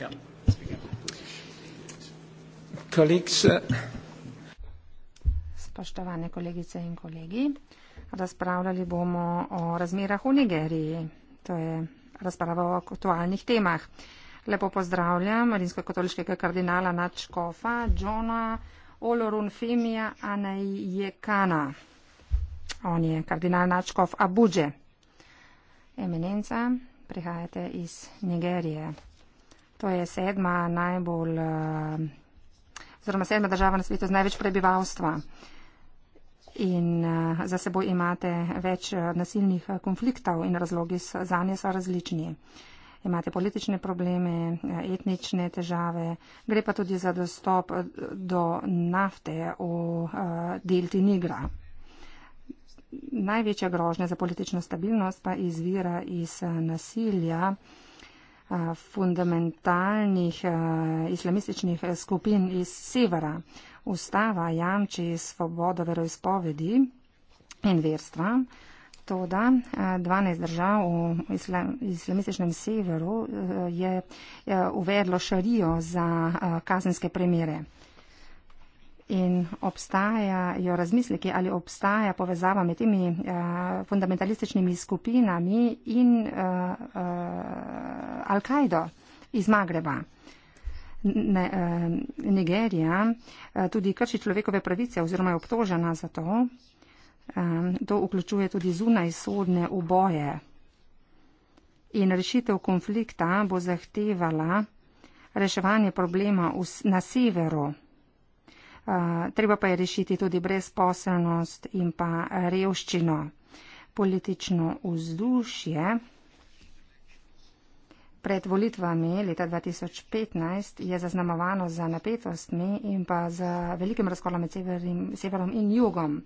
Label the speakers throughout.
Speaker 1: Ja.
Speaker 2: Spoštovane kolegice in kolegi, razpravljali bomo o razmerah v Nigeriji. To je razprava o aktualnih temah. Lepo pozdravljam rimsko-katoliškega kardinala Načkofa, Džona Olorunfemija Anajekana. On je kardinal Načkof Abuđe. Eminenca, prihajate iz Nigerije. To je sedma najbolj, eh, oziroma sedma država na svetu z največ prebivalstva. In eh, za seboj imate več eh, nasilnih konfliktov in razlogi za nje so različni. Imate politične probleme, etnične težave, gre pa tudi za dostop do nafte v delti Nigra. Največja grožnja za politično stabilnost pa izvira iz nasilja fundamentalnih islamističnih e, skupin iz severa. Ustava jamči svobodo veroizpovedi in verstva. Toda 12 držav v islamističnem severu e, je e, uvedlo šarijo za kazenske primere in obstajajo razmisleki, ali obstaja povezava med temi uh, fundamentalističnimi skupinami in uh, uh, Al-Kaido iz Magreba. Ne, uh, Nigerija uh, tudi krši človekove pravice oziroma je obtožena za to. Um, to vključuje tudi zunajsodne uboje. In rešitev konflikta bo zahtevala reševanje problema v, na severu. Eh, treba pa je rešiti tudi brezposelnost in pa revščino. Politično vzdušje pred volitvami leta 2015 je zaznamovano za napetostmi in pa za velikim razkolom med severim, severom in jugom.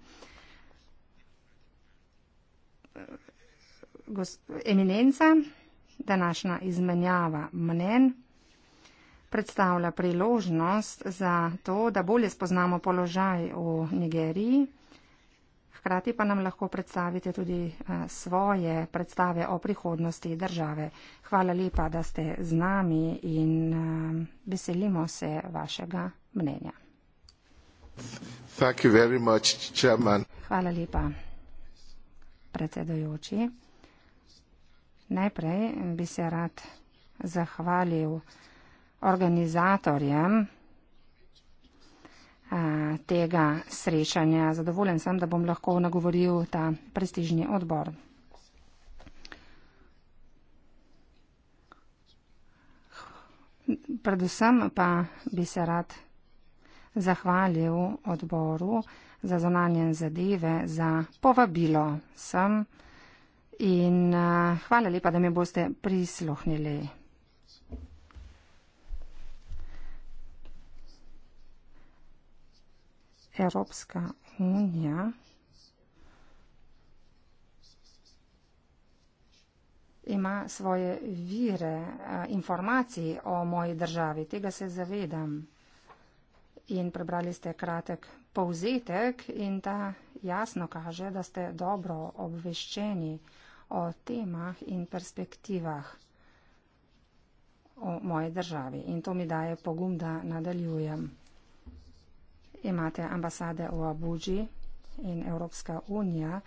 Speaker 2: Eh, eminenca, današnja izmenjava mnen, predstavlja priložnost za to, da bolje spoznamo položaj v Nigeriji. Hkrati pa nam lahko predstavite tudi eh, svoje predstave o prihodnosti države. Hvala lepa, da ste z nami in eh, veselimo se vašega mnenja.
Speaker 3: Much,
Speaker 2: Hvala lepa, predsedojoči. Najprej bi se rad zahvalil organizatorjem eh, tega srečanja. Zadovoljen sem, da bom lahko nagovoril ta prestižni odbor. Predvsem pa bi se rad zahvalil odboru za zonanje zadeve za povabilo sem in eh, hvala lepa, da mi boste prisluhnili. Evropska unija ima svoje vire eh, informacij o moji državi. Tega se zavedam. In prebrali ste kratek povzetek in ta jasno kaže, da ste dobro obveščeni o temah in perspektivah o moje državi. In to mi daje pogum, da nadaljujem imate ambasade v Abuji in Evropska unija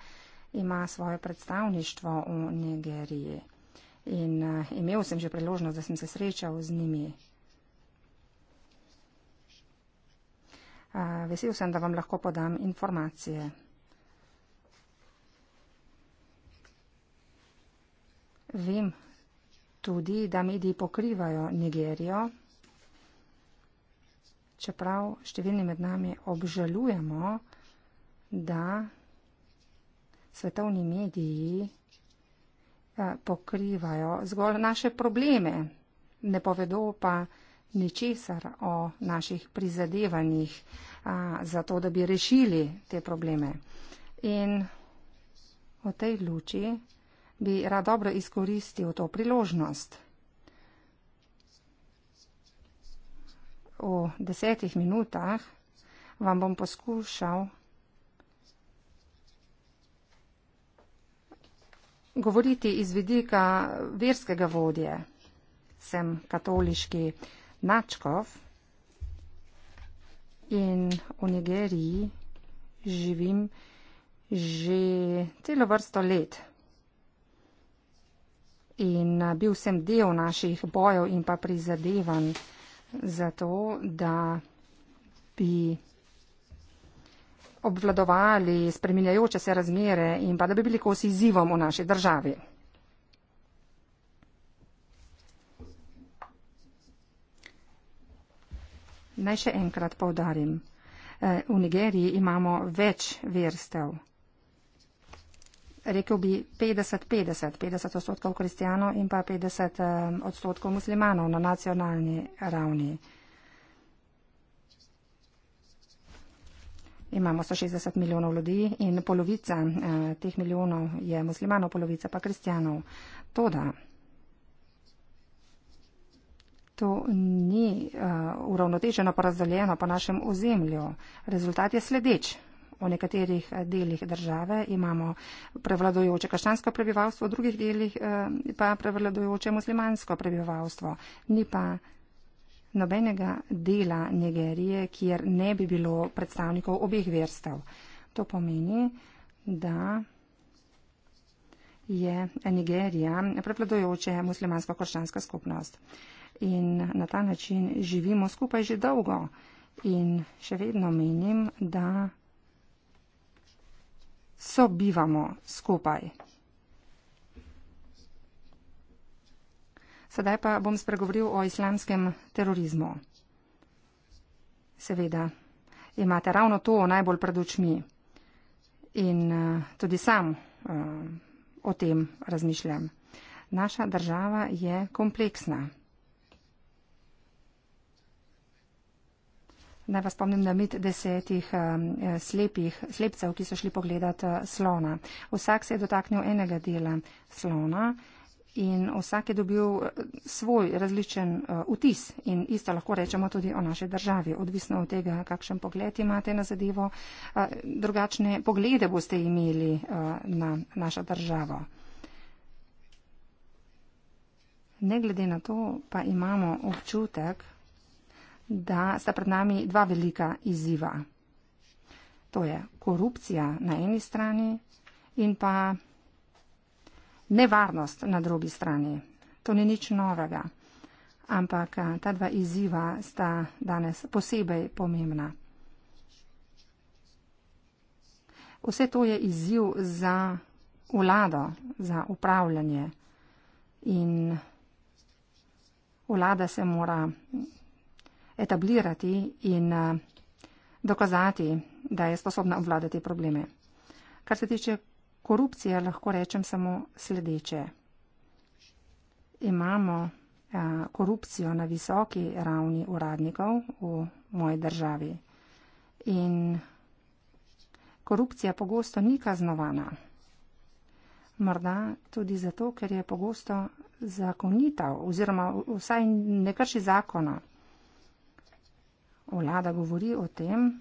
Speaker 2: ima svoje predstavništvo v Nigeriji. In uh, imel sem že priložnost, da sem se srečal z njimi. Uh, vesel sem, da vam lahko podam informacije. Vem tudi, da mediji pokrivajo Nigerijo čeprav številni med nami obžalujemo, da svetovni mediji eh, pokrivajo zgolj naše probleme, ne povedo pa ničesar o naših prizadevanjih a, za to, da bi rešili te probleme. In v tej luči bi rad dobro izkoristil to priložnost. v desetih minutah vam bom poskušal govoriti iz vidika verskega vodje. Sem katoliški načkov in v Nigeriji živim že celo vrsto let. In bil sem del naših bojev in pa prizadevanj zato, da bi obvladovali spreminjajoče se razmere in pa da bi bili kos izzivom v naši državi. Naj še enkrat povdarim. Eh, v Nigeriji imamo več verstev rekel bi 50-50, 50, 50, 50 odstotkov kristijanov in pa 50 eh, odstotkov muslimanov na nacionalni ravni. Imamo 160 milijonov ljudi in polovica eh, teh milijonov je muslimanov, polovica pa kristijanov. Toda to ni eh, uravnoteženo porazdeljeno po našem ozemlju. Rezultat je sledeč v nekaterih eh, delih države imamo prevladojoče krščansko prebivalstvo, v drugih delih eh, pa prevladojoče muslimansko prebivalstvo. Ni pa nobenega dela Nigerije, kjer ne bi bilo predstavnikov obeh verstev. To pomeni, da je Nigerija prevladojoče muslimansko-krščanska skupnost. In na ta način živimo skupaj že dolgo. In še vedno menim, da sobivamo skupaj. Sedaj pa bom spregovoril o islamskem terorizmu. Seveda, imate ravno to najbolj pred očmi in uh, tudi sam uh, o tem razmišljam. Naša država je kompleksna. Naj vas spomnim na mit desetih um, slepih, slepcev, ki so šli pogledat eh, slona. Vsak se je dotaknil enega dela slona in vsak je dobil eh, svoj različen uh, vtis in isto lahko rečemo tudi o naši državi, odvisno od tega, kakšen pogled imate na zadevo. Uh, drugačne poglede boste imeli uh, na našo državo. Ne glede na to, pa imamo občutek, da sta pred nami dva velika izziva. To je korupcija na eni strani in pa nevarnost na drugi strani. To ni nič novega, ampak eh, ta dva izziva sta danes posebej pomembna. Vse to je izziv za vlado, za upravljanje in vlada se mora etablirati in eh, dokazati, da je sposobna obvladati probleme. Kar se tiče korupcije, lahko rečem samo sledeče. Imamo eh, korupcijo na visoki ravni uradnikov v moji državi. In korupcija pogosto ni kaznovana. Morda tudi zato, ker je pogosto zakonita oziroma vsaj ne krši zakona. Vlada govori o tem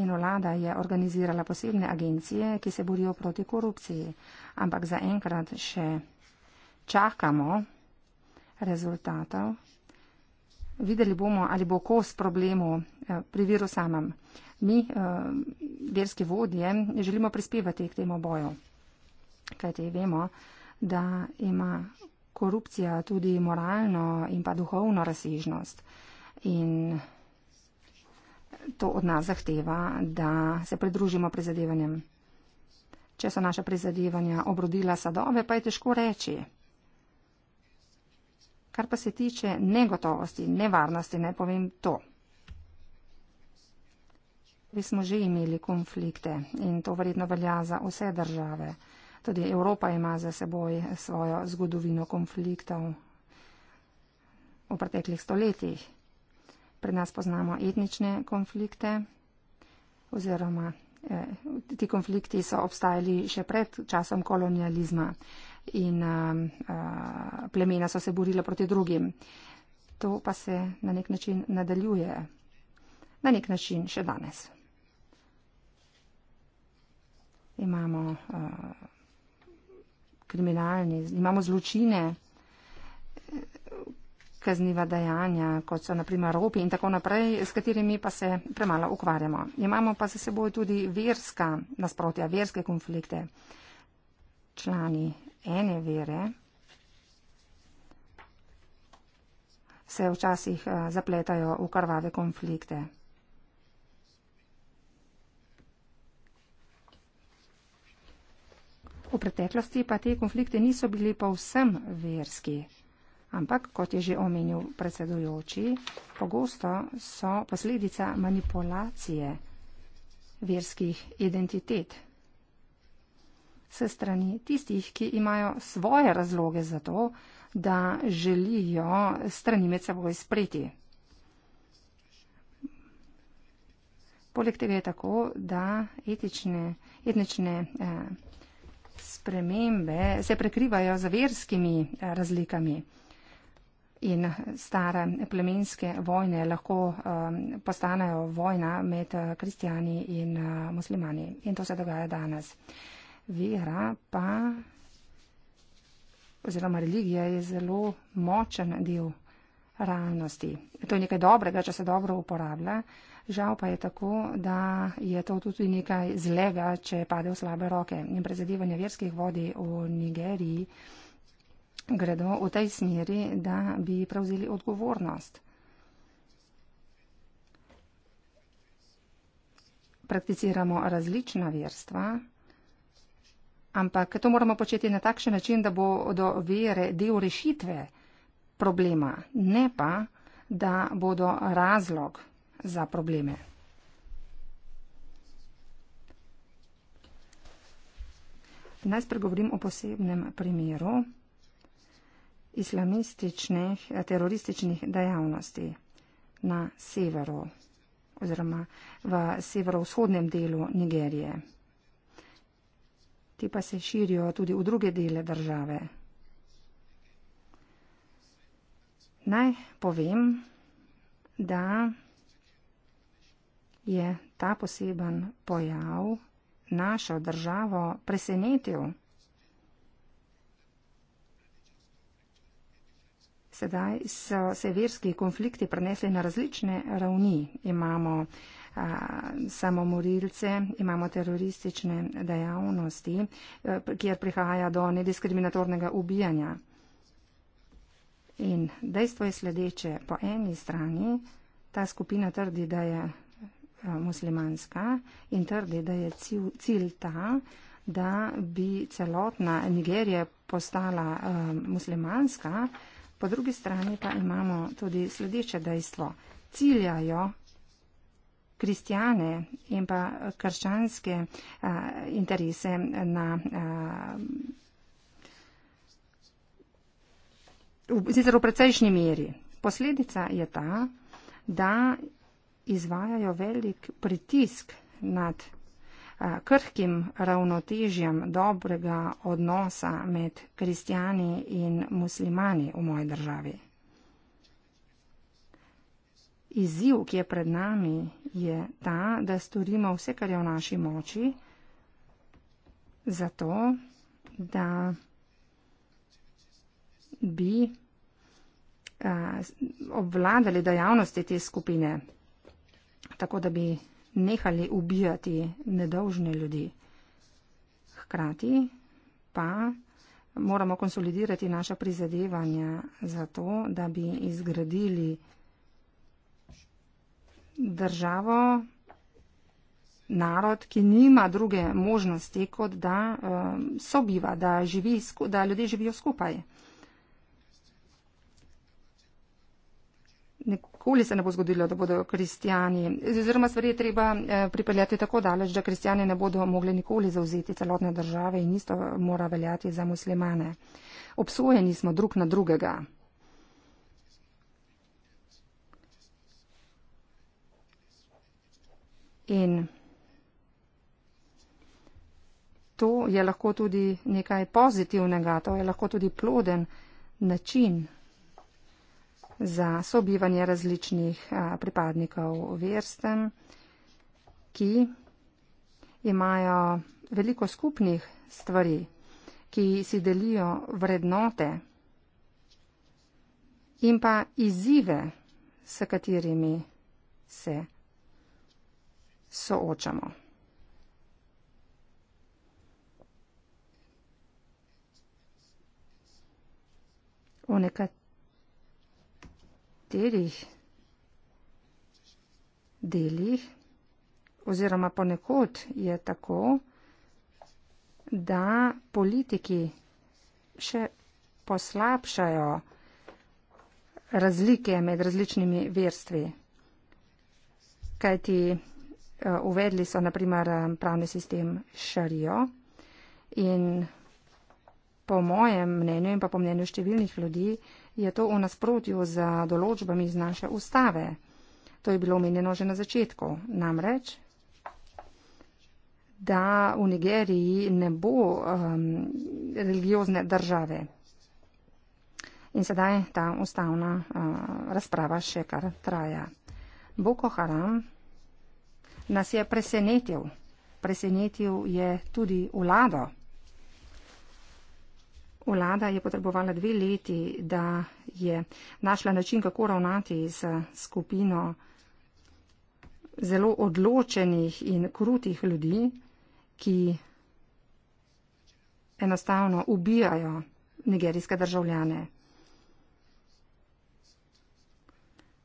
Speaker 2: in vlada je organizirala posebne agencije, ki se borijo proti korupciji. Ampak zaenkrat še čakamo rezultatov. Videli bomo, ali bo kos problemu eh, pri viru samem. Mi, eh, verski vodje, želimo prispevati k temu boju. Kajti vemo, da ima korupcija tudi moralno in pa duhovno razsežnost. In to od nas zahteva, da se pridružimo prizadevanjem. Če so naše prizadevanja obrodila sadove, pa je težko reči. Kar pa se tiče negotovosti, nevarnosti, ne povem to. Mi smo že imeli konflikte in to verjetno velja za vse države. Tudi Evropa ima za seboj svojo zgodovino konfliktov v preteklih stoletjih pri nas poznamo etnične konflikte oziroma eh, ti konflikti so obstajali še pred časom kolonializma in eh, eh plemena so se borila proti drugim. To pa se na nek način nadaljuje, na nek način še danes. Imamo, uh, imamo zločine, eh, kazniva dejanja, kot so naprimer ropi in tako naprej, s katerimi pa se premalo ukvarjamo. Imamo pa za seboj tudi verska nasprotja, verske konflikte. Člani ene vere se včasih eh, zapletajo v krvave konflikte. V preteklosti pa te konflikte niso bili povsem verski. Ampak, kot je že omenil predsedujoči, pogosto so posledica manipulacije verskih identitet se strani tistih, ki imajo svoje razloge za to, da želijo strani med seboj spreti. Poleg tega je tako, da etične, etnične eh, spremembe se prekrivajo z verskimi eh, razlikami in stare plemenske vojne lahko um, postanejo vojna med uh, kristijani in uh, muslimani. In to se dogaja danes. Vera pa, oziroma religija, je zelo močen del realnosti. To je nekaj dobrega, če se dobro uporablja. Žal pa je tako, da je to tudi nekaj zlega, če pade v slabe roke. In prezadevanje verskih vodi v Nigeriji gredo v tej smeri, da bi prevzeli odgovornost. Prakticiramo različna verstva, ampak to moramo početi na takšen način, da bo do vere del rešitve problema, ne pa, da bodo razlog za probleme. Naj spregovorim o posebnem primeru islamističnih eh, terorističnih dejavnosti na severu oziroma v severovzhodnem delu Nigerije. Ti pa se širijo tudi v druge dele države. Naj povem, da je ta poseben pojav našo državo presenetil. Sedaj so se verski konflikti prenesli na različne ravni. Imamo a, samomorilce, imamo teroristične dejavnosti, kjer prihaja do nediskriminatornega ubijanja. In dejstvo je sledeče. Po eni strani ta skupina trdi, da je muslimanska in trdi, da je cilj, cilj ta, da bi celotna Nigerija postala uh, muslimanska, uh, Po drugi strani pa imamo tudi sledeče dejstvo. Ciljajo kristijane in pa krščanske a, interese na. A, Zdaj, v precejšnji meri. Posledica je ta, da izvajajo velik pritisk nad krhkim ravnotežjem dobrega odnosa med kristijani in muslimani v moji državi. Izziv, ki je pred nami, je ta, da storimo vse, kar je v naši moči, zato da bi obvladali dejavnosti te skupine, tako da bi nehali ubijati nedolžne ljudi. Hkrati pa moramo konsolidirati naša prizadevanja za to, da bi izgradili državo, narod, ki nima druge možnosti, kot da um, sobiva, da, živi, da ljudje živijo skupaj. Nikoli se ne bo zgodilo, da bodo kristijani, oziroma stvari je treba eh, pripeljati tako daleč, da kristijani ne bodo mogli nikoli zauzeti celotne države in isto mora veljati za muslimane. Obsojeni smo drug na drugega. In to je lahko tudi nekaj pozitivnega, to je lahko tudi ploden način za sobivanje različnih pripadnikov verstem, ki imajo veliko skupnih stvari, ki si delijo vrednote in pa izzive, s katerimi se soočamo. V nekat nekaterih delih oziroma ponekod je tako, da politiki še poslabšajo razlike med različnimi verstvi. Kajti eh, uvedli so naprimer eh, pravni sistem šarijo in po mojem mnenju in pa po mnenju številnih ljudi je to v nasprotju z določbami iz naše ustave. To je bilo omenjeno že na začetku. Namreč, da v Nigeriji ne bo um, religiozne države. In sedaj ta ustavna uh, razprava še kar traja. Boko Haram nas je presenetil. Presenetil je tudi vlado. Vlada je potrebovala dve leti, da je našla način, kako ravnati z skupino zelo odločenih in krutih ljudi, ki enostavno ubijajo nigerijske državljane.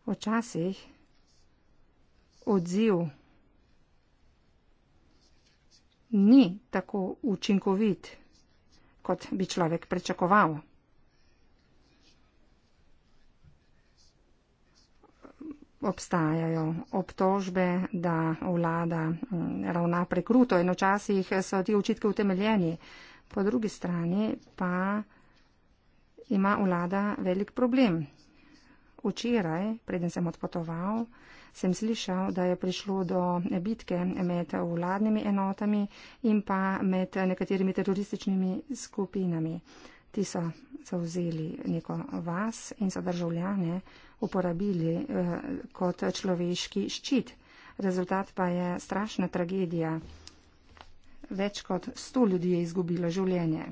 Speaker 2: Včasih odziv ni tako učinkovit kot bi človek pričakoval. Obstajajo obtožbe, da vlada mm, ravna prekruto in včasih so ti očitki utemeljeni. Po drugi strani pa ima vlada velik problem. Včeraj, preden sem odpotoval, sem slišal, da je prišlo do bitke med vladnimi enotami in pa med nekaterimi terorističnimi skupinami. Ti so zauzeli neko vas in so državljane uporabili eh, kot človeški ščit. Rezultat pa je strašna tragedija. Več kot sto ljudi je izgubilo življenje.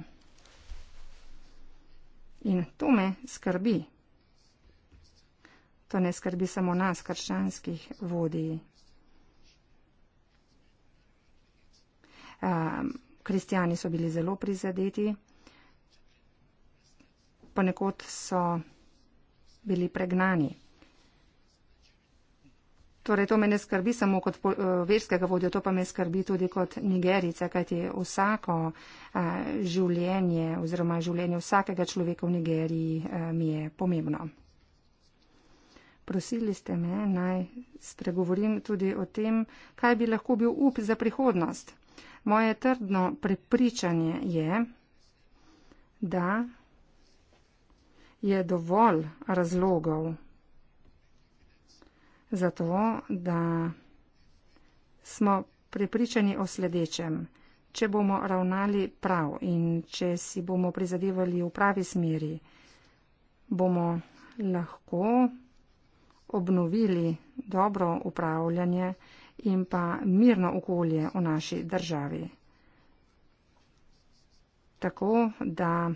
Speaker 2: In to me skrbi. To ne skrbi samo nas, krščanskih vodij. Ehm, Kristijani so bili zelo prizadeti, ponekod so bili pregnani. Torej, to me ne skrbi samo kot eh, verskega vodja, to pa me skrbi tudi kot Nigerice, kajti vsako eh, življenje oziroma življenje vsakega človeka v Nigeriji eh, mi je pomembno. Prosili ste me, naj spregovorim tudi o tem, kaj bi lahko bil up za prihodnost. Moje trdno prepričanje je, da je dovolj razlogov za to, da smo prepričani o sledečem. Če bomo ravnali prav in če si bomo prizadevali v pravi smeri, bomo lahko obnovili dobro upravljanje in pa mirno okolje v naši državi. Tako da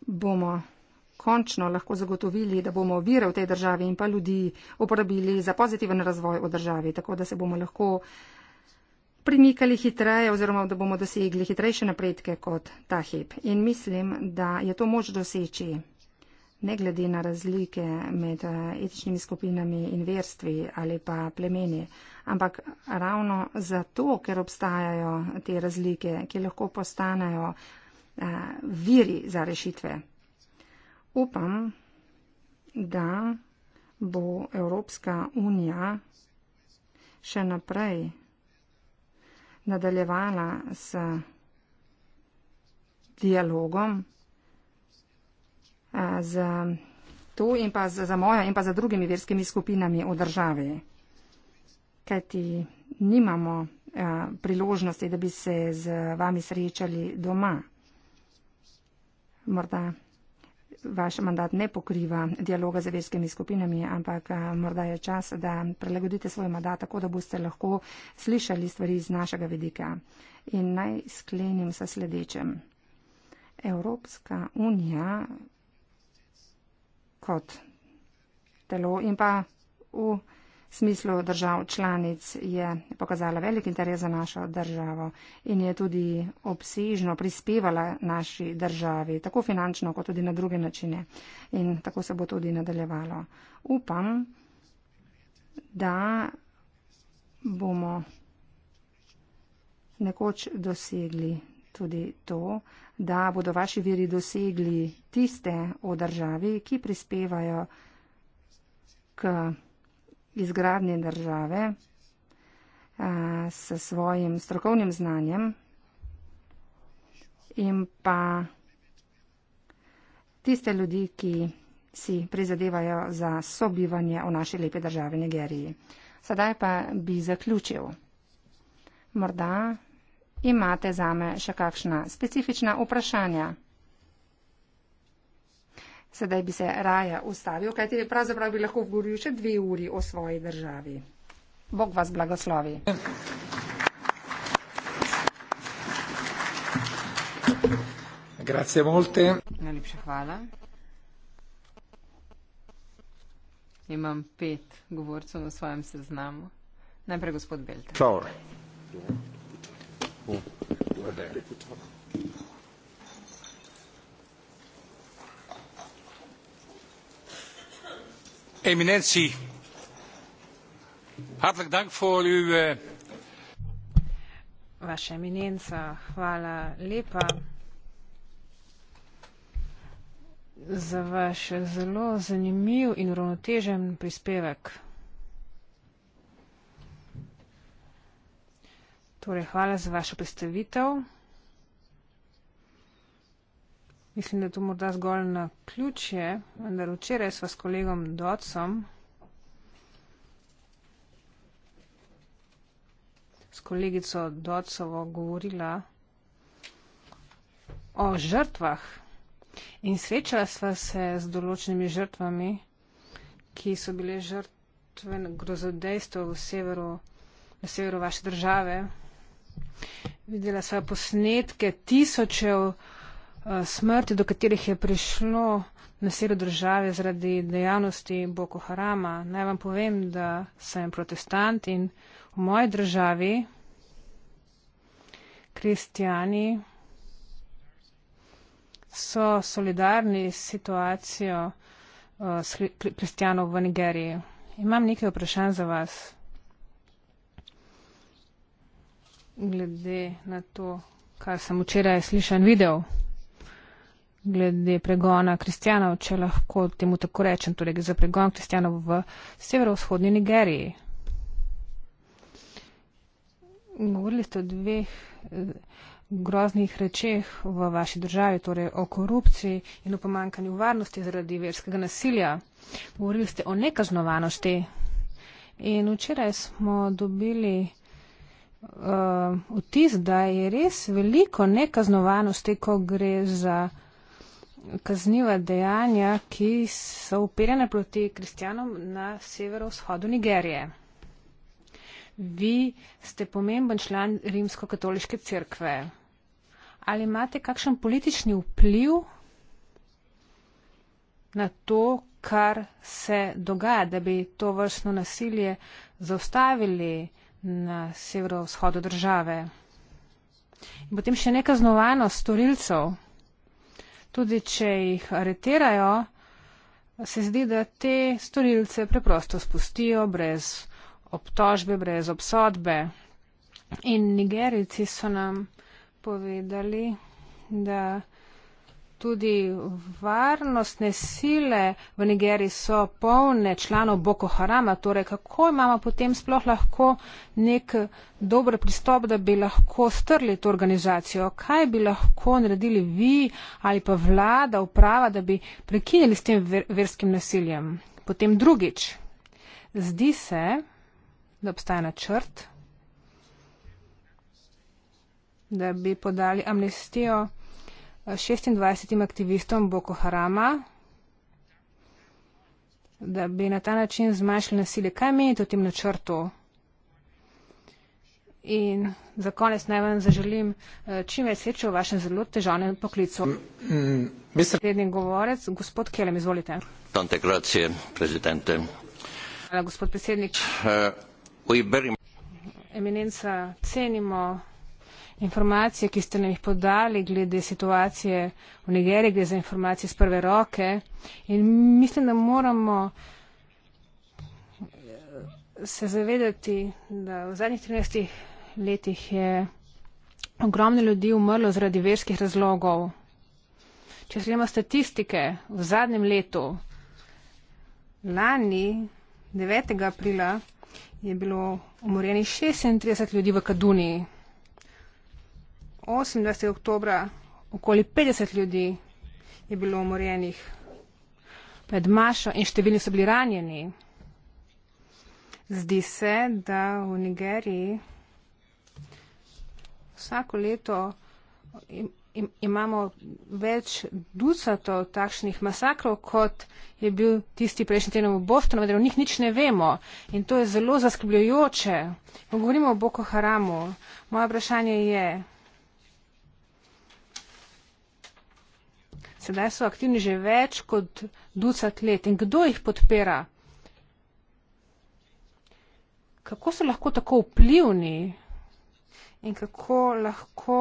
Speaker 2: bomo končno lahko zagotovili, da bomo vire v tej državi in pa ljudi uporabili za pozitiven razvoj v državi, tako da se bomo lahko uh, premikali hitreje oziroma da bomo dosegli hitrejše napredke kot ta hip. In mislim, da je to moč doseči ne glede na razlike med eh, etičnimi skupinami in verstvi ali pa plemeni, ampak ravno zato, ker obstajajo te razlike, ki lahko postanejo eh, viri za rešitve. Upam, da bo Evropska unija še naprej nadaljevala s dialogom eh, z to in pa z, za mojo in pa za drugimi verskimi skupinami v državi. Kajti nimamo a, eh, priložnosti, da bi se z vami srečali doma. Morda vaš mandat ne pokriva dialoga z verskimi skupinami, ampak eh, morda je čas, da prelagodite svoj mandat tako, da boste lahko slišali stvari iz našega vedika. In naj sklenim sa sledečem. Evropska unija kot telo in pa v. Uh, smislu držav članic je pokazala velik interes za našo državo in je tudi obsežno prispevala naši državi, tako finančno kot tudi na druge načine. In tako se bo tudi nadaljevalo. Upam, da bomo nekoč dosegli tudi to, da bodo vaši viri dosegli tiste v državi, ki prispevajo k izgradnje države s svojim strokovnim znanjem in pa tiste ljudi, ki si prizadevajo za sobivanje v naši lepi državi Nigeriji. Sedaj pa bi zaključil. Morda imate zame še kakšna specifična vprašanja sedaj bi se raje ustavil, kajti pravzaprav bi lahko govoril še dve uri o svoji državi. Bog vas blagoslovi.
Speaker 1: Grazie molte.
Speaker 2: Najlepša hvala.
Speaker 4: Imam pet govorcev na svojem seznamu. Najprej gospod Belte. Čau.
Speaker 1: Oh, what the heck?
Speaker 3: eminentie hartelijk dank voor uw. Eh,
Speaker 5: Vaša eminenca, hvala lepa za vaš zelo zanimiv in uravnotežen prispevek. Torej, hvala za vašo predstavitev. Mislim, da je to morda zgolj na ključje, vendar včeraj sva s kolegom Docom, s kolegico Docovo govorila o žrtvah in srečala sva se z določenimi žrtvami, ki so bile žrtve grozodejstva v severu, na severu vaše države. Videla sva posnetke tisočev, Eh, smrti, do katerih je prišlo na sredo države zaradi dejavnosti Boko Harama. Naj vam povem, da sem protestant in v moji državi kristijani so solidarni s situacijo uh, eh, kristijanov v Nigeriji. Imam nekaj vprašanj za vas. Glede na to, kar sem včeraj slišal in videl glede pregona kristjanov, če lahko temu tako rečem, torej za pregon kristjanov v severovzhodni Nigeriji. Govorili ste o dveh eh, groznih rečeh v vaši državi, torej o korupciji in o pomankanju varnosti zaradi verskega nasilja. Govorili ste o nekaznovanosti. In včeraj smo dobili uh, vtis, da je res veliko nekaznovanosti, ko gre za kazniva dejanja, ki so uperjene proti kristjanom na severovzhodu Nigerije. Vi ste pomemben član rimsko-katoliške cerkve. Ali imate kakšen politični vpliv na to, kar se dogaja, da bi to vrstno nasilje zaustavili na severovzhodu države? In potem še nekaznovanost storilcev tudi če jih areterajo, se zdi, da te storilce preprosto spustijo brez obtožbe, brez obsodbe. In nigerici so nam povedali, da tudi varnostne sile v Nigeriji so polne članov Boko Harama, torej kako imamo potem sploh lahko nek dober pristop, da bi lahko strli to organizacijo? Kaj bi lahko naredili vi ali pa vlada, uprava, da bi prekinili s tem ver verskim nasiljem? Potem drugič, zdi se, da obstaja načrt, da bi podali amnestijo 26 aktivistom Boko Harama, da bi na ta način zmanjšali nasilje. Kaj menite o tem načrtu? In za konec naj vam zaželim eh, čim več sreče v vašem zelo težavnem poklicu. Mm,
Speaker 1: mm, Naslednji
Speaker 5: govorec, gospod Kelem, izvolite.
Speaker 3: Tante gracije, prezidente.
Speaker 5: Hvala, gospod predsednik. Eh, Eminenca, cenimo informacije, ki ste nam jih podali glede situacije v Nigeriji, gre za informacije iz prve roke. In mislim, da moramo eh, se zavedati, da v zadnjih 13 letih je ogromno ljudi umrlo zaradi verskih razlogov. Če sledimo statistike v zadnjem letu, lani 9. aprila je bilo umorjeni 36 ljudi v Kaduniji. 28. oktobra okoli 50 ljudi je bilo umorjenih pred Mašo in številni so bili ranjeni. Zdi se, da v Nigeriji vsako leto imamo več ducatov takšnih masakrov, kot je bil tisti prejšnji teden v Bostonu, vendar o njih nič ne vemo. In to je zelo zaskrbljujoče. Ko govorimo o Boko Haramu, moje vprašanje je, sedaj so aktivni že več kot ducat let. In kdo jih podpira? Kako so lahko tako vplivni in kako lahko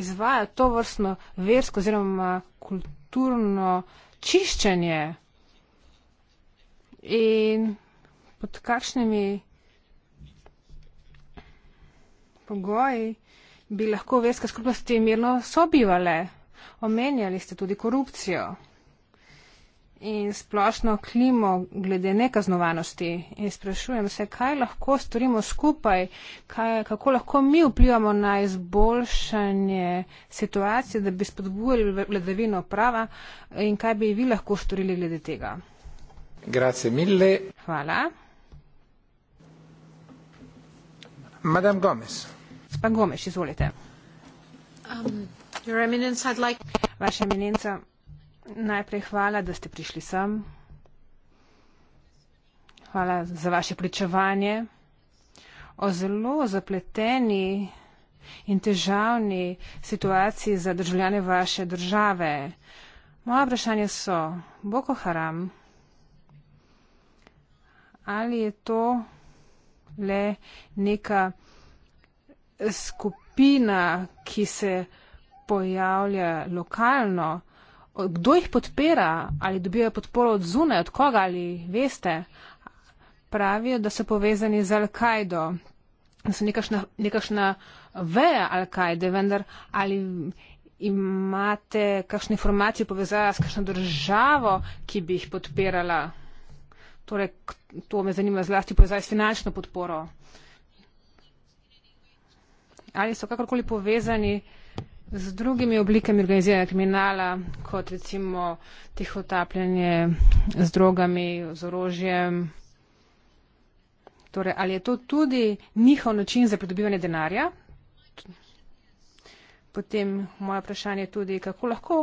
Speaker 5: izvajajo to vrstno versko oziroma kulturno čiščenje? In pod kakšnimi pogoji bi lahko verske skupnosti mirno sobivale? Omenjali ste tudi korupcijo in splošno klimo glede nekaznovanosti. In sprašujem se, kaj lahko storimo skupaj, kaj, kako lahko mi vplivamo na izboljšanje situacije, da bi spodbujali vladavino prava in kaj bi vi lahko storili glede tega. Grazie mille. Hvala. Madame Gomez. Gospa Gomez, izvolite. Um. Vaša eminenca, najprej hvala, da ste prišli sem. Hvala za vaše pričevanje o zelo zapleteni in težavni situaciji za državljane vaše države. Moje vprašanje so, Boko Haram, ali je to le neka skupina, ki se pojavlja lokalno, kdo jih podpira ali dobijo podporo od zune, od koga ali veste, pravijo, da so povezani z Al-Kaido, da so nekašna, nekašna veja Al-Kaide, vendar ali imate kakšne informacije povezave s kakšno državo, ki bi jih podpirala. Torej, to me zanima zlasti povezave s finančno podporo. Ali so kakorkoli povezani uh, z drugimi oblikami organiziranja kriminala, kot recimo tiho tapljanje z drogami, z orožjem. Torej, ali je to tudi njihov način za pridobivanje denarja? Potem moje vprašanje je tudi, kako lahko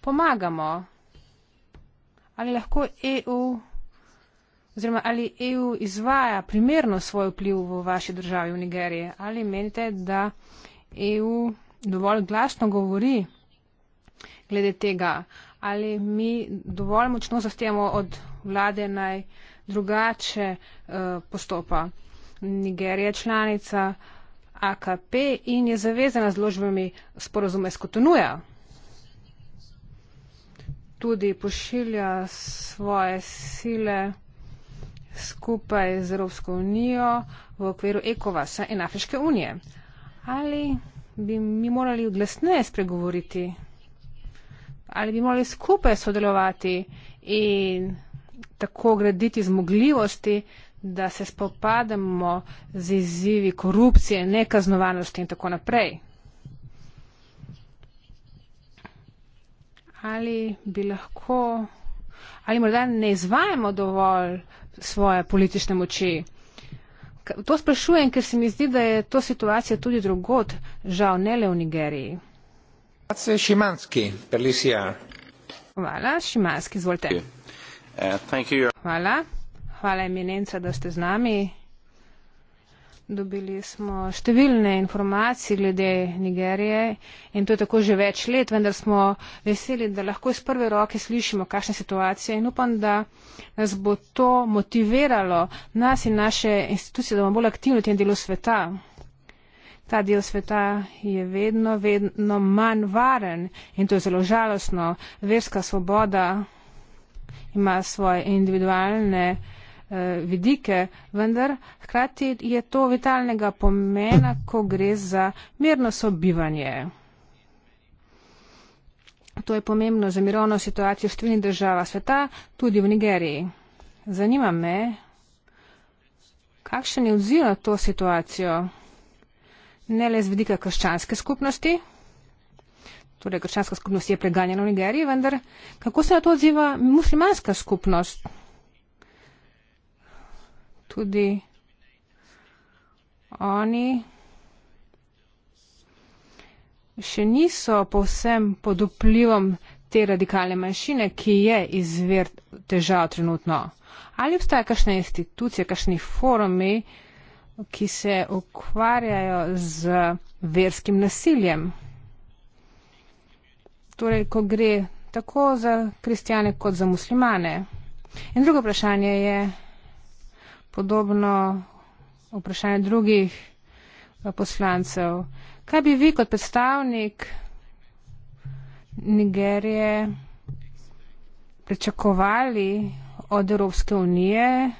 Speaker 5: pomagamo. Ali lahko EU, oziroma ali EU izvaja primerno svoj vpliv v vaši državi v Nigeriji? Ali menite, da EU dovolj glasno govori glede tega, ali mi dovolj močno zahtevamo od vlade naj drugače uh, postopa. Nigerija je članica AKP in je zavezana z ložbami sporozume s Kotonuja. Tudi pošilja svoje sile skupaj z Evropsko unijo v okviru ECOVAS-a in Afriške unije. Ali bi mi morali glasneje spregovoriti ali bi morali skupaj sodelovati in tako graditi zmogljivosti, da se spopademo z izzivi korupcije, nekaznovanosti in tako naprej. Ali bi lahko, ali morda ne izvajamo dovolj svoje politične moči. To sprašujem, ker se mi zdi, da je to situacija tudi drugot, žal ne le v Nigeriji. Grazie Šimanski, Pelicija. Hvala, Šimanski, izvolite.
Speaker 1: Uh,
Speaker 5: hvala, hvala eminenca, da ste z nami. Dobili smo številne informacije glede Nigerije in to je tako že več let, vendar smo veseli, da lahko iz prve roke slišimo, kakšna je situacija in upam, da nas bo to motiviralo nas in naše institucije, da bomo bolj aktivni v tem delu sveta. Ta del sveta je vedno, vedno manj varen in to je zelo žalostno. Verska svoboda ima svoje individualne. Eh, vidike, vendar hkrati je to vitalnega pomena, ko gre za mirno sobivanje. To je pomembno za mirovno situacijo v številnih državah sveta, tudi v Nigeriji. Zanima me, kakšen je odziv na to situacijo, ne le z vidika krščanske skupnosti, torej krščanska skupnost je preganjena v Nigeriji, vendar kako se na to odziva muslimanska skupnost? tudi oni še niso povsem pod vplivom te radikalne manjšine, ki je izvir težav trenutno. Ali obstaja kakšna institucija, kakšni forumi, ki se ukvarjajo z verskim nasiljem? Torej, ko gre tako za kristjane kot za muslimane. In drugo vprašanje je, podobno vprašanje drugih eh, poslancev. Kaj bi vi kot predstavnik Nigerije pričakovali od Evropske unije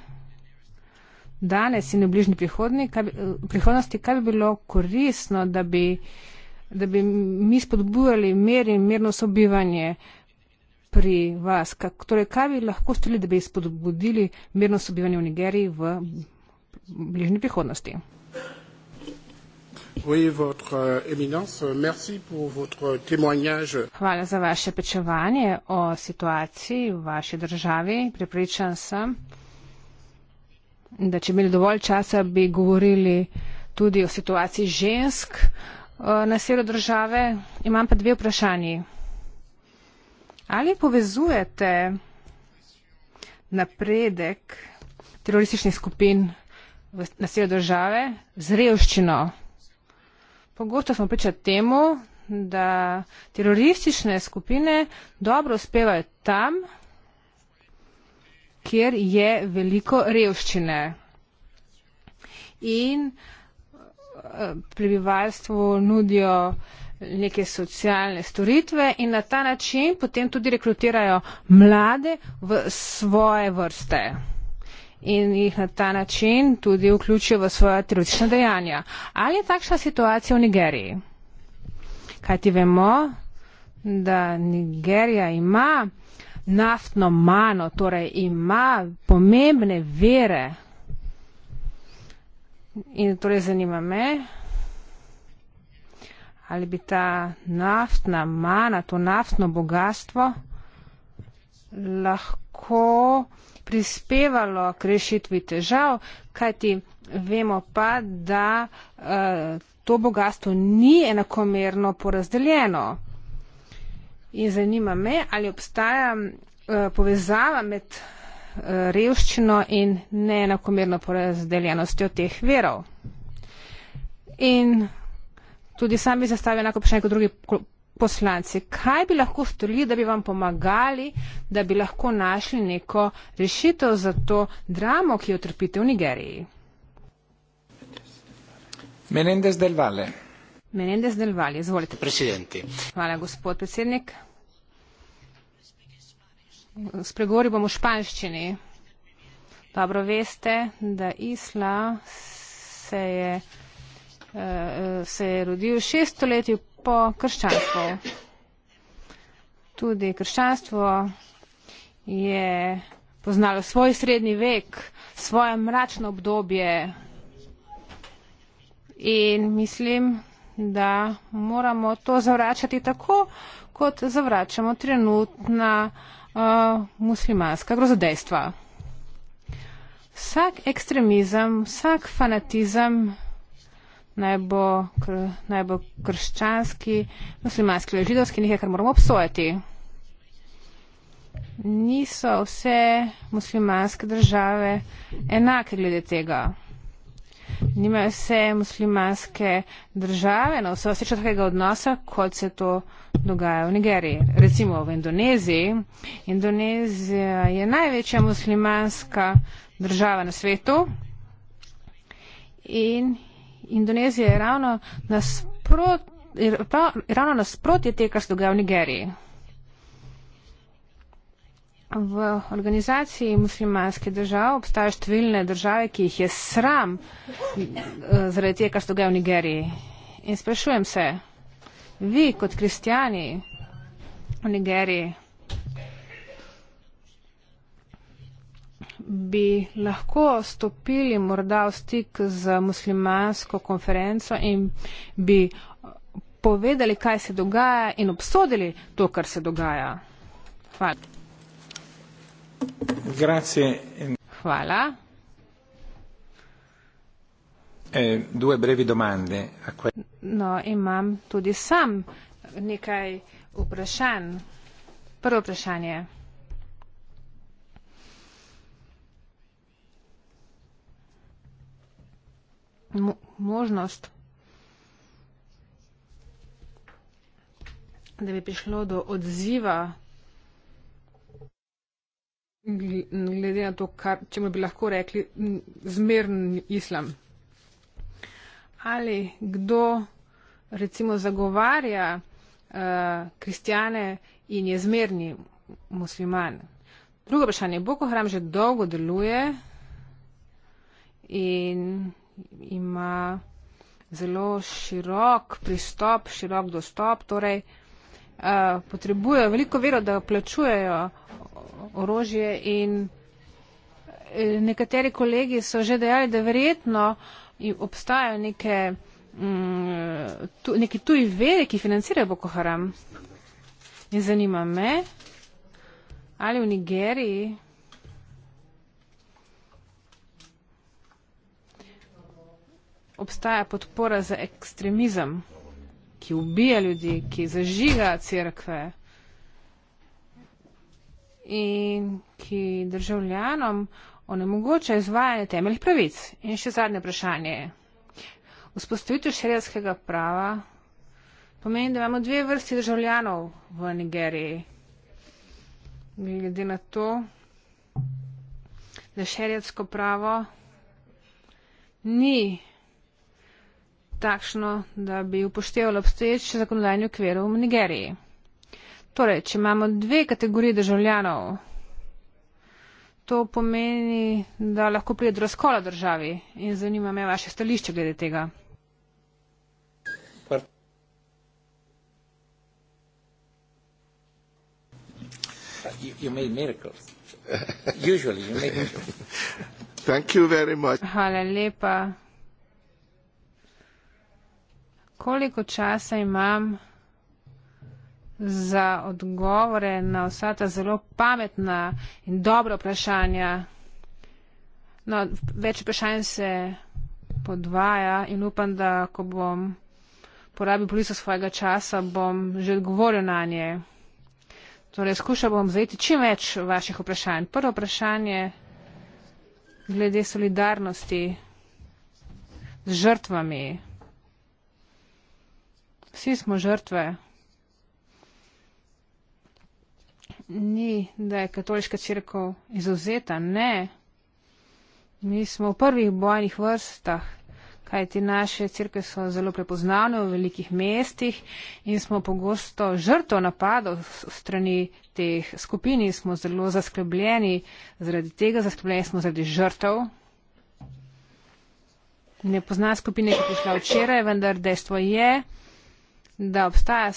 Speaker 5: danes in v bližnji eh, prihodnosti, kaj bi bilo koristno, da bi, da bi mi spodbujali mer in mirno sobivanje uh, pri vas? Kak, torej, kaj bi lahko storili, da bi spodbudili mirno sobivanje v Nigeriji v bližnji prihodnosti?
Speaker 3: Oui, votre euh, éminence, euh, merci pour votre
Speaker 5: témoignage. Hvala za vaše pečevanje o situaciji v vaši državi. Pripričan sem, da če imeli dovolj časa, bi govorili tudi o situaciji žensk euh, na severu države. Imam pa dve vprašanje. Ali povezujete napredek terorističnih skupin na sredo države z revščino? Pogosto smo priča temu, da teroristične skupine dobro uspevajo tam, kjer je veliko revščine in eh, prebivalstvo nudijo uh, neke socialne storitve in na ta način potem tudi rekrutirajo mlade v svoje vrste in jih na ta način tudi vključijo v svoje teroristične dejanja. Ali je takšna situacija v Nigeriji? Kaj ti vemo, da Nigerija ima naftno mano, torej ima pomembne vere. In torej zanima me, ali bi ta naftna mana, to naftno bogatstvo lahko prispevalo k rešitvi težav, kajti vemo pa, da eh, to bogatstvo ni enakomerno porazdeljeno. In zanima me, ali obstaja eh, povezava med eh, revščino in neenakomerno porazdeljenostjo teh verov. In tudi sami zastavijo enako vprašanje kot drugi poslanci. Kaj bi lahko storili, da bi vam pomagali, da bi lahko našli neko rešitev za to dramo, ki jo trpite v Nigeriji? Menendez del Valle. Menendez del Valle, izvolite. Presidenti. Hvala, gospod predsednik. Spregovoril bom v španščini. Dobro veste, da Isla se je se je rodil šest stoletij po krščanstvu. Tudi krščanstvo je poznalo svoj srednji vek, svoje mračno obdobje in mislim, da moramo to zavračati tako, kot zavračamo trenutna uh, muslimanska grozodejstva. Vsak ekstremizem, vsak fanatizem naj bo, kr, naj bo krščanski, muslimanski ali židovski, nekaj, kar moramo obsojati. Niso vse muslimanske države enake glede tega. Nimajo vse muslimanske države na vse osečo takega odnosa, kot se to dogaja v Nigeriji. Recimo v Indoneziji. Indonezija je največja muslimanska država na svetu in Indonezija je ravno nasprotje prav, nasprot tega, kar se dogaja v Nigeriji. V organizaciji muslimanskih držav obstajajo številne države, ki jih je sram eh, zaradi tega, kar se dogaja v Nigeriji. In sprašujem se, vi kot kristijani v Nigeriji, bi lahko stopili morda v stik z muslimansko konferenco in bi povedali, kaj se dogaja in obsodili to, kar se dogaja. Hvala. Grazie. Hvala.
Speaker 3: Eh, due brevi domande.
Speaker 5: No, imam tudi sam nekaj vprašanj. Prvo vprašanje. možnost, da bi prišlo do odziva glede na to, kar, če mu bi lahko rekli, zmern islam. Ali kdo recimo zagovarja uh, kristjane in je zmerni musliman. Drugo vprašanje, Boko Hram že dolgo deluje in ima zelo širok pristop, širok dostop, torej eh, potrebujejo veliko vero, da plačujejo orožje in eh, nekateri kolegi so že dejali, da verjetno obstajajo neke, mm, neke tuji vere, ki financirajo Boko Haram. In zanima me, ali v Nigeriji. obstaja podpora za ekstremizem, ki ubija ljudi, ki zažiga crkve in ki državljanom onemogoča izvajanje temeljih pravic. In še zadnje vprašanje. Vzpostavitev šerijskega prava pomeni, da imamo dve vrsti državljanov v Nigeriji. Glede na to, da šerijsko pravo ni takšno, da bi upoštevalo obstoječ zakonodajni okvir v Nigeriji. Torej, če imamo dve kategorije državljanov, to pomeni, da lahko pride do razkola državi in zanima me vaše stališče glede tega. Hvala lepa koliko časa imam za odgovore na vsa ta zelo pametna in dobra vprašanja. No, več vprašanj se podvaja in upam, da ko bom porabil polico svojega časa, bom že odgovoril na nje. Torej, skušal bom zajeti čim več vaših vprašanj. Prvo vprašanje glede solidarnosti z žrtvami. Vsi smo žrtve. Ni, da je katoliška crkva izuzeta, ne. Mi smo v prvih bojnih vrstah, kajti naše crkve so zelo prepoznavne v velikih mestih in smo pogosto žrtvo napadov strani teh skupin in smo zelo zaskrbljeni. Zaradi tega zaskrbljeni smo zaradi žrtev. Ne pozna skupine, ki je prišla včeraj, vendar dejstvo je, da obstaja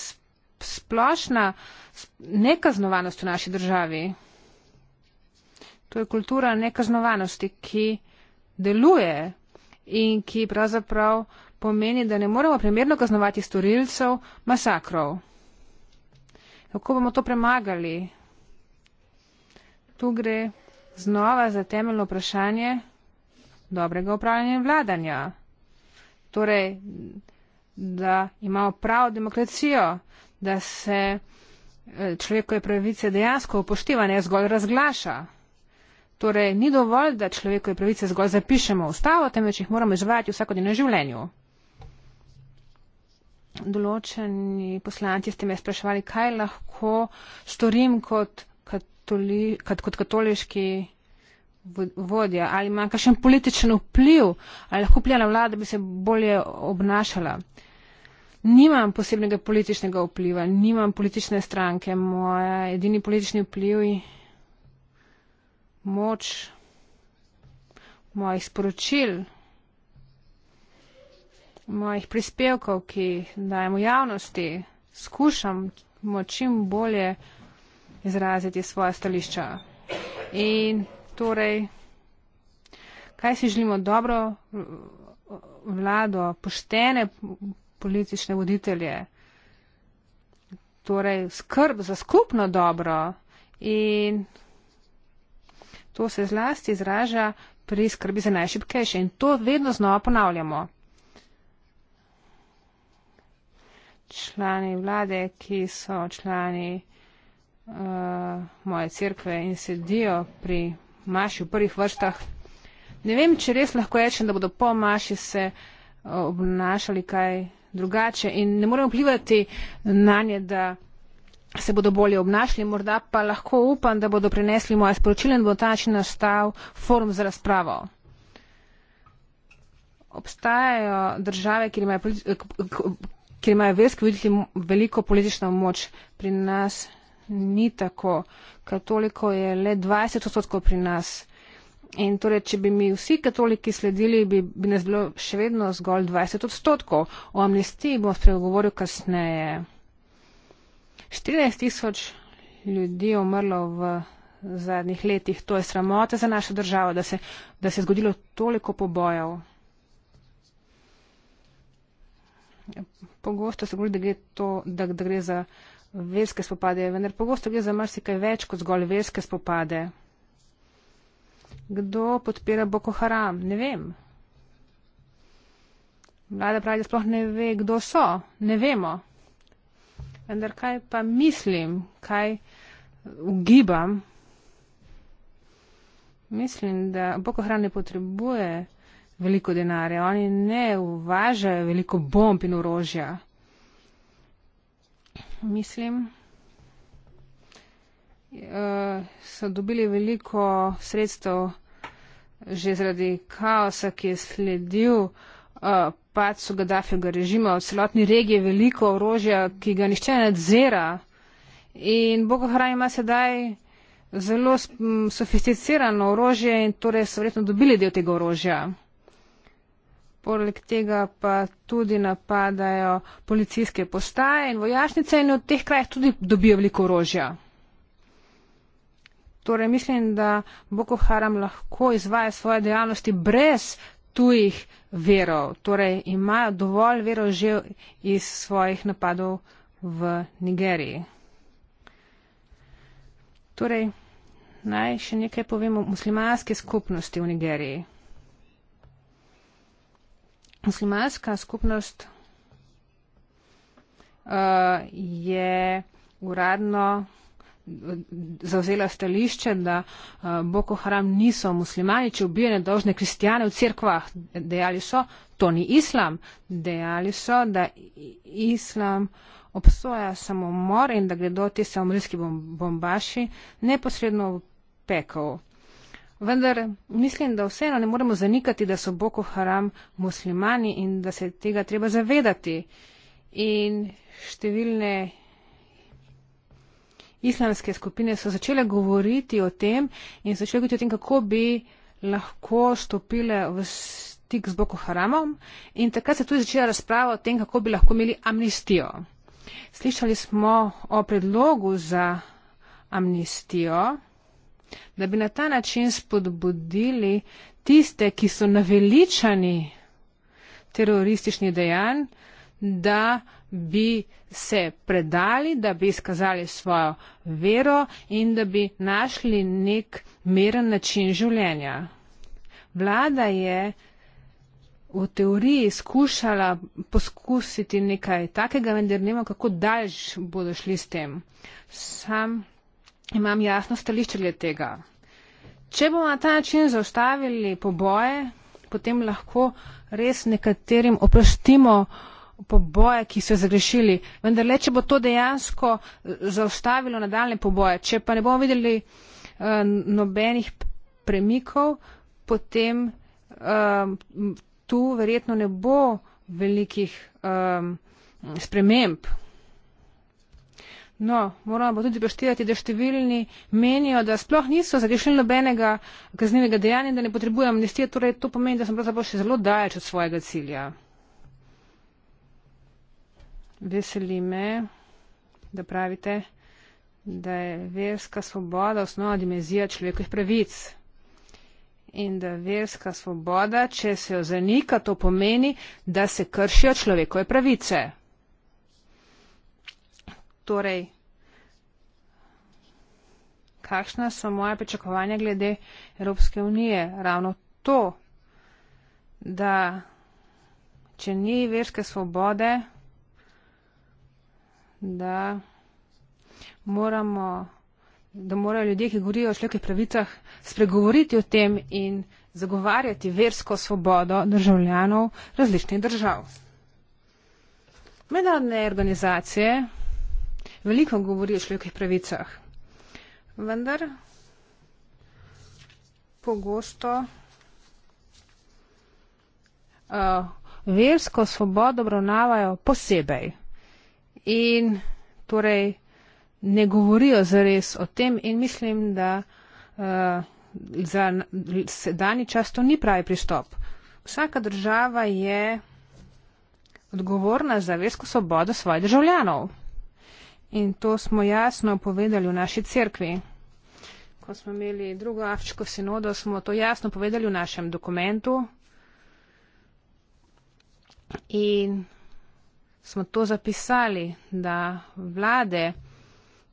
Speaker 5: splošna nekaznovanost v naši državi. To je kultura nekaznovanosti, ki deluje in ki pravzaprav pomeni, da ne moremo primerno kaznovati storilcev masakrov. Kako bomo to premagali? Tu gre znova za temeljno vprašanje dobrega upravljanja in vladanja. Torej, da imamo pravo demokracijo, da se e, človekove pravice dejansko upošteva, ne zgolj razglaša. Torej, ni dovolj, da človekove pravice zgolj zapišemo v ustavo, temveč jih moramo izvajati v vsakodnevnem življenju. Določeni poslanci ste me spraševali, kaj lahko storim kot, katoli, kot, kot katoliški vodja, ali ima kakšen političen vpliv, ali lahko vpliva na vlado, da bi se bolje obnašala. Nimam posebnega političnega vpliva, nimam politične stranke, moj edini politični vpliv je moč mojih sporočil, mojih prispevkov, ki dajemo javnosti, skušam čim bolje izraziti svoje stališča. In torej, kaj si želimo dobro vlado, poštene politične voditelje, torej skrb za skupno dobro in to se zlasti izraža pri skrbi za najšipkejše in to vedno znova ponavljamo. Člani vlade, ki so člani uh, moje crkve in sedijo pri v maši v prvih vrstah. Ne vem, če res lahko rečem, da bodo po maši se eh, obnašali kaj drugače in ne moremo vplivati na nje, da se bodo bolje obnašali, morda pa lahko upam, da bodo prenesli moje sporočile in bo ta način nastal forum za razpravo. Obstajajo države, kjer imajo, politi kjer imajo verski voditelji veliko politično moč. Pri nas ni tako, katoliko je le 20 odstotkov pri nas. In torej, če bi mi vsi katoliki sledili, bi, bi nas bilo še vedno zgolj 20 odstotkov. O amnestiji bom spregovoril kasneje. 14 tisoč ljudi je umrlo v zadnjih letih. To je sramota za našo državo, da se, da se je zgodilo toliko pobojev. Pogosto se govori, da gre, to, da, da gre za verske spopade, vendar pogosto gre za marsikaj več kot zgolj verske spopade. Kdo podpira Boko Haram? Ne vem. Mlada pravi, da sploh ne ve, kdo so. Ne vemo. Vendar kaj pa mislim, kaj ugibam? Mislim, da Boko Haram ne potrebuje veliko denarja. Oni ne uvažajo veliko bomb in orožja mislim. Uh, so dobili veliko sredstev že zaradi kaosa, ki je sledil uh, padcu Gaddafijega režima. V celotni regiji je veliko orožja, ki ga nišče nadzira. In Boko Haram ima sedaj zelo sofisticirano orožje in torej so verjetno dobili del tega orožja poleg tega pa tudi napadajo policijske postaje in vojašnice in v teh krajih tudi dobijo veliko orožja. Torej mislim, da Boko Haram lahko izvaja svoje dejavnosti brez tujih verov. Torej imajo dovolj verov že iz svojih napadov v Nigeriji. Torej, naj še nekaj povemo o muslimanski skupnosti v Nigeriji muslimanska skupnost uh, je uradno eh, zauzela stališče, da uh, Boko Haram niso muslimani, če ubijene dožne kristijane v crkvah. Dejali so, to ni islam. Dejali so, da islam obsoja samomor in da gredo ti samomorski bombaši neposredno v pekel. Vendar mislim, da vseeno ne moremo zanikati, da so Boko Haram muslimani in da se tega treba zavedati. In številne islamske skupine so začele govoriti o tem in začele govoriti o tem, kako bi lahko stopile v stik z Boko Haramom. In takrat se tudi začela razprava o tem, kako bi lahko imeli amnestijo. Slišali smo o predlogu za amnestijo da bi na ta način spodbudili tiste, ki so naveličani terorističnih dejanj, da bi se predali, da bi izkazali svojo vero in da bi našli nek meren način življenja. Vlada je v teoriji skušala poskusiti nekaj takega, vendar ne vemo, kako daljši bodo šli s tem. Sam imam jasno stališče glede tega. Če bomo na ta način zaustavili poboje, potem lahko res nekaterim oprostimo poboje, ki so zagrešili. Vendar le, če bo to dejansko eh, zaustavilo nadaljne poboje, če pa ne bomo videli uh, nobenih premikov, potem um, tu verjetno ne bo velikih um, sprememb. No, moramo pa tudi preštevati, da številni menijo, da sploh niso zagrešili nobenega kaznivega dejanja, da ne potrebujem amnestije, torej to pomeni, da sem pravzaprav še zelo daleč od svojega cilja. Veseli me, da pravite, da je verska svoboda osnova dimenzija človekovih pravic. In da verska svoboda, če se jo zanika, to pomeni, da se kršijo človekove pravice torej, kakšna so moja pričakovanja glede Evropske unije? Ravno to, da če ni verske svobode, da moramo da morajo ljudje, ki govorijo o človekovih pravicah, spregovoriti o tem in zagovarjati versko svobodo državljanov različnih držav. Mednarodne organizacije veliko govori o človekovih pravicah. Vendar pogosto uh, versko svobodo obravnavajo posebej in torej ne govorijo zares o tem in mislim, da uh, za sedani čas to ni pravi pristop. Vsaka država je odgovorna za versko svobodo svojih državljanov. In to smo jasno povedali v naši cerkvi. Ko smo imeli drugo afriško sinodo, smo to jasno povedali v našem dokumentu in smo to zapisali, da vlade,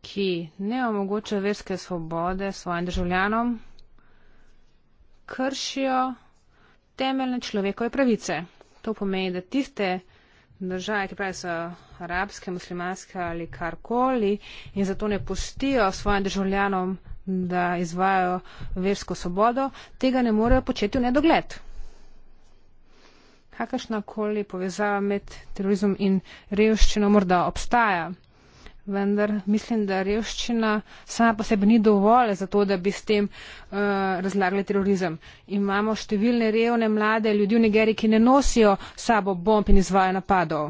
Speaker 5: ki ne omogočajo verske svobode svojim državljanom, kršijo temeljne človekove pravice. To pomeni, da tiste, države, ki pravijo, so arabske, muslimanske ali karkoli in zato ne pustijo svojim državljanom, da izvajo versko svobodo, tega ne morejo početi v nedogled. Kakršna koli povezava med terorizmom in revščino morda obstaja vendar mislim, da revščina sama po sebi ni dovolj za to, da bi s tem uh, razlagali terorizem. Imamo številne revne mlade ljudi v Nigeriji, ki ne nosijo sabo bomb in izvajo napadov.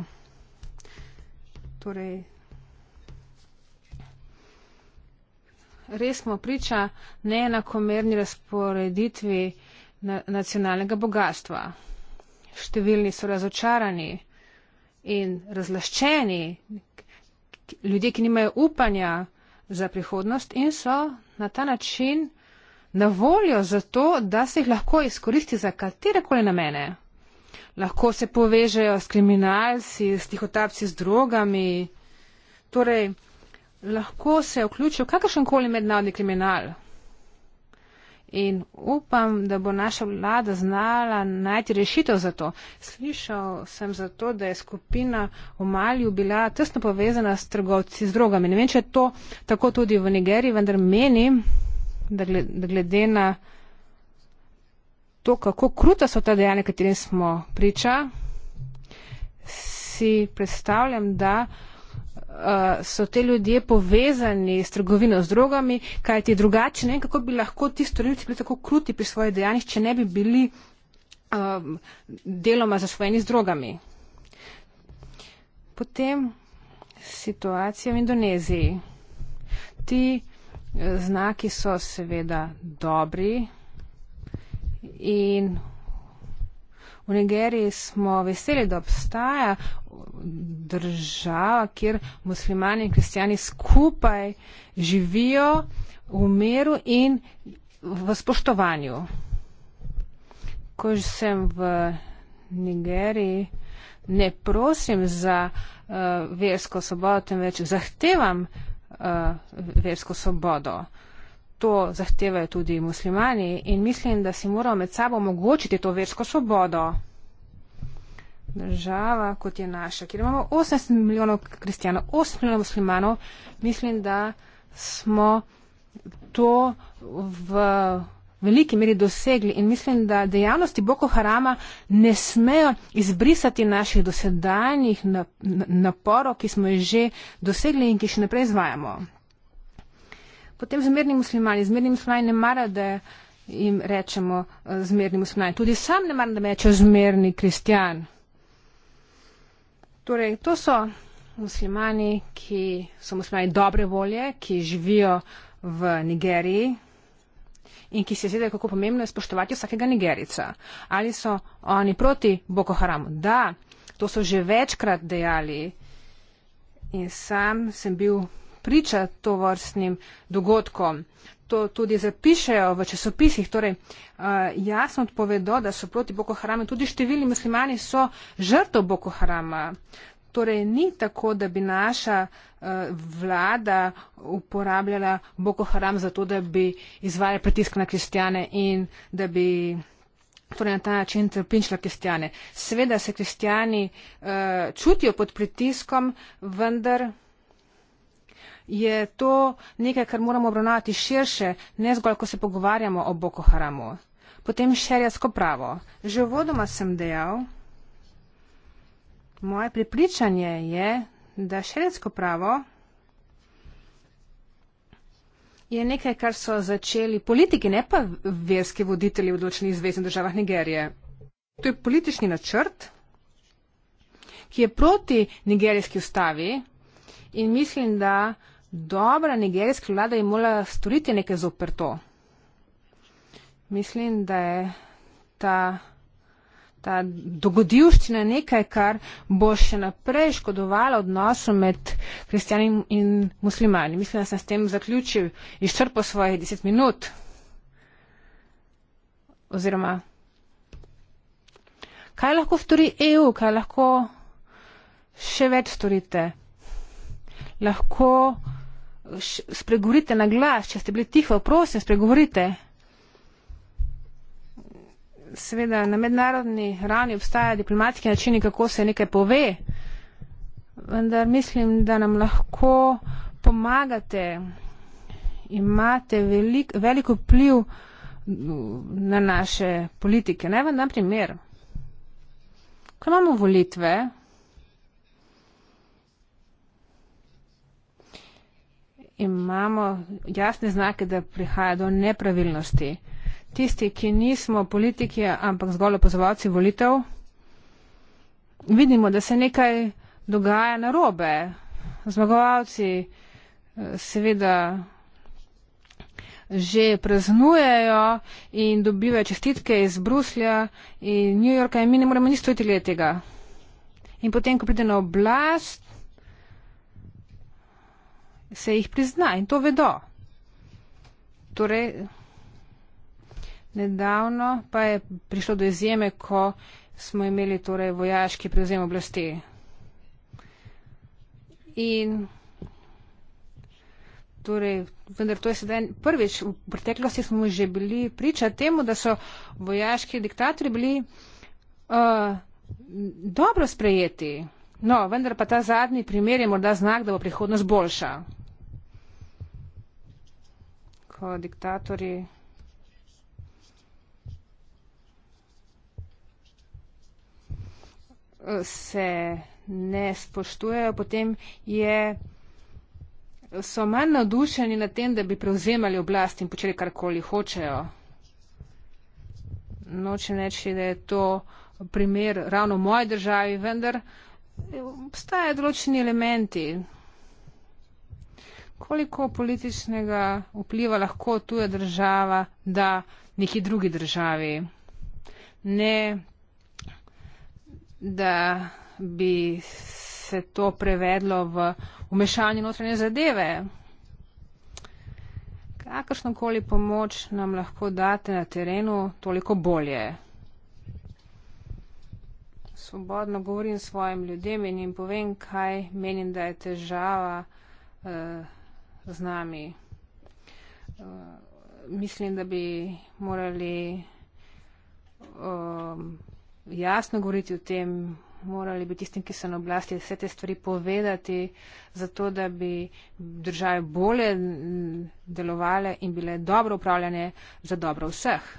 Speaker 5: Torej, res smo priča neenakomerni razporeditvi na nacionalnega bogatstva. Številni so razočarani in razlaščeni, ljudje, ki nimajo upanja za prihodnost in so na ta način na voljo za to, da se jih lahko izkoristi za katerekoli namene. Lahko se povežejo s kriminalci, s tihotapci, z drogami. Torej, lahko se je vključil kakršenkoli mednarodni kriminal, in upam, da bo naša vlada znala najti rešitev za to. Slišal sem za to, da je skupina v Malju bila tesno povezana s trgovci z drogami. Ne vem, če je to tako tudi v Nigeriji, vendar menim, da glede na to, kako kruta so ta dejanja, katerim smo priča, si predstavljam, da uh, so te ljudje povezani s trgovino z drogami, kajti drugače ne vem, kako bi lahko ti storilci bili tako kruti pri svojih dejanjih, če ne bi bili um, deloma zasvojeni z drogami. Potem situacija v Indoneziji. Ti eh, znaki so seveda dobri in v Nigeriji smo veseli, da obstaja država, kjer muslimani in kristijani skupaj živijo v miru in v spoštovanju. Ko sem v Nigeriji, ne prosim za uh, versko svobodo, temveč zahtevam uh, versko svobodo. To zahtevajo tudi muslimani in mislim, da si moramo med sabo omogočiti to versko svobodo država, kot je naša, kjer imamo 18 milijonov kristijanov, 8 milijonov muslimanov, mislim, da smo to v veliki meri dosegli in mislim, da dejavnosti Boko Harama ne smejo izbrisati naših dosedanjih naporov, ki smo jih že dosegli in ki še naprej izvajamo. Potem zmerni muslimani. Zmerni muslimani ne marajo, da jim rečemo eh, zmerni muslimani. Tudi sam ne marajo, da me rečejo zmerni kristijan. Torej, to so muslimani, ki so muslimani dobre volje, ki živijo v Nigeriji in ki se zdaj, kako pomembno je spoštovati vsakega Nigerica. Ali so oni proti Boko Haramu? Da, to so že večkrat dejali in sam sem bil priča to vrstnim dogodkom to tudi zapišejo v časopisih. Torej, uh, jasno odpovedo, da so proti Boko Haramu. Tudi številni muslimani so žrtov Boko Harama. Torej, ni tako, da bi naša uh, vlada uporabljala Boko Haram za to, da bi izvajala pritisk na kristjane in da bi. Torej, na ta način trpinčila kristjane. Seveda se kristjani uh, čutijo pod pritiskom, vendar je to nekaj, kar moramo obravnavati širše, ne zgolj, ko se pogovarjamo o Boko Haramu. Potem šerijsko pravo. Že vodoma sem dejal, moje pripričanje je, da šerijsko pravo je nekaj, kar so začeli politiki, ne pa verski voditelji v določenih zvezdnih državah Nigerije. To je politični načrt, ki je proti nigerijski ustavi in mislim, da dobra nigerijska vlada je morala storiti nekaj zoper to. Mislim, da je ta, ta dogodivščina nekaj, kar bo še naprej škodovalo odnosu med kristjani in muslimani. Mislim, da sem s tem zaključil in ščrpal svoje 10 minut. Oziroma, kaj lahko stori EU, kaj lahko še več storite? Lahko spregovorite na glas, če ste bili tiho, prosim, spregovorite. Seveda, na mednarodni ravni obstaja diplomatski načini, kako se nekaj pove, vendar mislim, da nam lahko pomagate. Imate velik, veliko pliv na naše politike. Naj vam dam primer. Ko imamo volitve, imamo jasne znake, da prihaja do nepravilnosti. Tisti, ki nismo politiki, ampak zgolj opozovalci volitev, vidimo, da se nekaj dogaja na robe. Zmagovalci eh, seveda že praznujejo in dobivajo čestitke iz Bruslja in New Yorka in mi ne moremo ni stojiti tega. In potem, ko pride na oblast, se jih prizna in to vedo. Torej, nedavno pa je prišlo do izjeme, ko smo imeli torej, vojaški prevzem oblasti. In torej, vendar to je sedaj prvič, v preteklosti smo že bili priča temu, da so vojaški diktatori bili uh, dobro sprejeti. No, vendar pa ta zadnji primer je morda znak, da bo prihodnost boljša. Ko diktatori. se ne spoštujejo, potem je, so manj navdušeni nad tem, da bi prevzemali oblast in počeli karkoli hočejo. Noče neči, da je to primer ravno v moji državi, vendar uh, obstajajo določeni elementi. Koliko političnega vpliva lahko tuja država da neki drugi državi? Ne, da bi se to prevedlo v umešanje notranje zadeve. Kakršnokoli pomoč nam lahko date na terenu, toliko bolje svobodno govorim svojim ljudem in jim povem, kaj menim, da je težava uh, z nami. Uh, mislim, da bi morali uh, jasno govoriti o tem, morali bi tistim, ki so na oblasti, vse te stvari povedati, zato da bi države bolje mm, delovale in bile dobro upravljanje za dobro vseh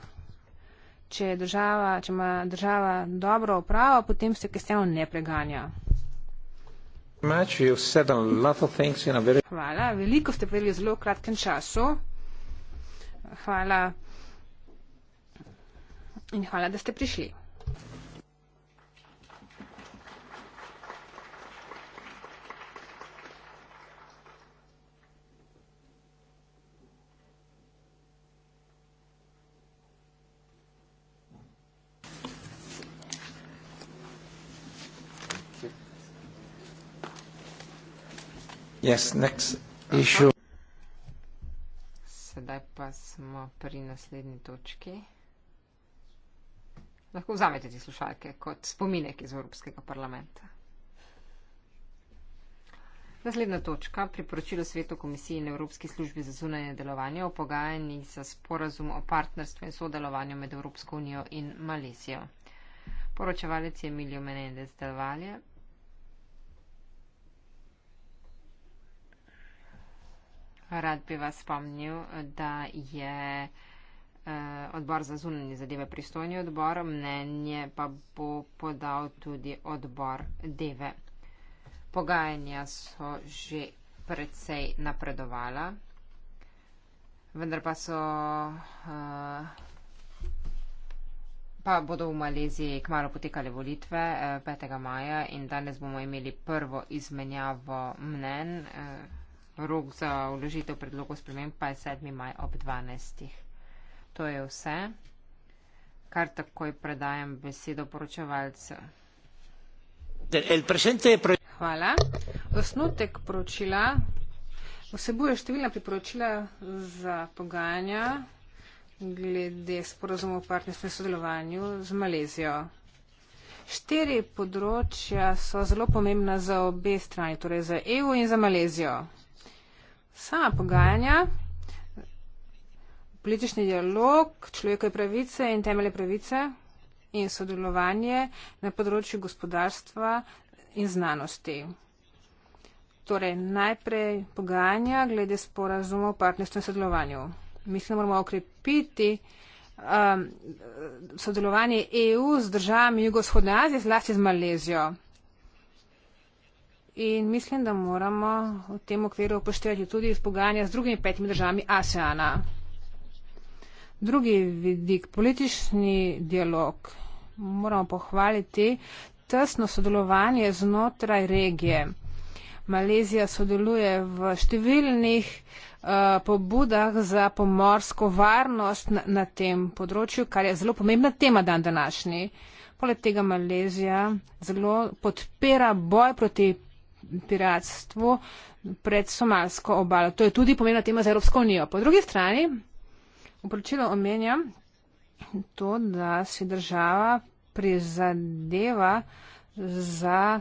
Speaker 5: če, država, če ima država dobro upravo, potem se kristjanov ne preganja.
Speaker 3: Much, very...
Speaker 5: Hvala, veliko ste povedali v zelo kratkem času. Hvala. In hvala, da ste prišli.
Speaker 3: Yes, next
Speaker 1: issue.
Speaker 4: Sedaj pa smo pri naslednji točki. Lahko vzamete ti slušalke kot spominek iz Evropskega parlamenta. Naslednja točka, priporočilo Svetu komisiji in Evropski službi za zunanje delovanje o pogajanji za sporazum o partnerstvu in sodelovanju med Evropsko unijo in Malezijo. Poročevalec je Emilio Menendez Delvalje, Rad bi vas spomnil, da je eh, odbor za zunanje zadeve pristojni odbor, mnenje pa bo podal tudi odbor Deve. Pogajanja so že predvsej napredovala, vendar pa so. Eh, pa bodo v Maleziji kmalo potekale volitve 5. Eh, maja in danes bomo imeli prvo izmenjavo mnen. Rok za uložitev predlogov sprememb pa je 7. maj ob 12. To je vse. Kar takoj predajam besedo poročevalcu.
Speaker 5: Hvala. Osnutek poročila vsebuje številna priporočila za pogajanja glede sporozumov o partnerskem sodelovanju z Malezijo. Štiri področja so zelo pomembna za obe strani, torej za EU in za Malezijo sama pogajanja, politični dialog, človekove pravice in temelje pravice in sodelovanje na področju gospodarstva in znanosti. Torej, najprej pogajanja glede sporazuma o partnerstvu in sodelovanju. Mislim, da moramo okrepiti um, sodelovanje EU z državami Jugoshodne Azije, zlasti z Malezijo in mislim, da moramo v tem okviru upoštevati tudi izpogajanja z drugimi petimi državami ASEANA. Drugi vidik, politični dialog, moramo pohvaliti tesno sodelovanje znotraj regije. Malezija sodeluje v številnih uh, pobudah za pomorsko varnost na, na tem področju, kar je zelo pomembna tema dan današnji. Poleg tega Malezija zelo podpira boj proti piratstvu pred somalsko obalo. To je tudi pomembna tema za Evropsko unijo. Po drugi strani, upročilo omenja to, da se država prizadeva za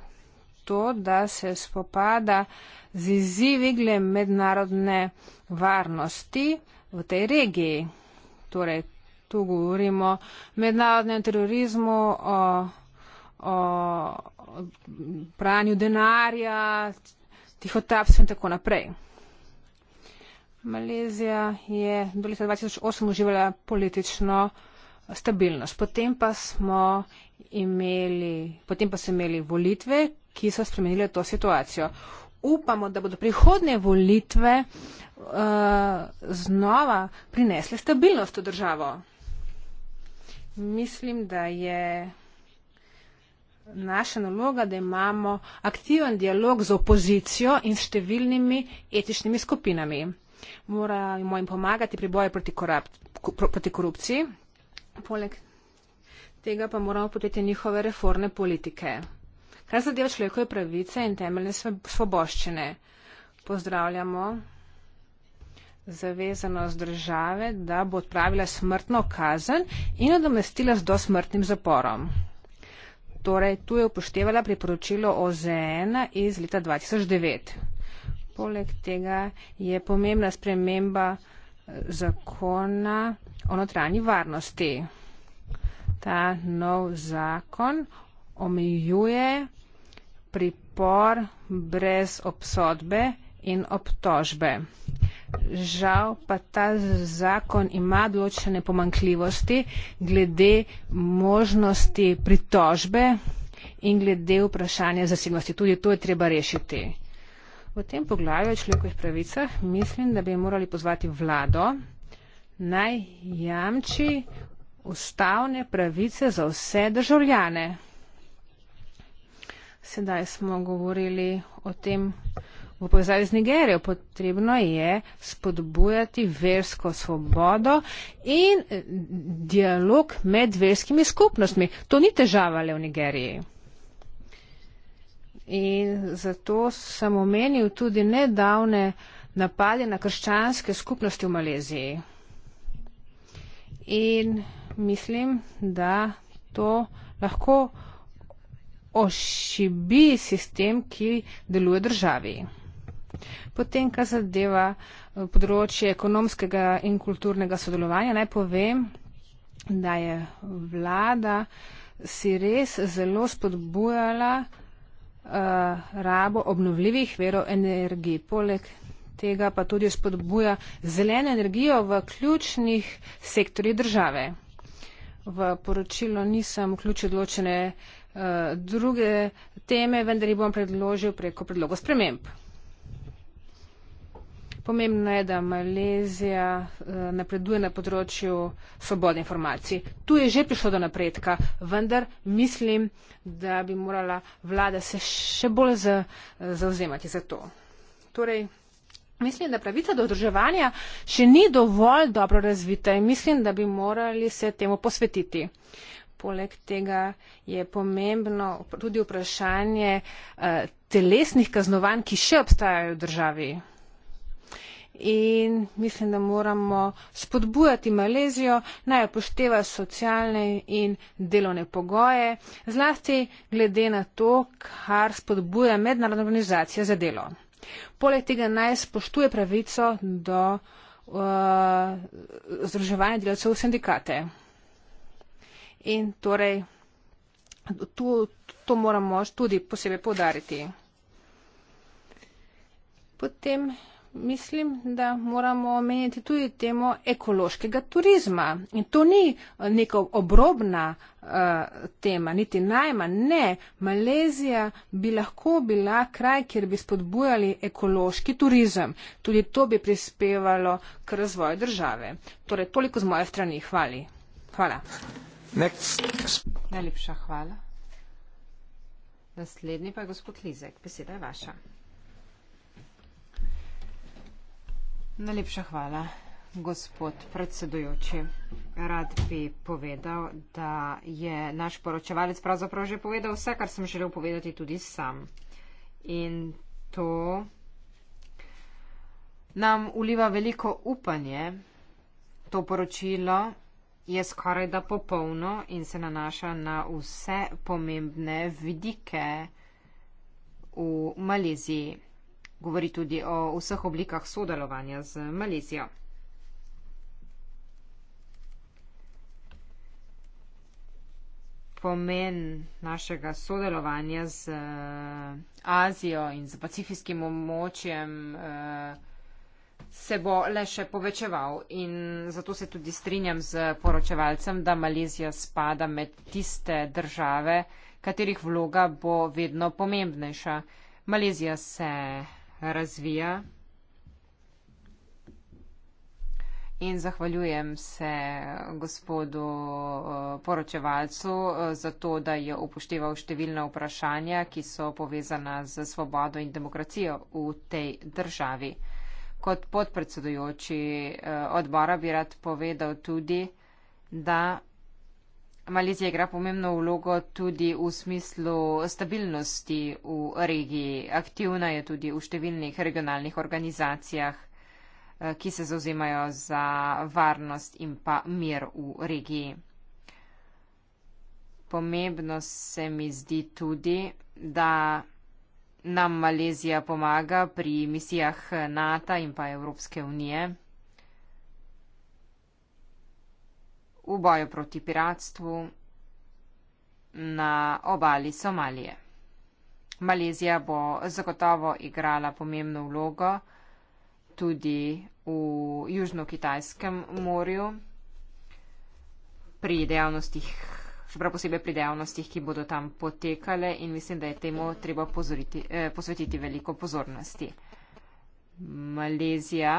Speaker 5: to, da se spopada z izzivi glede mednarodne varnosti v tej regiji. Torej, tu govorimo o mednarodnem terorizmu, o, o pranju denarja, tihotapstvu in tako naprej. Malezija je do leta 2008 uživala politično stabilnost. Potem pa, imeli, potem pa so imeli volitve, ki so spremenile to situacijo. Upamo, da bodo prihodne volitve uh, znova prinesle stabilnost v državo. Mislim, da je naša naloga, da imamo aktiven dialog z opozicijo in s številnimi etičnimi skupinami. Moramo jim pomagati pri boju proti, korup proti korupciji, poleg tega pa moramo poteti njihove reforme politike. Kar zadeva človekove pravice in temeljne svoboščine, pozdravljamo zavezanost države, da bo odpravila smrtno kazen in nadomestila z dosmrtnim zaporom torej tu je upoštevala priporočilo OZN iz leta 2009. Poleg tega je pomembna sprememba eh, zakona o notranji varnosti. Ta nov zakon omejuje pripor brez obsodbe in obtožbe. Žal pa ta zakon ima določene pomankljivosti glede možnosti pritožbe in glede vprašanja zasebnosti. Tudi to je treba rešiti. V tem poglavju o človekovih pravicah mislim, da bi morali pozvati vlado naj jamči ustavne pravice za vse državljane. Sedaj smo govorili o tem, v povezavi z Nigerijo. Potrebno je spodbujati versko svobodo in eh, dialog med verskimi skupnostmi. To ni težava le v Nigeriji. In zato sem omenil tudi nedavne napade na krščanske skupnosti v Maleziji. In mislim, da to lahko ošibi sistem, ki deluje državi. Potem, kar zadeva eh, področje ekonomskega in kulturnega sodelovanja, naj povem, da je vlada si res zelo spodbujala uh, rabo obnovljivih verov energiji. Poleg tega pa tudi spodbuja zeleno energijo v ključnih sektorjih države. V poročilo nisem vključil določene uh, druge teme, vendar jih bom predložil preko predlogo sprememb. Pomembno je, da Malezija eh, napreduje na področju svobode informacij. Tu je že prišlo do napredka, vendar mislim, da bi morala vlada se še bolj zauzemati eh, za to. Torej, mislim, da pravica do odruževanja še ni dovolj dobro razvita in mislim, da bi morali se temu posvetiti. Poleg tega je pomembno tudi vprašanje eh, telesnih kaznovanj, ki še obstajajo v državi in mislim, da moramo spodbujati Malezijo, naj upošteva socialne in delovne pogoje, zlasti glede na to, kar spodbuja mednarodna organizacija za delo. Poleg tega naj spoštuje pravico do uh, združevanja delavcev v sindikate. In torej, to, to moramo tudi posebej povdariti. Potem mislim, da moramo omeniti tudi temo ekološkega turizma. In to ni eh, neka obrobna uh, tema, niti najmanj. Ne, Malezija bi lahko bila kraj, kjer bi spodbujali ekološki turizem. Tudi to bi prispevalo k razvoju države. Torej, toliko z moje strani. Hvali. Hvala. Najlepša hvala. Naslednji
Speaker 4: pa je gospod Lizek. Beseda je vaša. Najlepša hvala, gospod predsedujoči. Rad bi povedal, da je naš poročevalec pravzaprav že povedal vse, kar sem želel povedati tudi sam. In to nam uliva veliko upanje. To poročilo je skoraj da popolno in se nanaša na vse pomembne vidike v Maleziji. Govori tudi o vseh oblikah sodelovanja z Malezijo. Pomen našega sodelovanja z eh, Azijo in z pacifijskim območjem eh, se bo le še povečeval in zato se tudi strinjam z poročevalcem, da Malezija spada med tiste države, katerih vloga bo vedno pomembnejša. Malezija se razvija. In zahvaljujem se gospodu eh, poročevalcu eh, za to, da je upošteval številna vprašanja, ki so povezana z svobodo in demokracijo v tej državi. Kot podpredsedujoči eh, odbora bi rad povedal tudi, da Malezija igra pomembno vlogo tudi v smislu stabilnosti v regiji. Aktivna je tudi v številnih regionalnih organizacijah, eh, ki se zauzemajo za varnost in pa mir v regiji. Pomembno se mi zdi tudi, da nam Malezija pomaga pri misijah NATO in pa Evropske unije. v boju proti piratstvu na obali Somalije. Malezija bo zagotovo igrala pomembno vlogo tudi v Južno-Kitajskem morju pri dejavnostih, še prav posebej pri dejavnostih, ki bodo tam potekale in mislim, da je temu treba eh, posvetiti veliko pozornosti. Malezija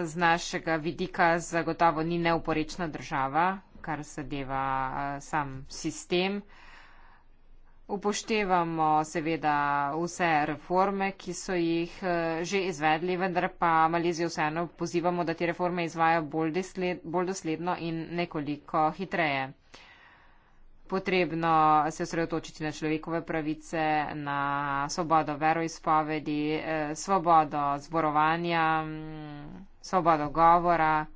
Speaker 4: z našega vidika zagotovo ni neuporečna država, kar zadeva sam sistem. Upoštevamo seveda vse reforme, ki so jih že izvedli, vendar pa Malezijo vseeno pozivamo, da te reforme izvajo bolj, desled, bolj dosledno in nekoliko hitreje. Potrebno se osredotočiti na človekove pravice, na svobodo veroizpovedi, e, svobodo zborovanja soba dogovora.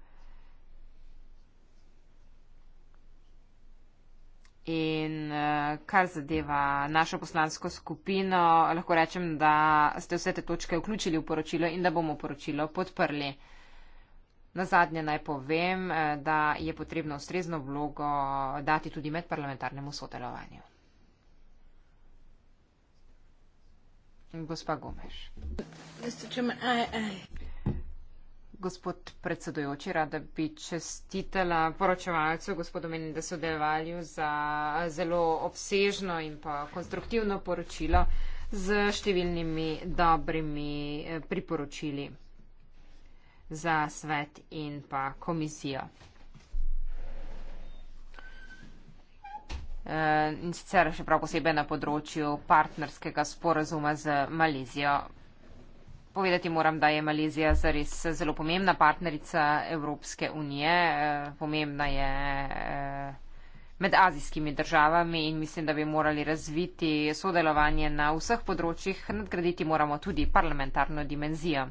Speaker 4: In eh, kar zadeva našo poslansko skupino, lahko rečem, da ste vse te točke vključili v poročilo in da bomo poročilo podprli. Na zadnje naj povem, eh, da je potrebno ustrezno vlogo dati tudi med parlamentarnemu sodelovanju. Gospa Gomeš.
Speaker 5: Mr. Chairman, I, I
Speaker 4: gospod predsedujoči, rada bi čestitela poročevalcu, gospodu menim, da so delovali za zelo obsežno in pa konstruktivno poročilo z številnimi dobrimi eh, priporočili za svet in pa komisijo. Eh, in sicer še prav posebej na področju partnerskega sporazuma z Malezijo. Povedati moram, da je Malezija zares zelo pomembna partnerica Evropske unije. Eh, pomembna je eh, med azijskimi državami in mislim, da bi morali razviti sodelovanje na vseh področjih. Nadgraditi moramo tudi parlamentarno dimenzijo.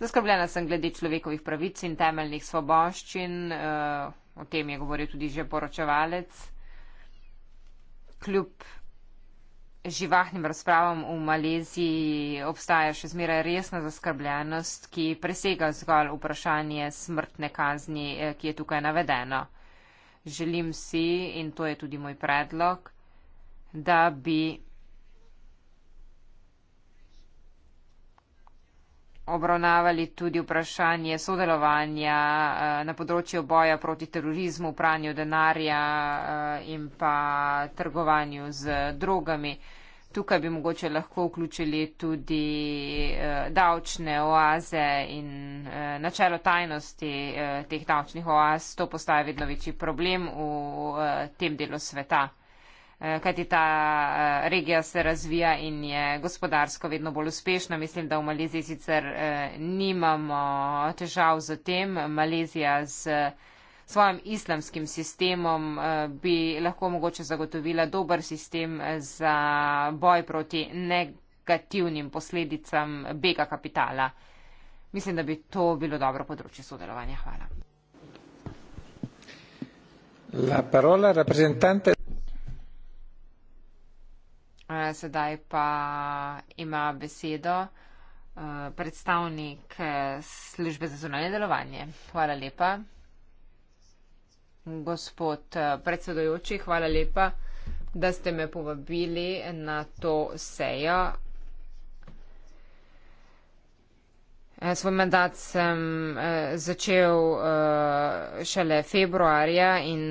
Speaker 4: Zaskrbljena sem glede človekovih pravic in temeljnih svoboščin. Eh, o tem je govoril tudi že poročevalec. Kljub živahnim razpravam v Maleziji obstaja še zmeraj resna zaskrbljenost, ki presega zgolj vprašanje smrtne kazni, eh, ki je tukaj navedeno. Želim si, in to je tudi moj predlog, da bi obravnavali tudi vprašanje sodelovanja eh, na področju boja proti terorizmu, pranju denarja eh, in pa trgovanju z drogami. Tukaj bi mogoče lahko vključili tudi eh, davčne oaze in načelo tajnosti teh davčnih oaz. To postaje vedno večji problem v tem delu sveta. Eh, kajti ta eh, regija se razvija in je gospodarsko vedno bolj uspešna. Mislim, da v Maleziji sicer eh, nimamo težav z tem. Malezija z svojim islamskim sistemom bi lahko mogoče zagotovila dober sistem za boj proti negativnim posledicam bega kapitala. Mislim, da bi to bilo dobro področje sodelovanja. Hvala.
Speaker 3: La parola rappresentante
Speaker 4: Sedaj pa ima besedo eh, predstavnik eh, službe za zunanje delovanje. Hvala lepa. Gospod eh, predsedojoči, hvala lepa, da ste me povabili na to sejo. Eh, svoj mandat sem eh, začel eh, šele februarja in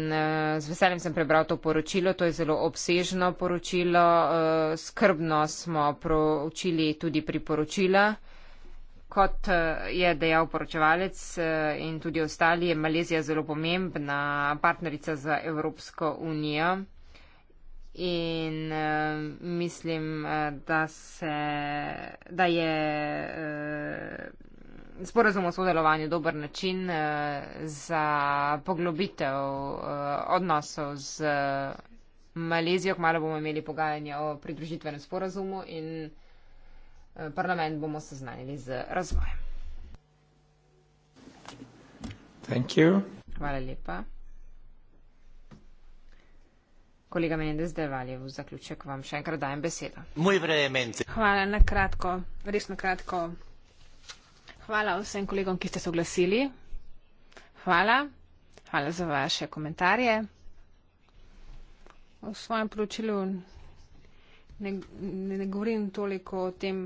Speaker 4: z veseljem sem prebral to poročilo. To je zelo obsežno poročilo. Skrbno smo proučili tudi priporočila. Kot je dejal poročevalec in tudi ostali, je Malezija zelo pomembna partnerica za Evropsko unijo. In uh, mislim, uh, da, se, da je uh, sporazum o sodelovanju dober način uh, za poglobitev uh, odnosov z Malezijo. Kmalo bomo imeli pogajanje o pridružitvenem sporazumu in uh, parlament bomo seznanili z razvojem. Thank you. Hvala lepa. Kolega Menendez Devalje, v zaključek
Speaker 5: vam še enkrat dajem besedo.
Speaker 1: Moj vremenci.
Speaker 5: Hvala na kratko, res na kratko. Hvala vsem kolegom, ki ste se oglasili. Hvala. Hvala za vaše komentarje. V svojem poročilu ne, ne, ne govorim toliko o tem,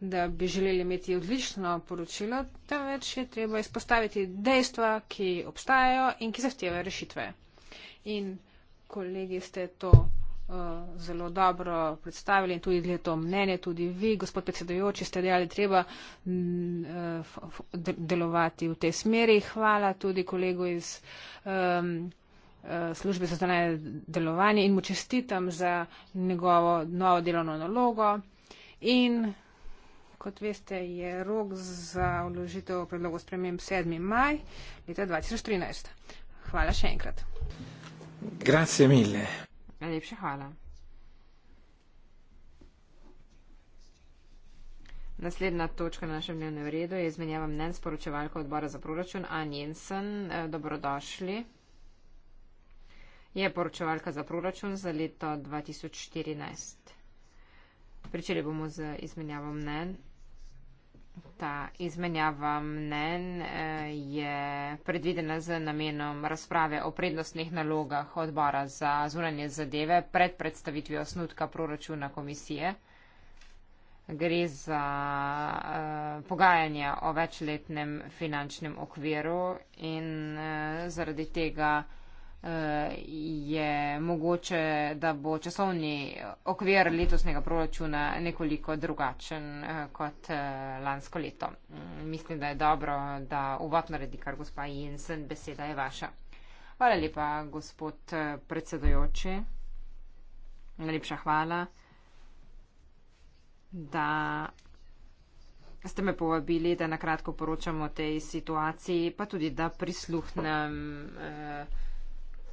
Speaker 5: da bi želeli imeti odlično poročilo, temveč je treba izpostaviti dejstva, ki obstajajo in ki zahtevajo rešitve. In kolegi ste to eh, zelo dobro predstavili in tudi glede to mnenje, tudi vi, gospod predsedujoči, ste dejali, treba mm, eh, delovati v tej smeri. Hvala tudi kolegu iz eh, službe za zdanje delovanje in mu čestitam za njegovo novo delovno nalogo. In kot veste, je rok za vložitev predlogov spremem 7. maj leta 2013. Hvala še enkrat.
Speaker 3: Grazie mille.
Speaker 5: Najlepša hvala.
Speaker 4: Naslednja točka na našem dnevnem redu je izmenjava mnen sporočevalka odbora za proračun Ann Jensen. Eh, dobrodošli. Je poročevalka za proračun za leto 2014. Pričeli bomo z izmenjavo mnen. Ta izmenjava mnen eh, je predvidena z namenom razprave o prednostnih nalogah odbora za zunanje zadeve pred predstavitvijo snutka proračuna komisije. Gre za uh, pogajanja o večletnem finančnem okviru in uh, zaradi tega uh, Eh, je mogoče, da bo časovni okvir letosnega proračuna nekoliko drugačen eh, kot eh, lansko leto. Mm, mislim, da je dobro, da uvod naredi kar gospa Jensen, beseda je vaša. Hvala lepa, gospod predsedojoči. Najlepša hvala, da ste me povabili, da nakratko poročam o tej situaciji, pa tudi, da prisluhnem. Eh,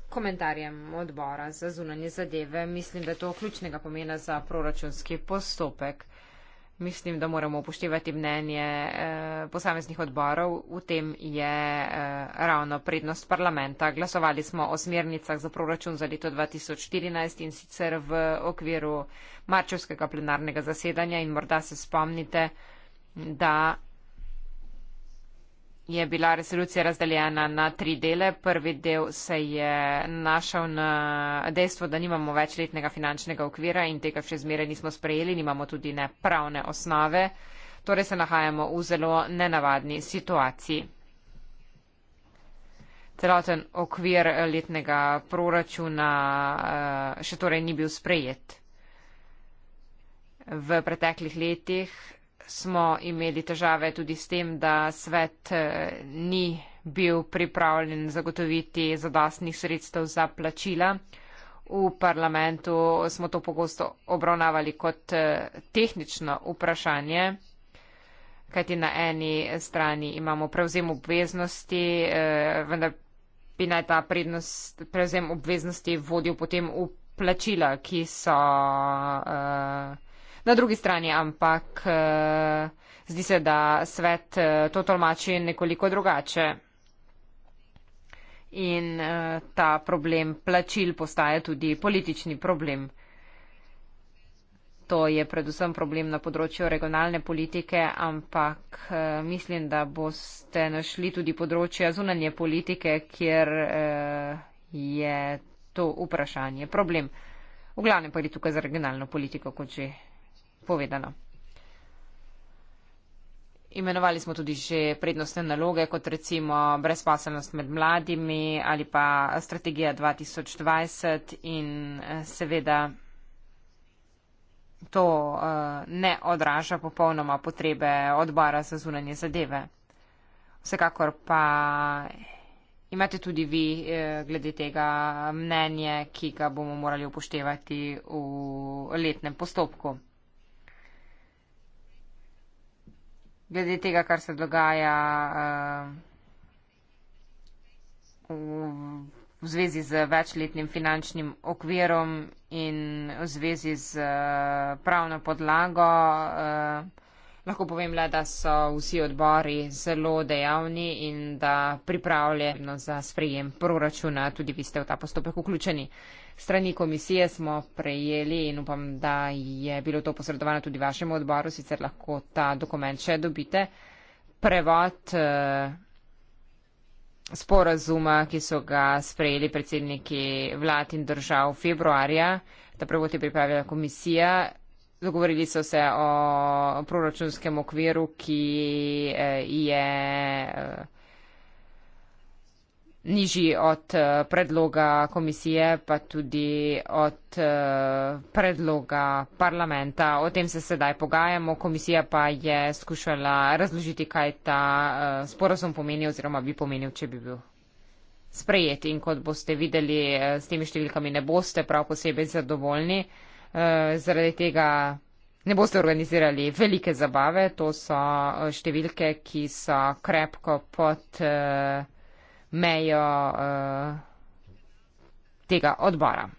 Speaker 4: komentarjem odbora za zunanje zadeve. Mislim, da je to ključnega pomena za proračunski postopek. Mislim, da moramo upoštevati mnenje eh, posameznih odborov. V tem je eh, ravno prednost parlamenta. Glasovali smo o smernicah za proračun za leto 2014 in sicer v okviru marčevskega plenarnega zasedanja in morda se spomnite, da je bila resolucija razdeljena na tri dele. Prvi del se je našel na dejstvo, da nimamo večletnega finančnega okvira in tega še zmeraj nismo sprejeli, nimamo tudi ne pravne osnove. Torej se nahajamo v zelo nenavadni situaciji. Celoten okvir letnega proračuna eh, še torej ni bil sprejet. V preteklih letih smo imeli težave tudi s tem, da svet eh, ni bil pripravljen zagotoviti zadostnih sredstev za plačila. V parlamentu smo to pogosto obravnavali kot eh, tehnično vprašanje, kajti na eni strani imamo prevzem obveznosti, eh, vendar bi naj ta prednost, prevzem obveznosti vodil potem v plačila, ki so. Uh, Na drugi strani ampak eh, zdi se, da svet eh, to tolmači nekoliko drugače. In eh, ta problem plačil postaje tudi politični problem. To je predvsem problem na področju regionalne politike, ampak mislim, da boste našli tudi področja zunanje politike, kjer je to vprašanje problem. V glavnem pa gre tukaj za regionalno politiko, kot že povedano. Imenovali smo tudi že prednostne naloge, kot recimo brezpaselnost med mladimi ali pa strategija 2020 in eh, seveda to eh, ne odraža popolnoma potrebe odbora za zunanje zadeve. Vsekakor pa imate tudi vi eh, glede tega mnenje, ki ga bomo morali upoštevati v letnem postopku. glede tega, kar se dogaja uh, v, v zvezi z večletnim finančnim okvirom in v zvezi z uh, pravno podlago. Uh, lahko povem le, da so vsi odbori zelo dejavni in da pripravljeno za sprejem proračuna tudi vi ste v ta postopek vključeni. Uh, Strani komisije smo prejeli in upam, da je bilo to posredovano tudi vašemu odboru, sicer lahko ta dokument še dobite. Prevod eh, sporazuma, ki so ga sprejeli predsedniki vlad in držav februarja, ta prevod je pripravila komisija. Dogovorili so se o proračunskem okviru, ki eh, je. Eh, nižji od eh, predloga komisije, pa tudi od eh, predloga parlamenta. O tem se sedaj pogajamo. Komisija pa je skušala razložiti, kaj ta eh, sporozum pomeni oziroma bi pomenil, če bi bil sprejet. In kot boste videli, s temi številkami ne boste prav posebej zadovoljni. Zaradi tega ne boste organizirali velike zabave. To so številke, ki so krepko pod mejo uh, tega odbora.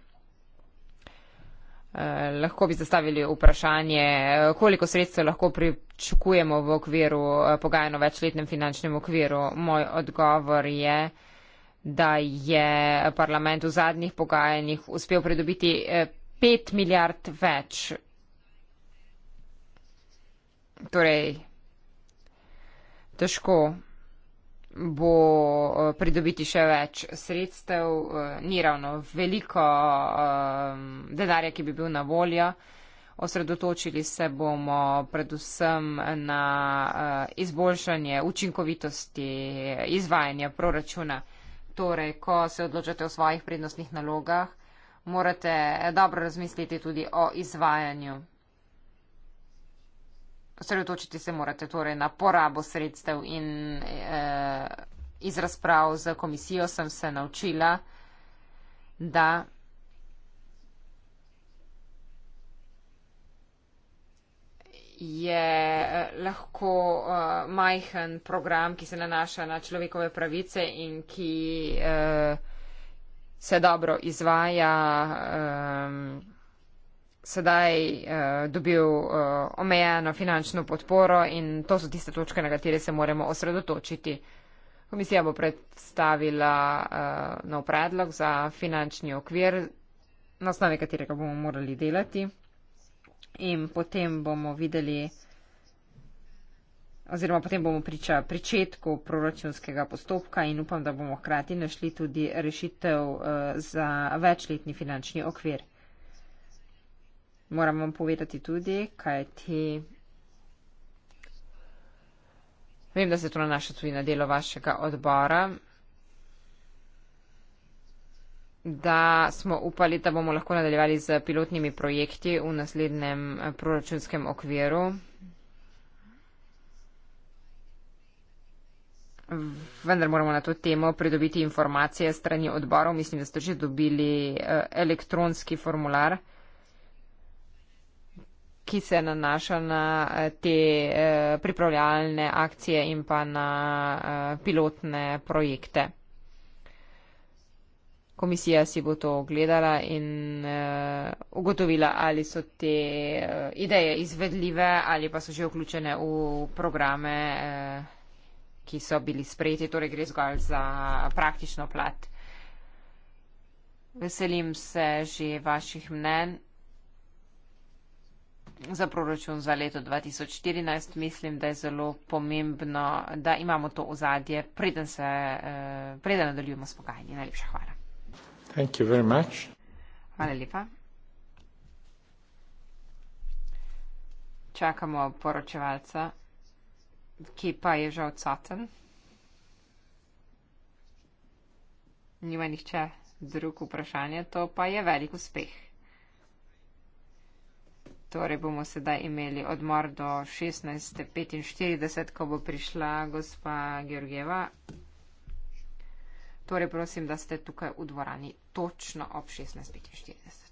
Speaker 4: Uh, lahko bi zastavili vprašanje, eh, koliko sredstev lahko pričakujemo v okviru uh, pogajanja o večletnem finančnem okviru. Moj odgovor je, da je parlament v zadnjih pogajanjih uspel pridobiti uh, 5 milijard več. Torej, težko bo eh, pridobiti še več sredstev, eh, ni ravno veliko eh, denarja, ki bi bil na voljo. Osredotočili se bomo predvsem na izboljšanje učinkovitosti izvajanja proračuna. Torej, ko se odločate o svojih prednostnih nalogah, morate dobro razmisliti tudi o izvajanju osredotočiti se morate torej na porabo sredstev in eh, iz razprav z komisijo sem se naučila, da je eh, lahko eh, majhen program, ki se nanaša na človekove pravice in ki eh, se dobro izvaja. Eh, sedaj uh, dobil uh, omejeno finančno podporo in to so tiste točke, na katere se moramo osredotočiti. Komisija bo predstavila uh, nov predlog za finančni okvir, na osnovi katerega bomo morali delati in potem bomo videli oziroma potem bomo priča pričetku proračunskega postopka in upam, da bomo hkrati našli tudi rešitev uh, za večletni finančni okvir moram vam povedati tudi, kaj ti. Vem, da se to nanaša tudi na delo vašega odbora, da smo upali, da bomo lahko nadaljevali z pilotnimi projekti v naslednjem eh, proračunskem okviru. Vendar moramo na to temo pridobiti informacije strani odborov. Mislim, da ste že dobili eh, elektronski formular ki se nanaša na eh, te eh, pripravljalne akcije in pa na eh, pilotne projekte. Komisija si bo to ogledala in ugotovila, ali so te ideje izvedljive ali pa so že vključene v programe, ki so bili sprejeti, torej gre zgolj za praktično plat. Veselim se že vaših mnen za proračun za leto 2014 mislim, da je zelo pomembno, da imamo to ozadje, preden, se, eh, preden nadaljujemo s pogajanji. Najlepša
Speaker 3: hvala.
Speaker 4: Hvala lepa. Čakamo poročevalca, ki pa je že odsoten. Nima nihče drug vprašanje, to pa je velik uspeh. Torej bomo sedaj imeli odmor do 16.45, ko bo prišla gospa Georgieva. Torej prosim, da ste tukaj v dvorani točno ob 16.45.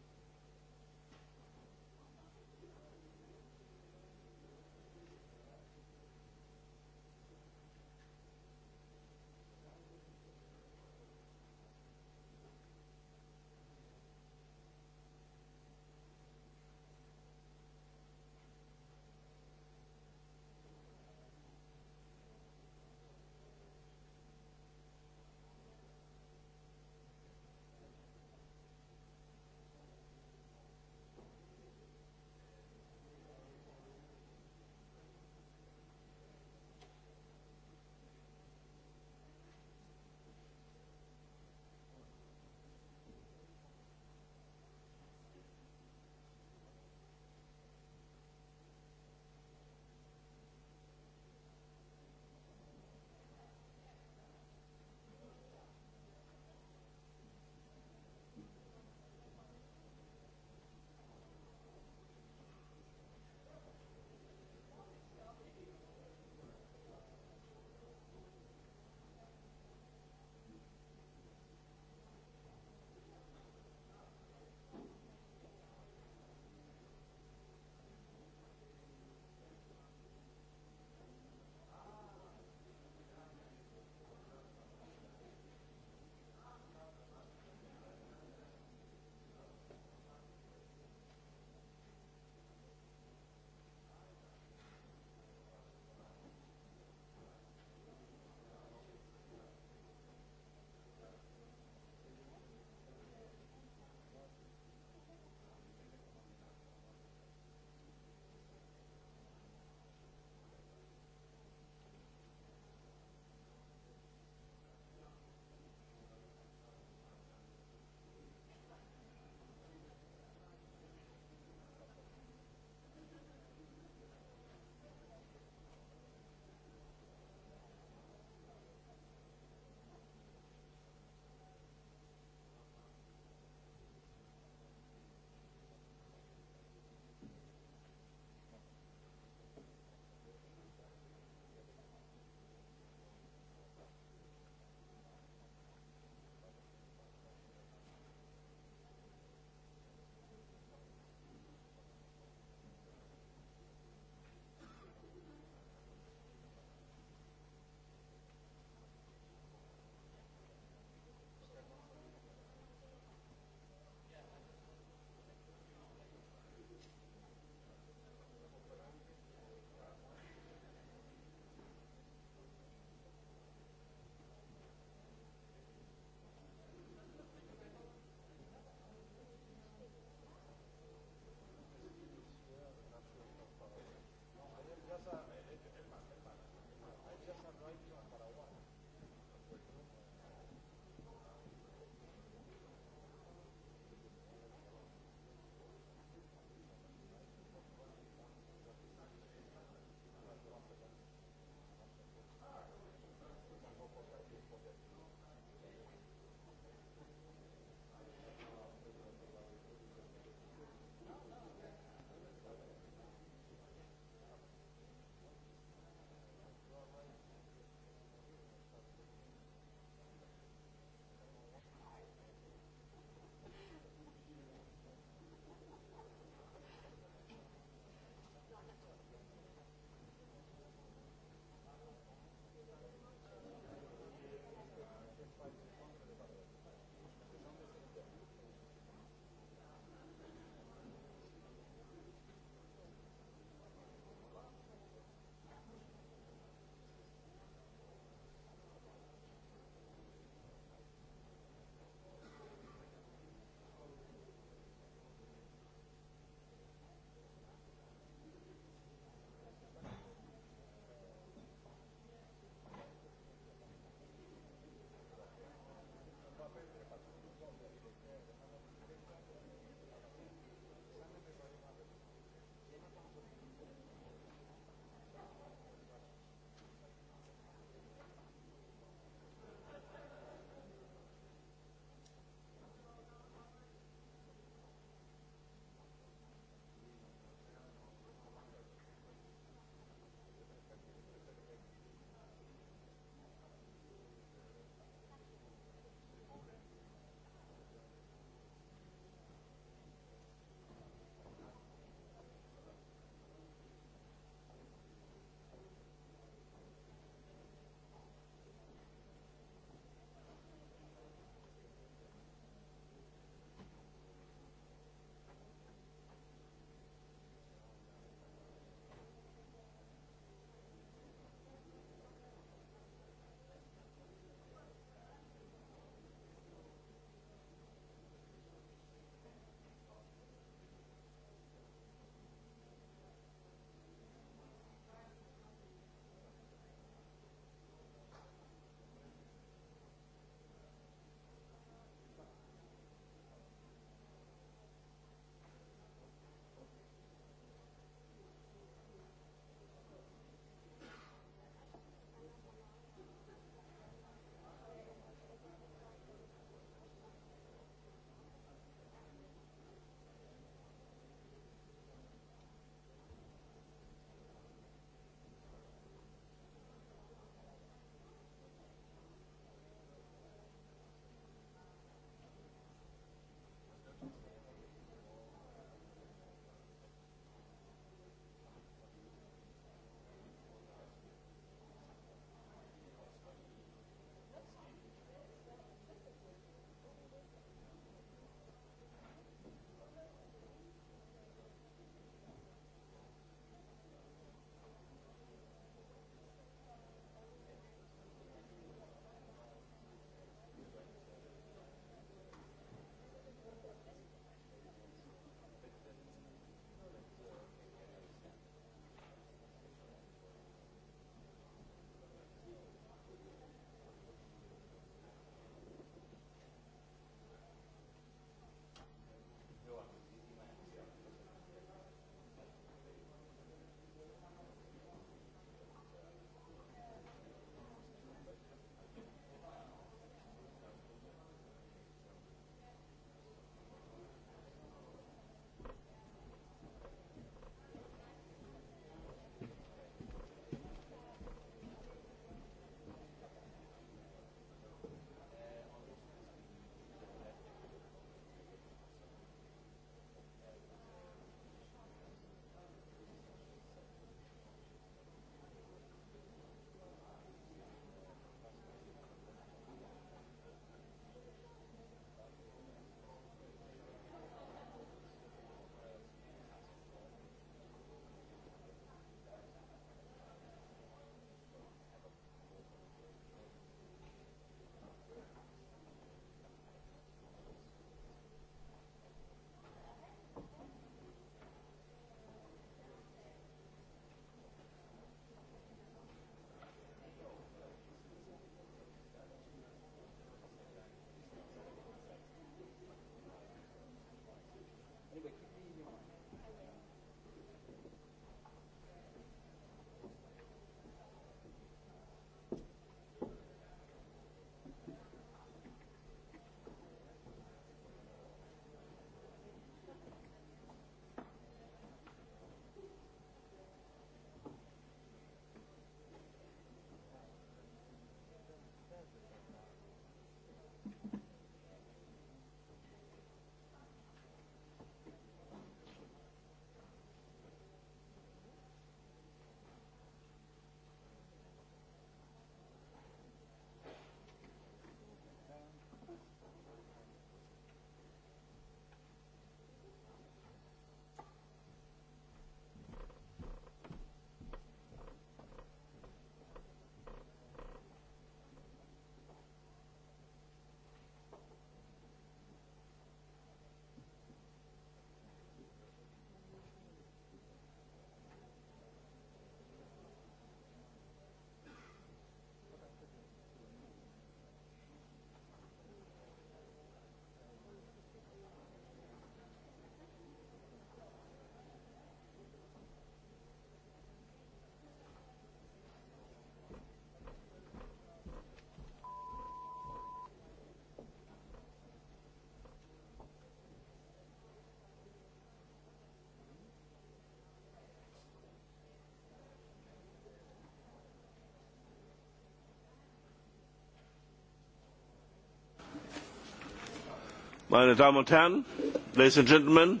Speaker 3: meine damen und herren ladies and gentlemen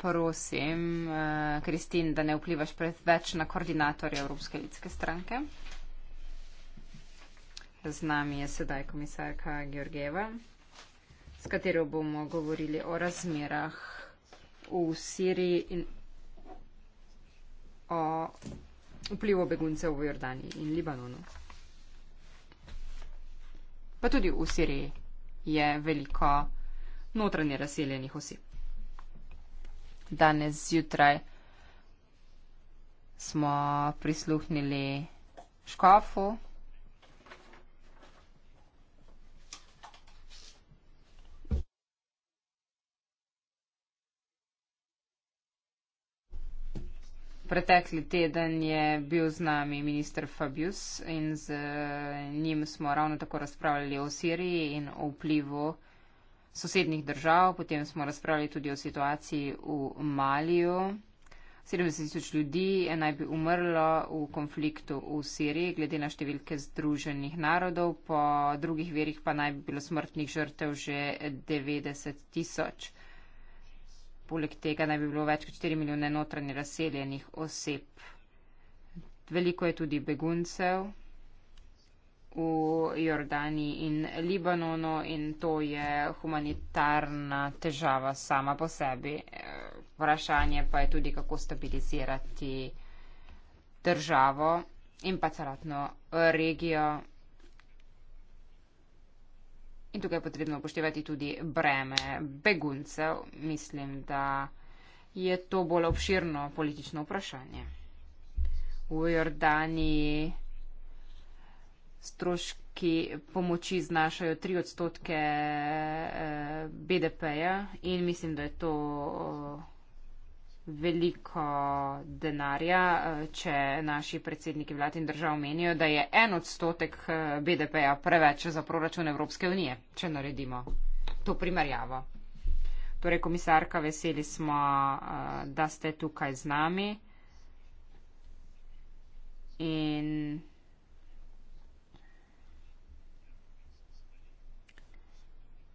Speaker 4: prosim eh, kristin da ne vplivaš preveč na koordinatorja evropske ljudske stranke z nami je sedaj komisarka georgieva s katero bomo govorili o razmerah v siriji in o vplivu beguncev v Jordaniji in Libanonu. Pa tudi v Siriji je veliko notranje razseljenih oseb. Danes zjutraj smo prisluhnili škofu. Pretekli teden je bil z nami minister Fabius in z njim smo ravno tako razpravljali o Siriji in o vplivu sosednjih držav. Potem smo razpravljali tudi o situaciji v Maliju. 70 tisoč ljudi je naj bi umrlo v konfliktu v Siriji, glede na številke združenih narodov, po drugih verjih pa naj bi bilo smrtnih žrtev že 90 tisoč. Poleg tega naj bi bilo več kot 4 milijone notranje razseljenih oseb. Veliko je tudi beguncev v Jordani in Libanonu in to je humanitarna težava sama po sebi. Vprašanje pa je tudi, kako stabilizirati državo in pa celotno regijo. In tukaj je potrebno upoštevati tudi breme beguncev. Mislim, da je to bolj obširno politično vprašanje. V Jordaniji stroški pomoči znašajo 3 odstotke eh, BDP-ja in mislim, da je to veliko denarja, eh, če naši predsedniki vlad in držav menijo, da je en odstotek eh, BDP-ja preveč za proračun Evropske unije, če naredimo to primerjavo. Torej, komisarka, veseli smo, eh, da ste tukaj z nami. In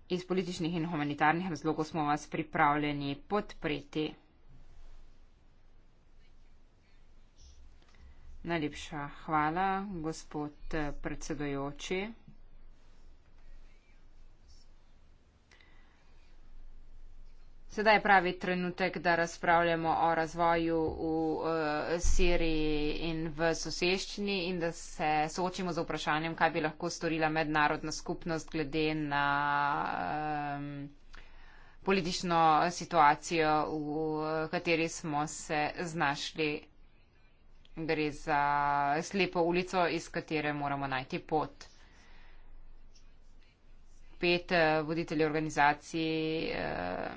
Speaker 4: iz političnih in humanitarnih razlogov smo vas pripravljeni podpreti. Najlepša hvala, gospod eh, predsedojoči. Sedaj je pravi trenutek, da razpravljamo o razvoju v uh, Siriji in v soseščini in da se soočimo z vprašanjem, kaj bi lahko storila mednarodna skupnost glede na um, politično situacijo, v kateri smo se znašli gre za slepo ulico, iz katere moramo najti pot. Pet eh, voditelj organizacij eh,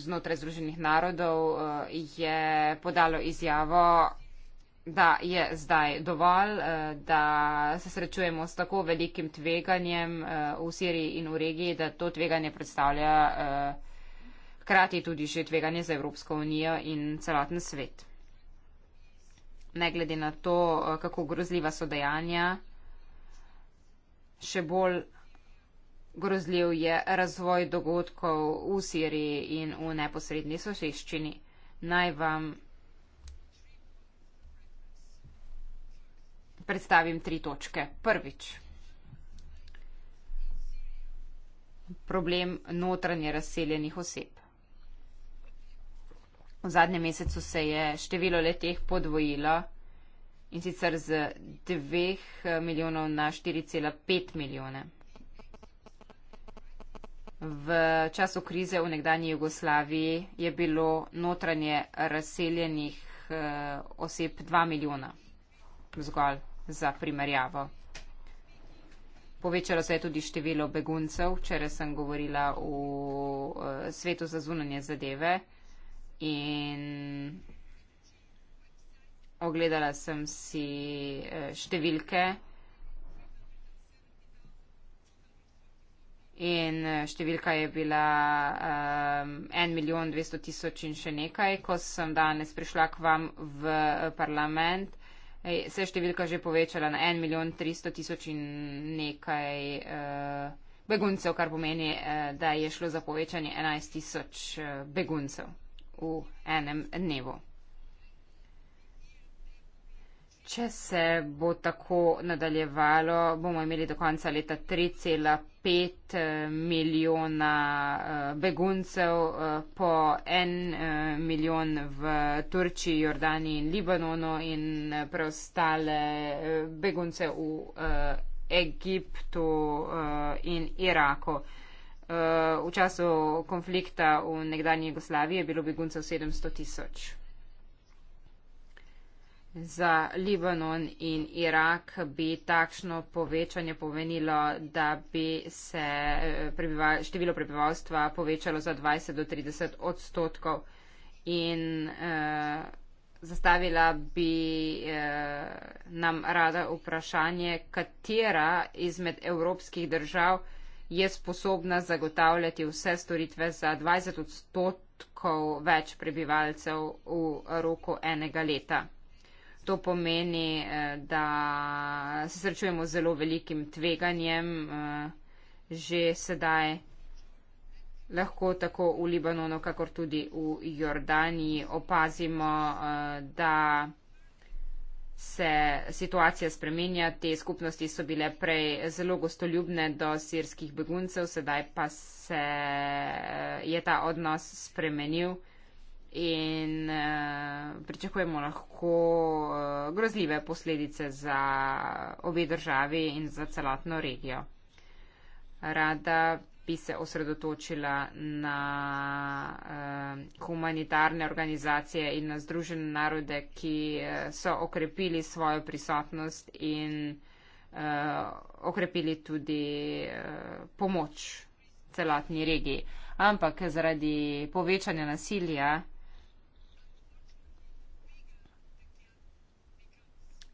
Speaker 4: znotraj Združenih narodov eh, je podalo izjavo, da je zdaj dovolj, da se srečujemo s tako velikim tveganjem v Siriji in v regiji, da to tveganje predstavlja hkrati tudi že tveganje za Evropsko unijo in celoten svet ne glede na to, eh, kako grozljiva so dejanja, še bolj grozljiv je razvoj dogodkov v Siriji in v neposredni soseščini. Naj vam predstavim tri točke. Prvič. Problem notranje razseljenih oseb. V zadnjem mesecu se je število leteh podvojilo in sicer z 2 eh, milijonov na 4,5 milijone. V času krize v nekdanji Jugoslaviji je bilo notranje razseljenih eh, oseb 2 milijona, zgolj za primerjavo. Povečalo se je tudi število beguncev, včeraj sem govorila v eh, Svetu za zunanje zadeve in ogledala sem si eh, številke. In eh, številka je bila um, ehm, 1 milijon 200 tisoč in še nekaj. Ko sem danes prišla k vam v eh, parlament, se je številka že povečala na 1 milijon 300 tisoč in nekaj uh, beguncev, kar pomeni, uh, da je šlo za povečanje 11 tisoč uh, beguncev v enem dnevu. Če se bo tako nadaljevalo, bomo imeli do konca leta 3,5 eh, milijona eh, beguncev, eh, po en milijon v Turčiji, Jordaniji in Libanonu in preostale begunce v Egiptu in Iraku v času konflikta v nekdanji Jugoslaviji je bilo beguncev 700 tisoč. Za Libanon in Irak bi takšno povečanje pomenilo, da bi se eh, prebiva, število prebivalstva povečalo za 20 do 30 odstotkov in eh, zastavila bi eh, nam rada vprašanje, katera izmed evropskih držav eh, je sposobna zagotavljati vse storitve za 20 odstotkov več prebivalcev v roku enega leta. To pomeni, eh, da se srečujemo z zelo velikim tveganjem eh, že sedaj. Lahko tako v Libanonu, kakor tudi v Jordaniji opazimo, eh, da se situacija spremenja. Te skupnosti so bile prej zelo gostoljubne do sirskih beguncev, sedaj pa se eh, je ta odnos spremenil in eh, pričakujemo lahko eh, grozljive posledice za obe državi in za celotno regijo. Rada bi se osredotočila na eh, humanitarne organizacije in na združene narode, ki eh, so okrepili svojo prisotnost in eh, okrepili tudi pomoč celotni regiji. Ampak zaradi povečanja nasilja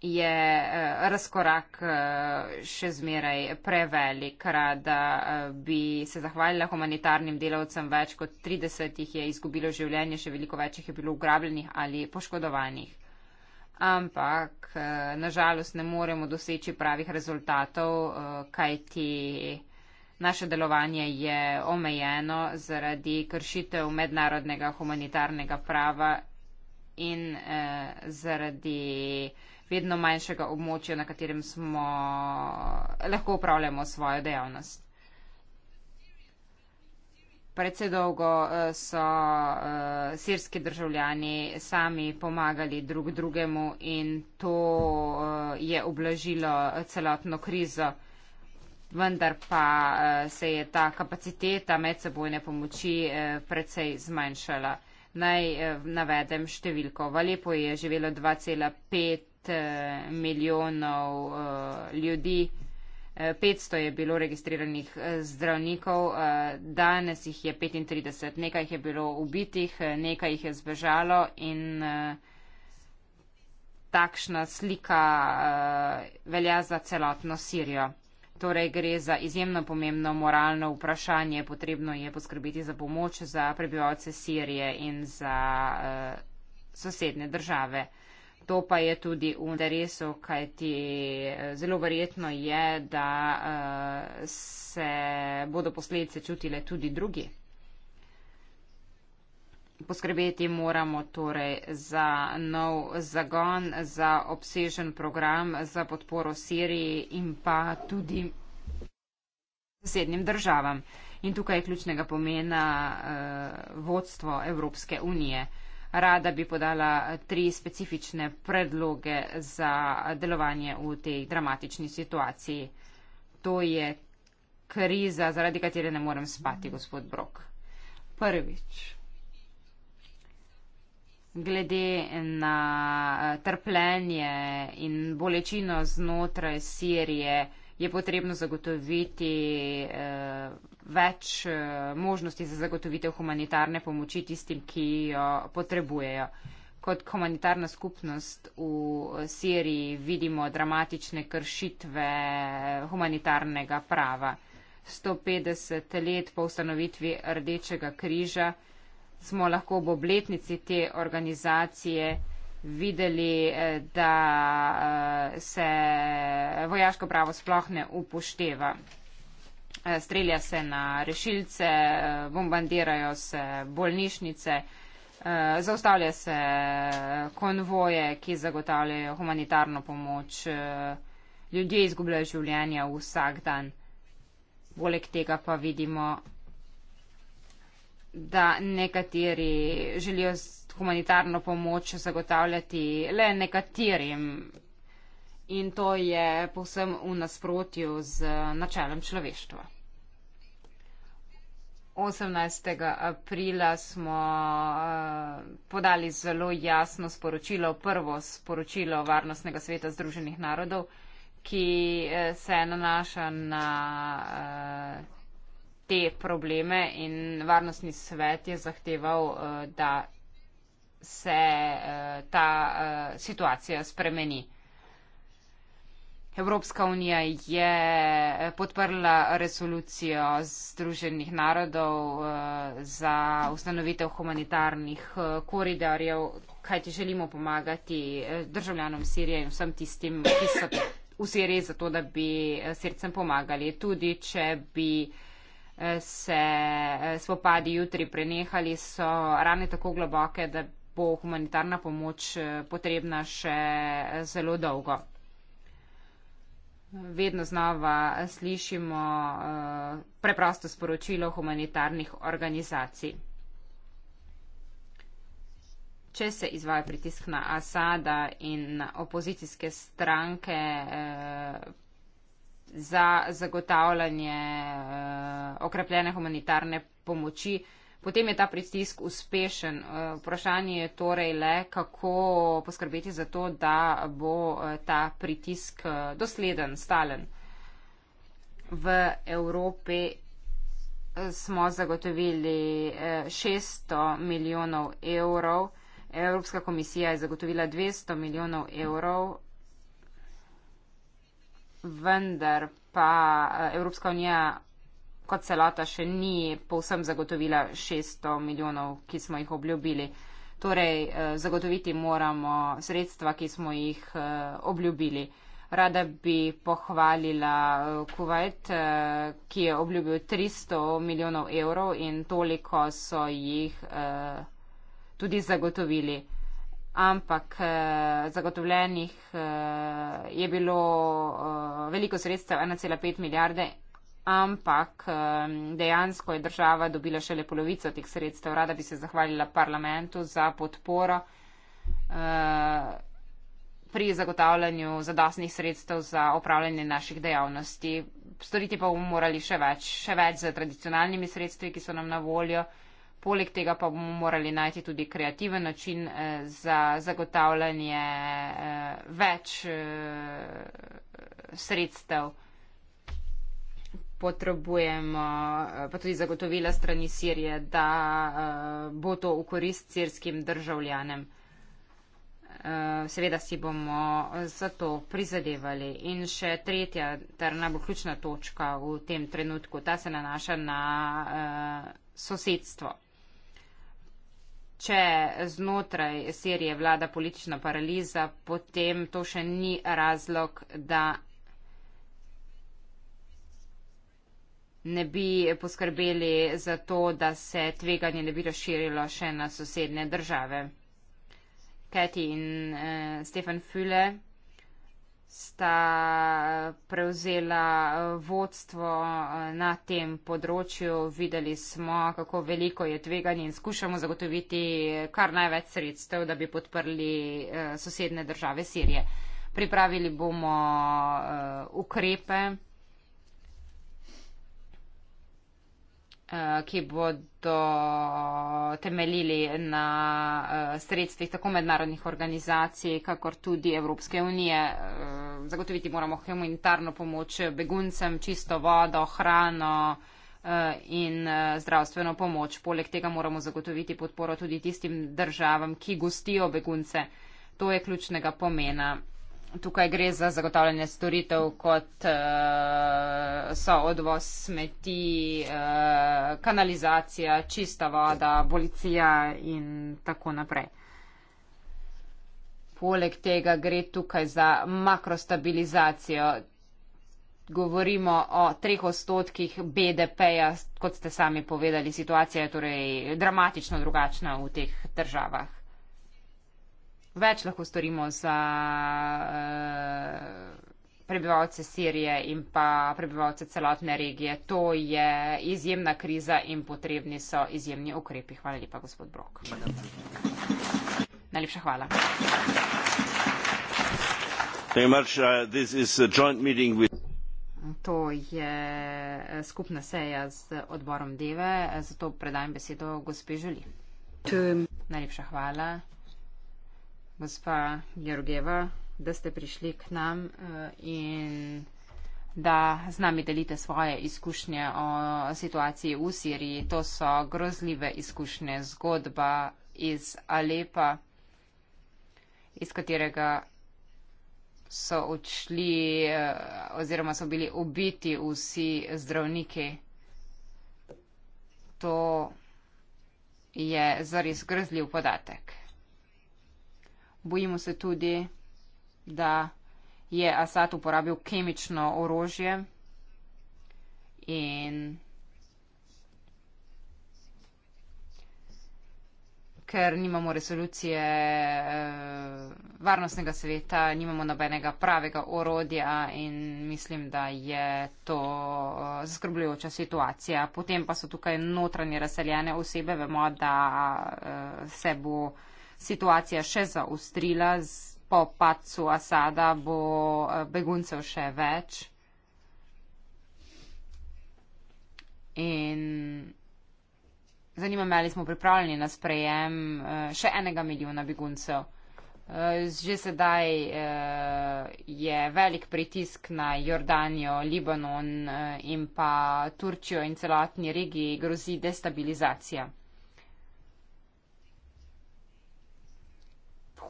Speaker 4: je eh, razkorak eh, še zmeraj prevelik, da eh, bi se zahvalila humanitarnim delavcem. Več kot 30 jih je izgubilo življenje, še veliko več jih je bilo ugrabljenih ali poškodovanih. Ampak nažalost ne moremo doseči pravih rezultatov, kajti. Naše delovanje je omejeno zaradi kršitev mednarodnega humanitarnega prava in eh, zaradi eh, vedno manjšega območja, na katerem smo, lahko upravljamo svojo dejavnost. Predvsej dolgo eh, so uh, sirski državljani sami pomagali drug drugemu in to uh, je oblažilo celotno krizo. Vendar pa uh, se je ta kapaciteta medsebojne pomoči uh, predvsej zmanjšala. Naj uh, navedem številko. V Alepo je živelo 2,5 5 eh, milijonov eh, ljudi. 500 eh, je bilo registriranih zdravnikov, danes jih je 35, nekaj jih je bilo ubitih, nekaj jih je zbežalo in takšna slika velja za celotno Sirijo. Torej gre za izjemno pomembno moralno vprašanje, potrebno je poskrbeti za pomoč za prebivalce Sirije in za sosedne države. To pa je tudi v interesu, kaj ti eh, zelo verjetno je, da eh, se bodo posledice čutile tudi drugi. Poskrbeti moramo torej za nov zagon, za obsežen program, za podporo Siriji in pa tudi sosednjim državam. In tukaj je ključnega pomena eh, vodstvo Evropske unije rada bi podala eh, tri specifične predloge za delovanje v tej dramatični situaciji. To je kriza, zaradi katere ne morem spati, gospod Brok. Prvič, glede na eh, trpljenje in bolečino znotraj Sirije, je potrebno zagotoviti eh, več eh, možnosti za zagotovitev humanitarne pomoči tistim, ki jo potrebujejo. Kot humanitarna skupnost v eh, Siriji vidimo dramatične kršitve eh, humanitarnega prava. 150 let po ustanovitvi Rdečega križa smo lahko ob obletnici te organizacije videli, eh, da eh, se vojaško pravo sploh ne upošteva. Eh, strelja se na rešilce, bombardirajo se bolnišnice, zaustavlja se konvoje, ki zagotavljajo humanitarno pomoč. Ljudje izgubljajo življenja vsak dan. Poleg tega pa vidimo, da nekateri želijo humanitarno pomoč zagotavljati le nekaterim. In to je povsem v nasprotju z načelem človeštva. 18. aprila smo eh, podali zelo jasno sporočilo, prvo sporočilo Varnostnega sveta Združenih narodov, ki eh, se nanaša na eh, te probleme in Varnostni svet je zahteval, da se eh, ta eh, situacija spremeni. Evropska unija je eh, podprla resolucijo Združenih narodov za ustanovitev humanitarnih koridorjev, kajti želimo pomagati državljanom Sirije in vsem tistim, ki so v Siriji, zato da bi srcem pomagali. Tudi, če bi se spopadi jutri prenehali, so rane tako globoke, da bi bo humanitarna pomoč eh, potrebna še eh, zelo dolgo. Vedno znova slišimo eh, preprosto sporočilo humanitarnih organizacij. Če se izvaja pritisk na Asada in na opozicijske stranke za zagotavljanje okrepljene humanitarne pomoči, potem je ta pritisk uspešen. Eh, vprašanje je torej le, kako poskrbeti za to, da bo eh, ta pritisk eh, dosleden, stalen. V Evropi smo zagotovili 600 milijonov evrov, Evropska komisija je zagotovila 200 milijonov evrov, vendar pa Evropska unija kot celota še ni povsem zagotovila 600 milijonov, ki smo jih obljubili. Torej, eh, zagotoviti moramo sredstva, ki smo jih eh, obljubili. Rada bi pohvalila eh, Kuwait, ki je obljubil 300 milijonov evrov in toliko so jih tudi zagotovili. Ampak zagotovljenih je bilo veliko sredstev, 1,5 milijarde ampak dejansko je država dobila šele polovico teh sredstev. Rada bi se zahvalila parlamentu za podporo eh, pri zagotavljanju zadostnih sredstev za opravljanje naših dejavnosti. Storiti pa bomo morali še več, še več za tradicionalnimi sredstvi, ki so nam na voljo. Poleg tega pa bomo morali najti tudi kreativen način eh, za zagotavljanje eh, več sredstev potrebujemo, eh, pa tudi zagotovila strani Sirije, da eh, bo to v korist sirskim državljanem. Eh, seveda si bomo za to prizadevali. In še tretja, ter najbolj ključna točka v tem trenutku, ta se nanaša na sosedstvo. Če znotraj Sirije vlada politična paraliza, potem to še ni razlog, da ne bi poskrbeli za to, da se tveganje ne bi razširilo še na sosedne države. Kati in eh, Stefan Füle sta prevzela eh, vodstvo eh, na tem področju. Videli smo, kako veliko je tveganje in skušamo zagotoviti eh, kar največ sredstev, da bi podprli eh, sosedne države Sirije. Pripravili bomo eh, ukrepe. Eh, ki bodo temeljili na eh, sredstvih tako mednarodnih organizacij, kakor tudi Evropske unije. Eh, zagotoviti moramo humanitarno pomoč beguncem, čisto vodo, hrano in zdravstveno pomoč. Poleg tega moramo zagotoviti podporo tudi tistim državam, ki gostijo begunce. To je ključnega pomena. Tukaj gre za zagotavljanje storitev, kot uh, so odvoz smeti, uh, kanalizacija, čista voda, policija in tako naprej. Poleg tega gre tukaj za makrostabilizacijo. Govorimo o treh odstotkih BDP-ja, kot ste sami povedali, situacija je torej dramatično drugačna v teh državah več lahko storimo za eh, prebivalce Sirije in pa prebivalce celotne regije. To je izjemna kriza in potrebni so izjemni ukrepi. Hvala lepa, gospod Brok. Najlepša hvala. Uh, to je eh, skupna seja z odborom Deve, eh, zato predajam besedo gospe Želi. Najlepša hvala gospa Georgieva, da ste prišli k nam eh, in da z nami delite svoje izkušnje o situaciji v Siriji. To so grozljive izkušnje, zgodba iz Alepa, iz katerega so odšli eh, oziroma so bili ubiti vsi zdravniki. To je zares grozljiv podatek. Bojimo se tudi, da je Asad uporabil kemično orožje in ker nimamo resolucije eh, varnostnega sveta, nimamo nobenega pravega orodja in mislim, da je to eh, zaskrbljujoča situacija. Potem pa so tukaj notranje razseljene osebe, vemo, da eh, se bo situacija še zaostrila, po pacu Asada bo eh, beguncev še več. In zanima me, ali smo pripravljeni na sprejem eh, še enega milijona beguncev. Eh, že sedaj je velik pritisk na Jordanijo, Libanon in pa Turčijo in celotni regiji grozi destabilizacija.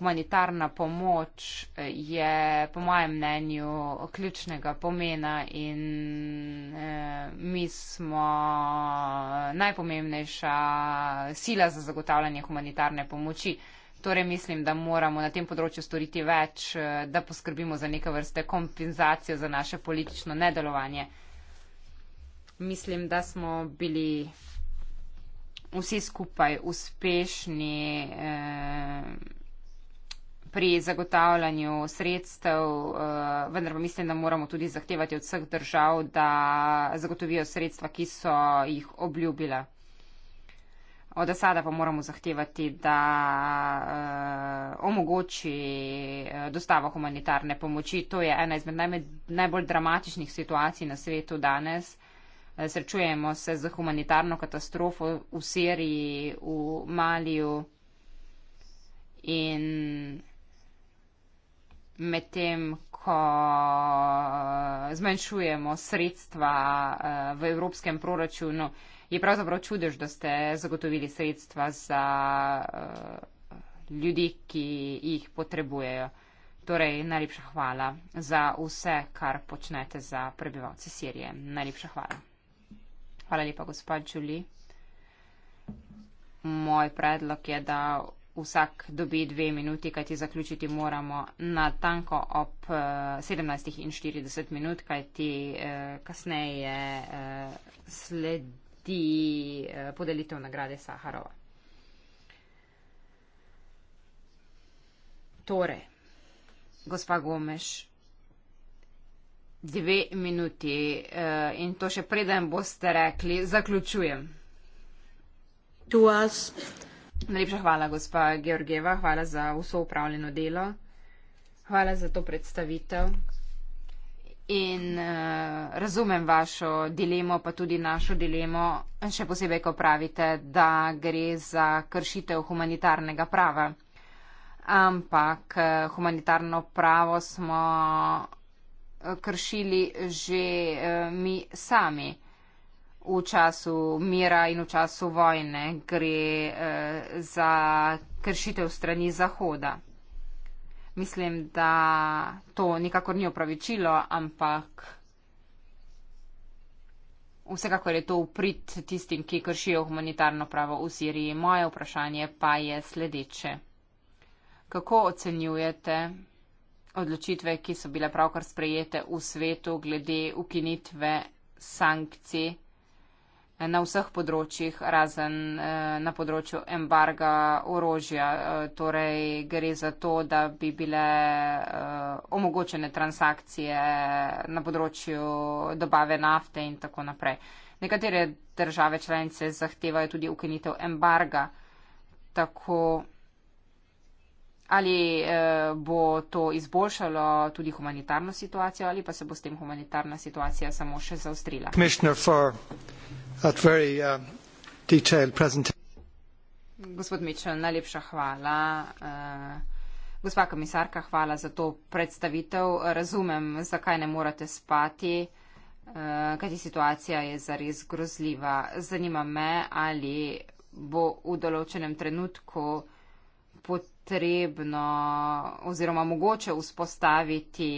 Speaker 4: humanitarna pomoč eh, je po mojem mnenju ključnega pomena in eh, mi smo najpomembnejša sila za zagotavljanje humanitarne pomoči. Torej mislim, da moramo na tem področju storiti več, eh, da poskrbimo za neke vrste kompenzacijo za naše politično nedelovanje. Mislim, da smo bili vsi skupaj uspešni. Eh, pri zagotavljanju sredstev, eh, vendar pa mislim, da moramo tudi zahtevati od vseh držav, da zagotovijo sredstva, ki so jih obljubile. Od Asada pa moramo zahtevati, da uh, omogoči eh, dostavo humanitarne pomoči. To je ena izmed najme, najbolj dramatičnih situacij na svetu danes. Srečujemo se z humanitarno katastrofo v Siriji, v Maliju in medtem ko eh, zmanjšujemo sredstva eh, v evropskem proračunu, je pravzaprav čudež, da ste zagotovili sredstva za eh, ljudi, ki jih potrebujejo. Torej, najlepša hvala za vse, kar počnete za prebivalce Sirije. Najlepša hvala. Hvala lepa, gospod Čuli. Moj predlog je, da vsak dobi dve minuti, kajti zaključiti moramo na tanko ob 17.40 eh, minut, kajti eh, kasneje eh, sledi podelitev nagrade Saharova. Torej, gospa Gomeš, dve minuti in to še preden boste rekli, zaključujem. To us, Najlepša hvala, gospa Georgieva, hvala za vso upravljeno delo, hvala za to predstavitev. In uh, razumem vašo dilemo, pa tudi našo dilemo, še posebej, ko pravite, da gre za kršitev humanitarnega prava. Ampak eh, humanitarno pravo smo eh, kršili že uh, mi sami v času mira in v času vojne gre eh, za kršitev strani Zahoda. Mislim, da to nikakor ni opravičilo, ampak vsekakor je to uprit tistim, ki kršijo humanitarno pravo v Siriji. Moje vprašanje pa je sledeče. Kako ocenjujete odločitve, ki so bile pravkar sprejete v svetu glede ukinitve sankcij? na vseh področjih, razen eh, na področju embarga orožja. Eh, torej, gre za to, da bi bile eh, omogočene transakcije na področju dobave nafte in tako naprej. Nekatere države članice zahtevajo tudi ukinitev embarga. Tako ali bo to izboljšalo tudi humanitarno situacijo ali pa se bo s tem humanitarna situacija samo še zaostrila. Uh, Gospod Mičel, najlepša hvala. Uh, gospa komisarka, hvala za to predstavitev. Razumem, zakaj ne morete spati, uh, kajti situacija je zares grozljiva. Zanima me, ali bo v določenem trenutku potrebno oziroma mogoče vzpostaviti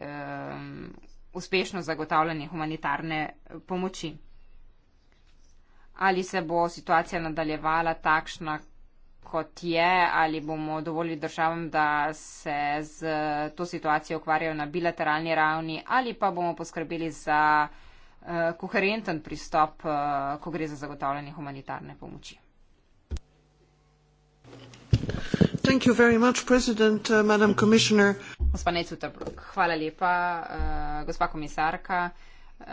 Speaker 4: um, uspešno zagotavljanje humanitarne eh, pomoči. Ali se bo situacija nadaljevala takšna, kot je, ali bomo dovolili državam, da se z eh, to situacijo ukvarjajo na bilateralni ravni, ali pa bomo poskrbeli za eh, koherenten pristop, ko gre za zagotavljanje humanitarne pomoči.
Speaker 1: Uh,
Speaker 4: gospa Necuterbrock, hvala lepa, uh, gospa komisarka. Uh,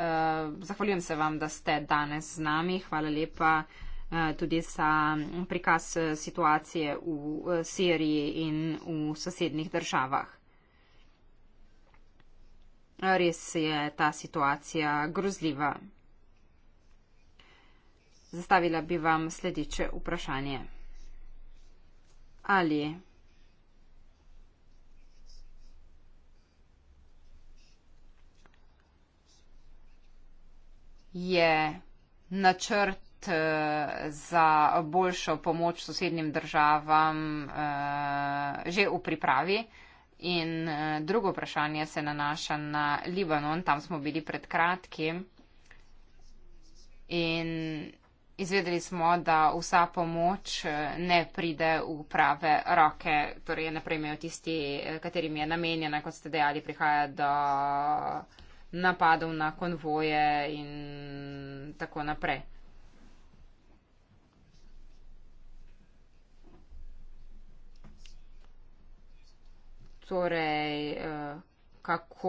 Speaker 4: zahvaljujem se vam, da ste danes z nami. Hvala lepa uh, tudi za prikaz uh, situacije v Siriji in v sosednjih državah. Res je ta situacija grozljiva. Zastavila bi vam sledeče vprašanje ali je načrt eh, za boljšo pomoč sosednjim državam eh, že v pripravi. In eh, drugo vprašanje se nanaša na Libanon, tam smo bili pred kratkim. In Izvedeli smo, da vsa pomoč eh, ne pride v prave roke, torej ne prejmejo tisti, eh, katerim je namenjena, kot ste dejali, prihaja do napadov na konvoje in tako naprej. Torej, eh, kako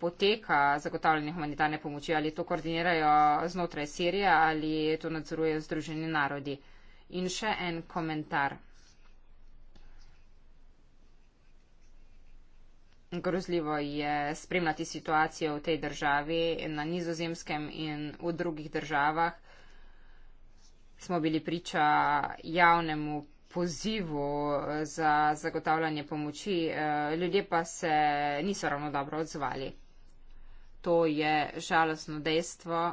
Speaker 4: poteka zagotavljanje humanitarne pomoči, ali to koordinirajo znotraj Sirije ali to nadzorujejo Združeni narodi. In še en komentar. Grozljivo je spremljati situacijo v tej državi, na nizozemskem in v drugih državah. Smo bili priča javnemu pozivu eh, za zagotavljanje pomoči, eh, ljudje pa se niso ravno dobro odzvali. To je žalostno dejstvo,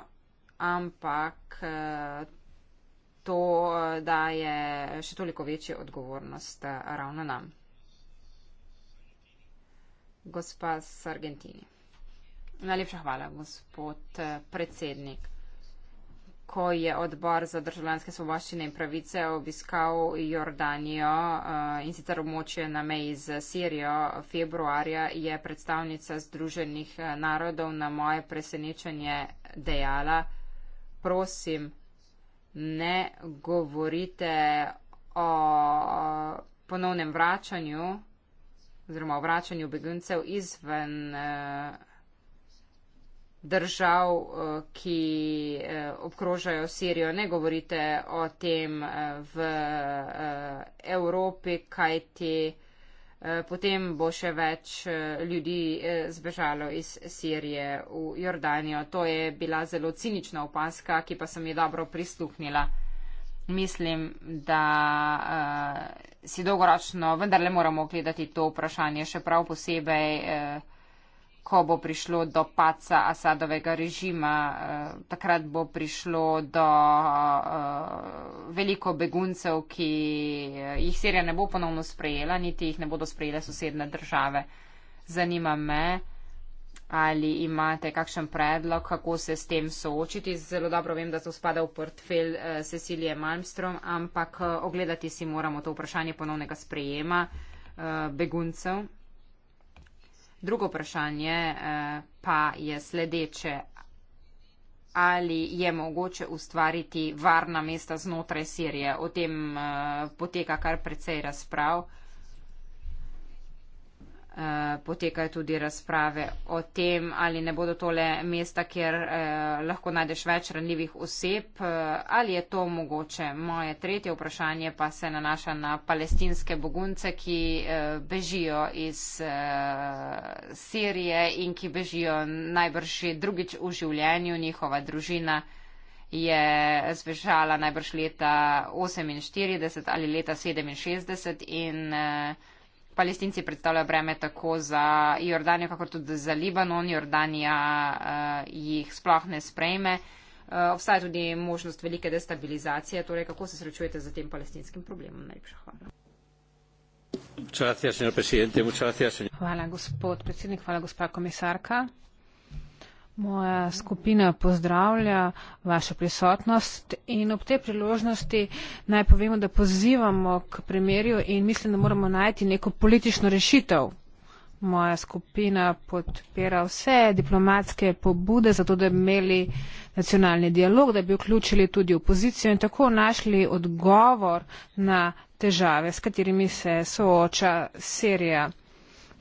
Speaker 4: ampak eh, to daje še toliko večjo odgovornost ravno nam. Gospa Sargentini. Najlepša hvala, gospod predsednik ko je odbor za državljanske svoboščine in pravice obiskal Jordanijo eh, in sicer območje na meji z Sirijo februarja, je predstavnica Združenih eh, narodov na moje presenečenje dejala, prosim, ne govorite o ponovnem vračanju oziroma o vračanju beguncev izven. Eh, držav, eh, ki eh, obkrožajo Sirijo. Ne govorite o tem eh, v Evropi, kaj ti potem bo še več ljudi zbežalo iz Sirije v Jordanijo. To je bila zelo cinična opaska, ki pa sem ji dobro pristupnila. Mislim, da si dolgoročno vendarle moramo gledati to vprašanje, še prav posebej ko bo prišlo do paca Asadovega režima, eh, takrat bo prišlo do eh, veliko beguncev, ki eh, jih Sirija ne bo ponovno sprejela, niti jih ne bodo sprejele sosedne države. Zanima me, ali imate kakšen predlog, kako se s tem soočiti. Zelo dobro vem, da to spada v portfelj Cecilije Malmstrom, ampak ogledati si moramo to vprašanje ponovnega sprejema beguncev. Drugo vprašanje eh, pa je sledeče. Ali je mogoče ustvariti varna mesta znotraj Sirije? O tem eh, poteka kar precej razprav. Eh, potekajo tudi razprave o tem, ali ne bodo tole mesta, kjer eh, lahko najdeš več ranljivih oseb, eh, ali je to mogoče. Moje tretje vprašanje pa se nanaša na palestinske bogunce, ki bežijo iz Sirije in ki bežijo najbrž drugič v življenju, njihova družina je zbežala najbrž leta 48 ali leta 67 in eh, palestinci predstavljajo breme tako za Jordanijo, kakor tudi za Libanon. Jordanija uh, jih sploh ne sprejme. Uh, obstaja tudi možnost velike destabilizacije. Torej,
Speaker 5: kako se srečujete z tem palestinskim problemom? Najlepša hvala. Hvala, gospod predsednik. Hvala, gospa komisarka. Moja skupina pozdravlja vašo prisotnost in ob te priložnosti naj povemo, da pozivamo k premerju in mislim, da moramo najti neko politično rešitev. Moja skupina podpira vse diplomatske pobude za to, da bi imeli nacionalni dialog, da bi vključili tudi opozicijo in tako našli odgovor na težave, s katerimi se sooča Serija.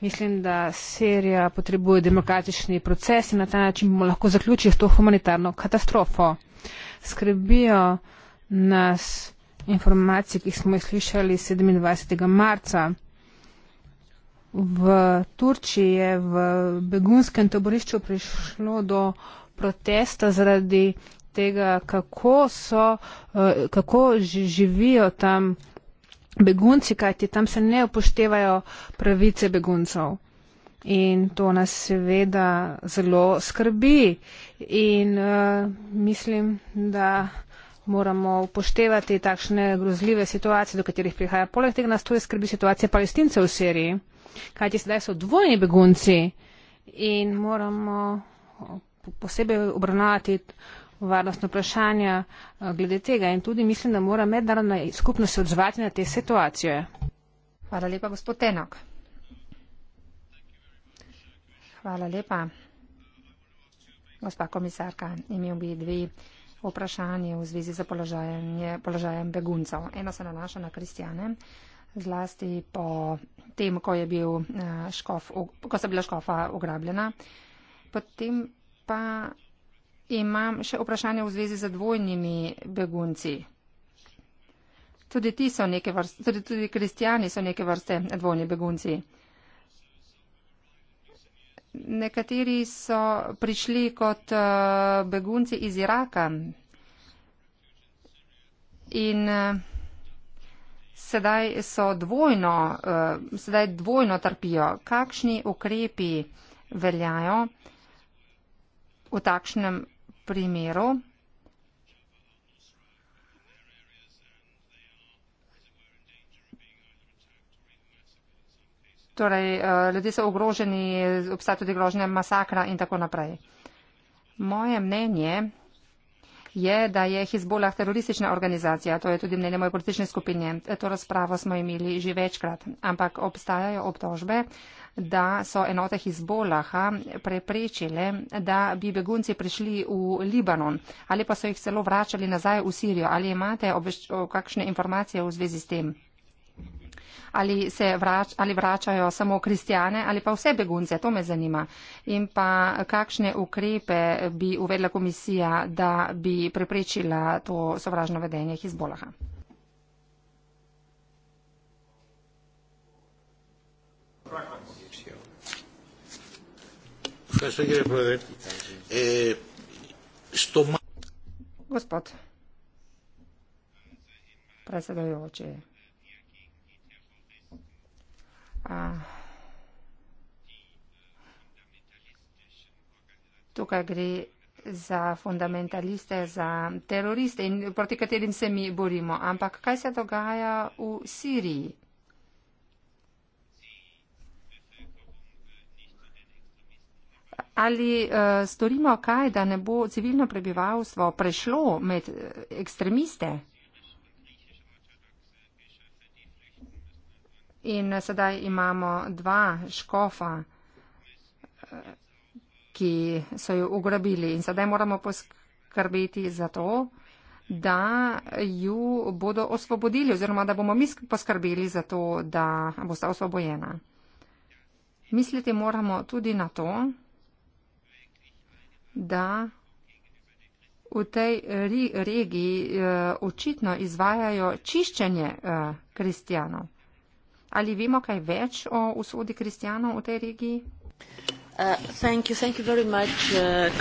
Speaker 5: Mislim, da Sirija potrebuje demokratični proces in na ta način bomo lahko zaključili to humanitarno katastrofo. Skrbijo nas informacije, ki smo jih slišali 27. marca. V Turčiji je v begunskem taborišču prišlo do protesta zaradi tega, kako, so, eh, kako živijo tam begunci, kajti tam se ne upoštevajo pravice beguncev. In to nas seveda zelo skrbi. In uh, mislim, da moramo upoštevati takšne grozljive situacije, do katerih prihaja. Poleg tega nas tudi skrbi situacija palestincev v Siriji, kajti sedaj so dvojni begunci in moramo posebej obravnavati varnostno vprašanje eh, glede tega in tudi mislim, da mora mednarodna skupnost se odzvati na te situacije. Hvala lepa, gospod Tenok.
Speaker 2: Hvala lepa. Gospa komisarka, imel bi dve vprašanje v zvezi z položajem beguncev. Eno se nanaša na kristjane, zlasti po tem, ko, je bil eh, škof, ko se je bila škofa ugrabljena. Potem pa imam še vprašanje v zvezi z dvojnimi begunci. Tudi ti so neke vrste, tudi, tudi kristijani so neke vrste dvojni begunci. Nekateri so prišli kot eh, begunci iz Iraka in eh, sedaj so dvojno, eh, sedaj dvojno trpijo. Kakšni ukrepi veljajo v takšnem primeru. Torej, eh, ljudje so ogroženi, obstaja tudi grožnja masakra in tako naprej. Moje mnenje je, da je Hezbollah teroristična organizacija, to je tudi mnenje moje politične skupine. To razpravo smo imeli že večkrat, ampak obstajajo obtožbe, da so enote Hizbolaha preprečile, da bi begunci prišli v Libanon ali pa so jih celo vračali nazaj v Sirijo. Ali imate kakšne informacije v zvezi s tem? Ali, se vrač, ali vračajo samo kristijane ali pa vse begunce, to me zanima. In pa kakšne ukrepe bi uvedla komisija, da bi preprečila to sovražno vedenje Hizbolaha? Practice. Gospod predsedujoči. Tukaj gre za fundamentaliste, za teroriste, proti katerim se mi borimo. Ampak kaj se dogaja v Siriji? ali uh, storimo kaj, da ne bo civilno prebivalstvo prešlo med eh, ekstremiste? In eh, sedaj imamo dva škofa, ki so jo ugrabili in sedaj moramo poskrbeti za to, da ju bodo osvobodili oziroma da bomo mi poskrbeli za to, da bo sta osvobojena. Misliti moramo tudi na to, da v tej regiji eh, očitno izvajajo čiščenje eh, kristijanov. Ali vemo kaj več o usodi kristijanov v tej regiji? Uh, thank you. Thank you very much, uh,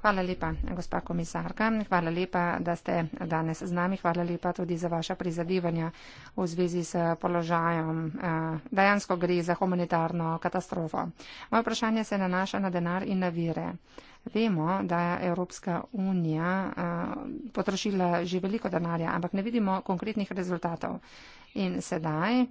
Speaker 2: Hvala lepa, gospa komisarka. Hvala lepa, da ste danes z nami. Hvala lepa tudi za vaša prizadevanja v zvezi s položajem. Eh, dejansko gre za humanitarno katastrofo. Moje vprašanje se nanaša na denar in na vire. Vemo, da je Evropska unija eh, potrošila že veliko denarja, ampak ne vidimo konkretnih rezultatov. In sedaj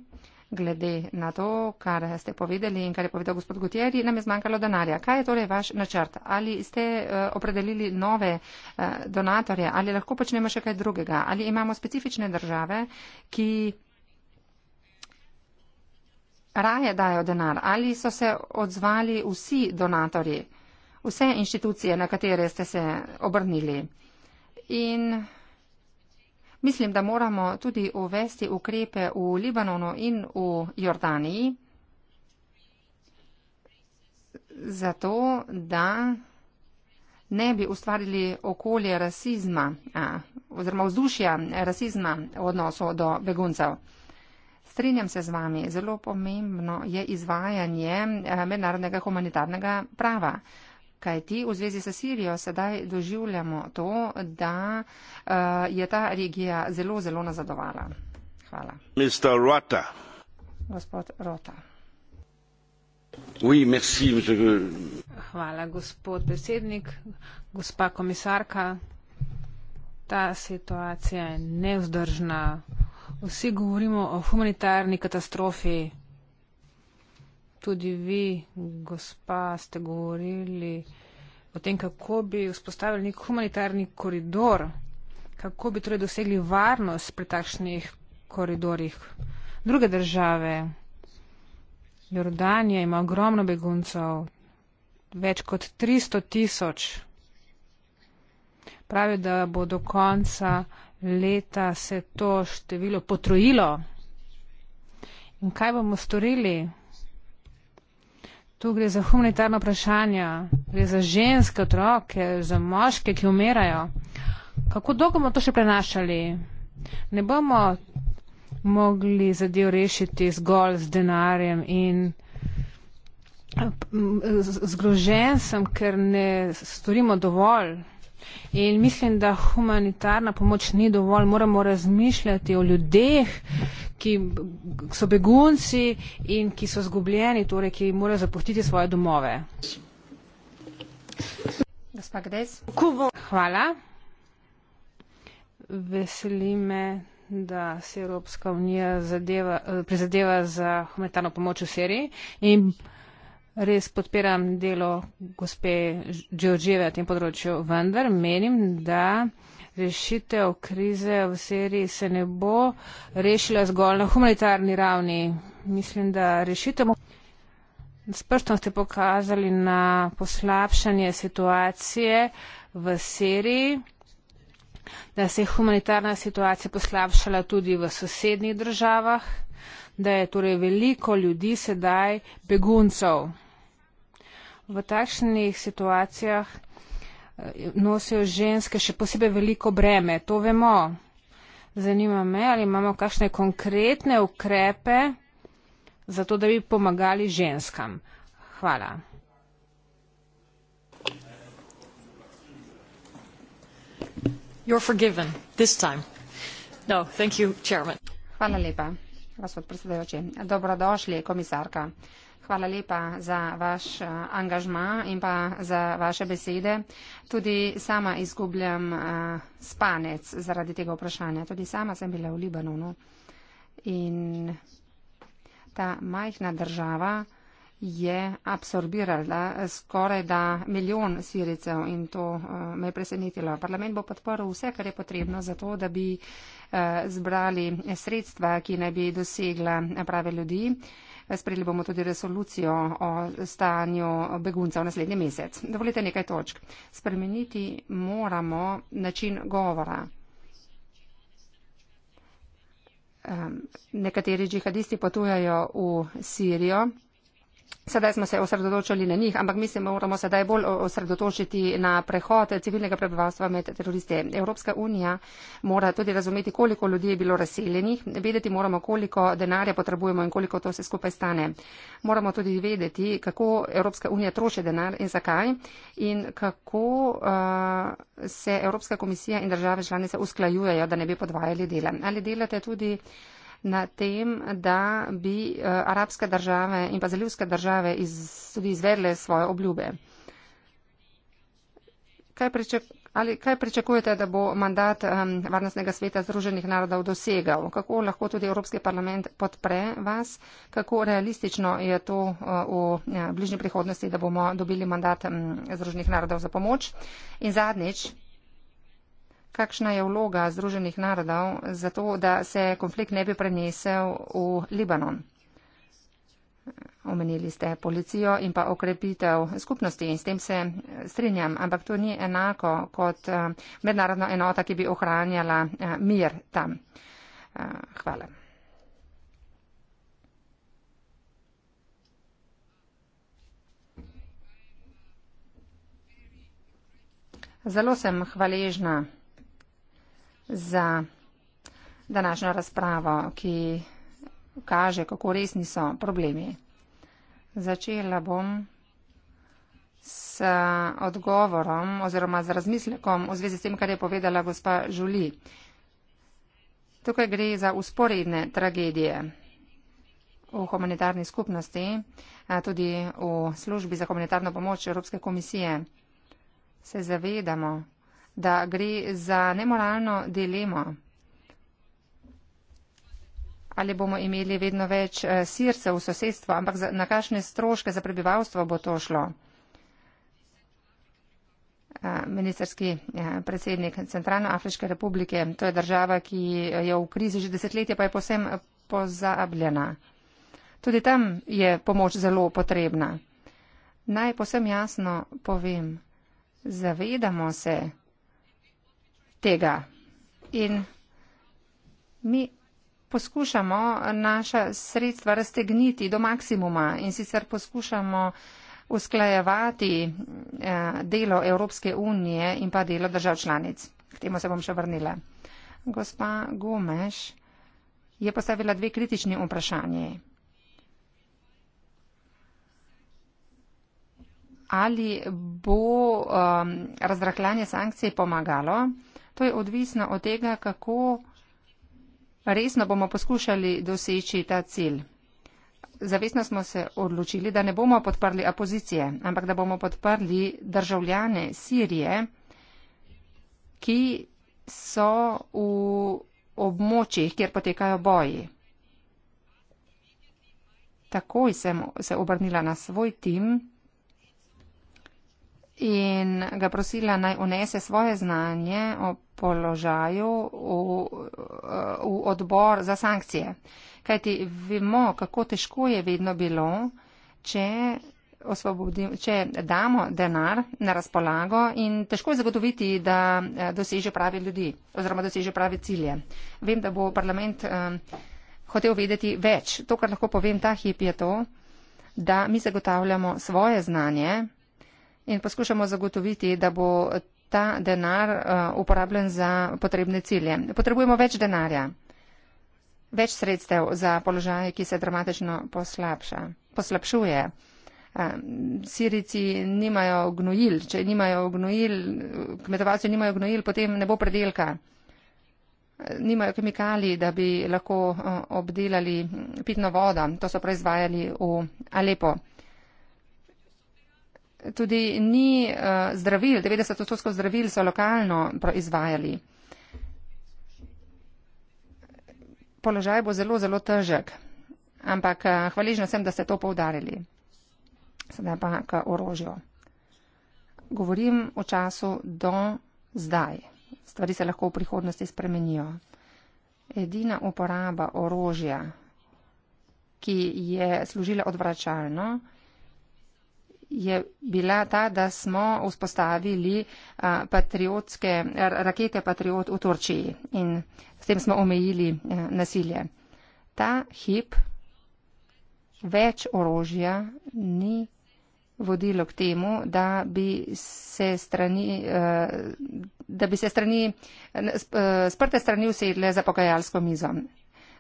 Speaker 2: glede na to, kar ste povedali in kar je povedal gospod Gutjeri, nam je zmanjkalo denarja. Kaj je torej vaš načrt? Ali ste eh, opredelili nove eh, donatorje ali lahko počnemo še kaj drugega? Ali imamo specifične države, ki raje dajo denar ali so se odzvali vsi donatorji, vse inštitucije, na katere ste se obrnili? In Mislim, da moramo tudi uvesti ukrepe v Libanonu in v Jordaniji, zato da ne bi ustvarili okolje rasizma a, oziroma vzdušja rasizma v odnosu do beguncev. Strinjam se z vami, zelo pomembno je izvajanje mednarodnega humanitarnega prava. Kaj ti v zvezi s Sirijo sedaj doživljamo to, da uh, je ta regija zelo, zelo nazadovala? Hvala.
Speaker 3: Mr. Rota.
Speaker 2: Gospod Rota.
Speaker 3: Oui, merci,
Speaker 5: Hvala, gospod predsednik, gospa komisarka. Ta situacija je nevzdržna. Vsi govorimo o humanitarni katastrofi tudi vi, gospa, ste govorili o tem, kako bi vzpostavili nek humanitarni koridor, kako bi torej dosegli varnost pri takšnih koridorjih. Druge države, Jordanija ima ogromno beguncev, več kot 300 tisoč. Pravi, da bo do konca leta se to število potrojilo. In kaj bomo storili? Tu gre za humanitarno vprašanje, gre za ženske otroke, za moške, ki umirajo. Kako dolgo bomo to še prenašali? Ne bomo mogli zadev rešiti zgolj z denarjem in zgrožen sem, ker ne storimo dovolj. In mislim, da humanitarna pomoč ni dovolj. Moramo razmišljati o ljudeh, ki so begunci in ki so zgubljeni, torej ki morajo zapustiti svoje domove. Hvala. Veseli me, da se Evropska unija zadeva, prizadeva za humanitarno pomoč v Siriji in res podpiram delo gospe Džiođive na tem področju, vendar menim, da rešitev krize v Siriji se ne bo rešila zgolj na humanitarni ravni. Mislim, da rešitev. S prstom ste pokazali na poslabšanje situacije v Siriji, da se je humanitarna situacija poslabšala tudi v sosednjih državah, da je torej veliko ljudi sedaj beguncev. V takšnih situacijah Eh, nosijo ženske še posebej veliko breme. To vemo. Zanima me, ali imamo kakšne konkretne ukrepe za to, da bi pomagali ženskam. Hvala. No, you,
Speaker 2: Hvala lepa, gospod predsedujoči. Dobrodošli, komisarka. Hvala lepa za vaš eh, angažma in pa za vaše besede. Tudi sama izgubljam eh, spanec zaradi tega vprašanja. Tudi sama sem bila v Libanonu in ta majhna država je absorbirala eh, skoraj da milijon siricev in to me je presenetilo. Parlament bo podporil vse, kar je potrebno za to, da bi zbrali sredstva, ki naj bi dosegla prave ljudi. Sprejeli bomo tudi resolucijo o stanju beguncev naslednji mesec. Dovolite nekaj točk. Spremeniti moramo način govora. Nekateri džihadisti potujajo v Sirijo. Sedaj smo se osredotočili na njih, ampak mi se moramo sedaj bolj osredotočiti na prehod civilnega prebivalstva med teroriste. Evropska unija mora tudi razumeti, koliko ljudi je bilo razseljenih, vedeti moramo, koliko denarja potrebujemo in koliko to se skupaj stane. Moramo tudi vedeti, kako Evropska unija troši denar in zakaj in kako uh, se Evropska komisija in države članice usklajujejo, da ne bi podvajali dela. Ali delate tudi na tem, da bi eh, arabske države in pa zalivske države iz, tudi izvedle svoje obljube. Kaj ali kaj pričakujete, da bo mandat um, Varnostnega sveta Združenih narodov dosegal? Kako lahko tudi Evropski parlament podpre vas? Kako realistično je to uh, v ja, bližnji prihodnosti, da bomo dobili mandat um, Združenih narodov za pomoč? In zadnjič, kakšna je vloga Združenih narodov za to, da se konflikt ne bi prenesel v Libanon. Omenili ste policijo in pa okrepitev skupnosti in s tem se strinjam, ampak to ni enako kot eh, mednarodna enota, ki bi ohranjala eh, mir tam. Eh, hvala. Zelo sem hvaležna za današnjo razpravo, ki kaže, kako resni so problemi. Začela bom s odgovorom oziroma z razmislekom v zvezi s tem, kar je povedala gospa Žuli. Tukaj gre za usporedne tragedije v humanitarni skupnosti, tudi v službi za humanitarno pomoč Evropske komisije. Se zavedamo, da gre za nemoralno dilemo. Ali bomo imeli vedno več eh, sircev v sosedstvu, ampak za, na kakšne stroške za prebivalstvo bo to šlo? Eh, Ministerski eh, predsednik Centralnoafriške republike, to je država, ki je v krizi že desetletje, pa je posem pozabljena. Tudi tam je pomoč zelo potrebna. Naj posem jasno povem, zavedamo se, tega. In mi poskušamo naša sredstva raztegniti do maksimuma in sicer poskušamo usklajevati eh, delo Evropske unije in pa delo držav članic. K temu se bom še vrnila. Gospa Gomeš je postavila dve kritični vprašanje. Ali bo um, razrahljanje sankcij pomagalo? To je odvisno od tega, kako resno bomo poskušali doseči ta cilj. Zavestno smo se odločili, da ne bomo podprli opozicije, ampak da bomo podprli državljane Sirije, ki so v območjih, kjer potekajo boji. Takoj sem se obrnila na svoj tim in ga prosila naj unese svoje znanje o položaju v, v odbor za sankcije. Kajti vemo, kako težko je vedno bilo, če, osvobodim, če damo denar na razpolago in težko je zagotoviti, da eh, doseže pravi ljudi oziroma doseže pravi cilje. Vem, da bo parlament eh, hotel vedeti več. To, kar lahko povem ta hip, je to, da mi zagotavljamo svoje znanje in poskušamo zagotoviti, da bo ta denar eh, uporabljen za potrebne cilje. Potrebujemo več denarja, več sredstev za položaj, ki se dramatično poslabša, poslabšuje. Eh, Sirici nimajo gnojil, če nimajo gnojil, kmetovalci nimajo gnojil, potem ne bo predelka. Eh, nimajo kemikalij, da bi lahko obdelali pitno vodo, to so proizvajali v Alepo tudi ni uh, zdravil, 90 odstotkov zdravil so lokalno proizvajali. Položaj bo zelo, zelo težek, ampak eh, hvaležna sem, da ste to povdarili. Sedaj pa k orožju. Govorim o času do zdaj. Stvari se lahko v prihodnosti spremenijo. Edina uporaba orožja, ki je služila odvračalno, je bila ta, da smo vzpostavili patriotske rakete Patriot v Turčiji in s tem smo omejili e, nasilje. Ta hip več orožja ni vodilo k temu, da bi se strani, e, da bi se strani, e, sprte strani usedle za pogajalsko mizo.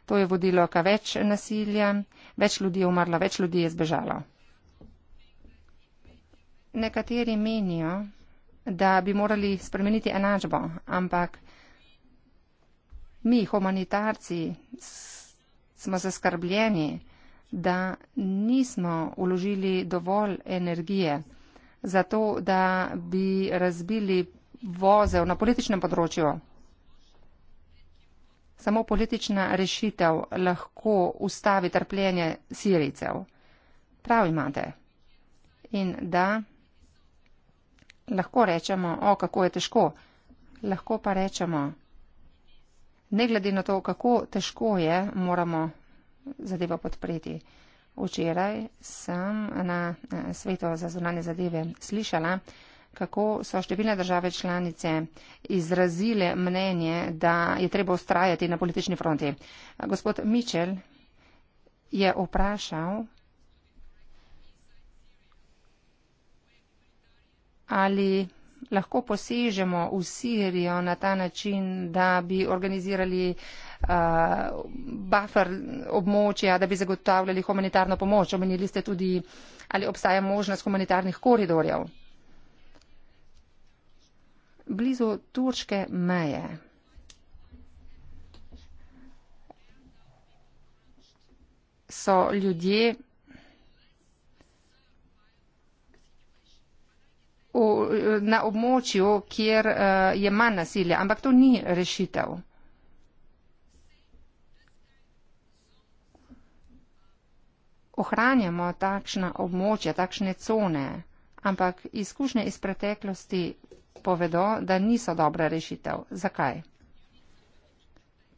Speaker 2: To je vodilo k več nasilja, več ljudi je umrlo, več ljudi je zbežalo nekateri menijo, da bi morali spremeniti enačbo, ampak mi, humanitarci, smo zaskrbljeni, da nismo uložili dovolj energije za to, da bi razbili vozel na političnem področju. Samo politična rešitev lahko ustavi trpljenje Sirijcev. Prav imate. In da lahko rečemo, o kako je težko. Lahko pa rečemo, ne glede na to, kako težko je, moramo zadevo podpreti. Včeraj sem na eh, svetu za zunanje zadeve slišala, kako so številne države članice izrazile mnenje, da je treba ustrajati na politični fronti. Gospod Mičel je vprašal, ali lahko posežemo v Sirijo na ta način, da bi organizirali uh, buffer območja, da bi zagotavljali humanitarno pomoč. Omenili ste tudi, ali obstaja možnost humanitarnih koridorjev. Blizu turške meje. So ljudje, v, na območju, kjer uh, je manj nasilja, ampak to ni rešitev. Ohranjamo takšna območja, takšne cone, ampak izkušnje iz preteklosti povedo, da niso dobra rešitev. Zakaj?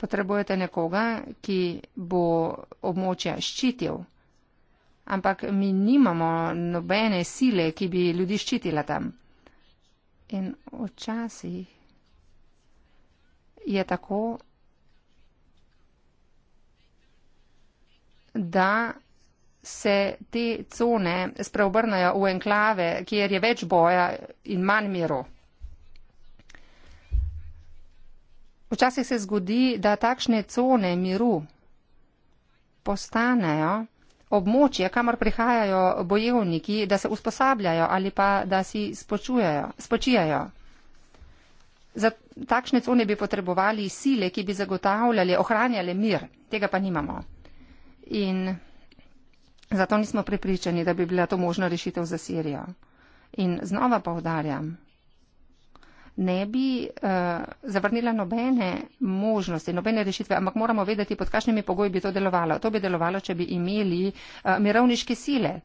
Speaker 2: Potrebujete nekoga, ki bo območja ščitil ampak mi nimamo nobene sile, ki bi ljudi ščitila tam. In včasih je tako, da se te cone spreobrnajo v enklave, kjer je več boja in manj miru. Včasih se zgodi, da takšne cone miru postanejo območje, kamor prihajajo bojevniki, da se usposabljajo ali pa da si spočijajo. Za takšne cone bi potrebovali sile, ki bi zagotavljali, ohranjali mir. Tega pa nimamo. In zato nismo pripričani, da bi bila to možna rešitev za Sirijo. In znova povdarjam, ne bi uh, zavrnila nobene možnosti, nobene rešitve, ampak moramo vedeti, pod kakšnimi pogoji bi to delovalo. To bi delovalo, če bi imeli uh, mirovniške sile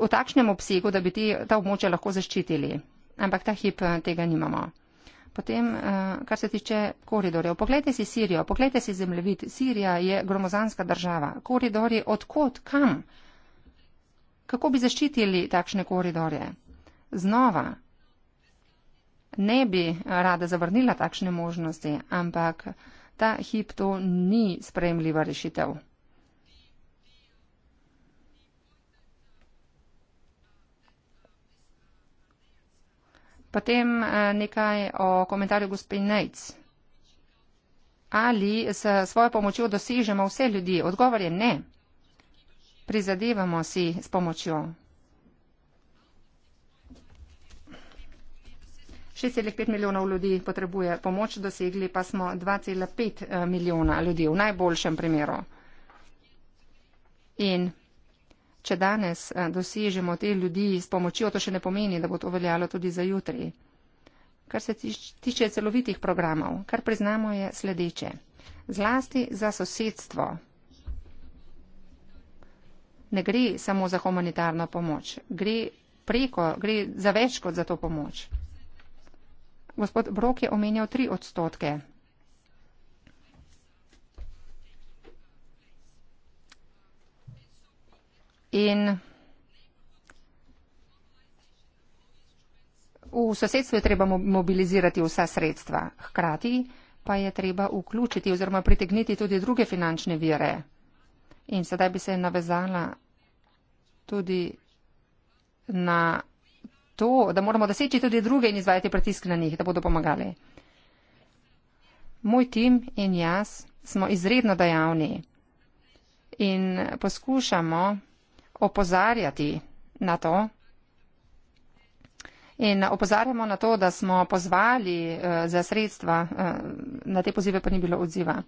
Speaker 2: v takšnem obsegu, da bi ti, ta območja lahko zaščitili. Ampak ta hip eh, tega nimamo. Potem, kar se tiče koridorjev. Poglejte si Sirijo, poglejte si zemljevid. Sirija je gromozanska država. Koridori odkot, kam? Kako bi zaščitili takšne koridore? Znova, ne bi rada zavrnila takšne možnosti, ampak ta hip to ni sprejemljiva rešitev. Potem eh, nekaj o komentarju gospe Nejc. Ali s svojo pomočjo dosežemo vse ljudi? Odgovor je ne. Prizadevamo si s pomočjo 6,5 milijonov ljudi potrebuje pomoč, dosegli pa smo 2,5 eh, milijona ljudi v najboljšem primeru. In če danes eh, dosežemo te ljudi s pomočjo, to še ne pomeni, da bo to veljalo tudi za jutri. Kar se tiče celovitih programov, kar priznamo je sledeče. Zlasti za sosedstvo. Ne gre samo za humanitarno pomoč, gre, preko, gre za več kot za to pomoč. Gospod Brok je omenjal tri odstotke. In v sosedstvu je treba mobilizirati vsa sredstva, hkrati pa je treba vključiti oziroma pritegniti tudi druge finančne vire. In sedaj bi se navezala tudi na to, da moramo doseči tudi druge in izvajati pritisk na njih, da bodo pomagali. Moj tim in jaz smo izredno dejavni in poskušamo opozarjati na to. In opozarjamo na to, da smo pozvali uh, za sredstva, uh, na te pozive pa ni bilo odziva.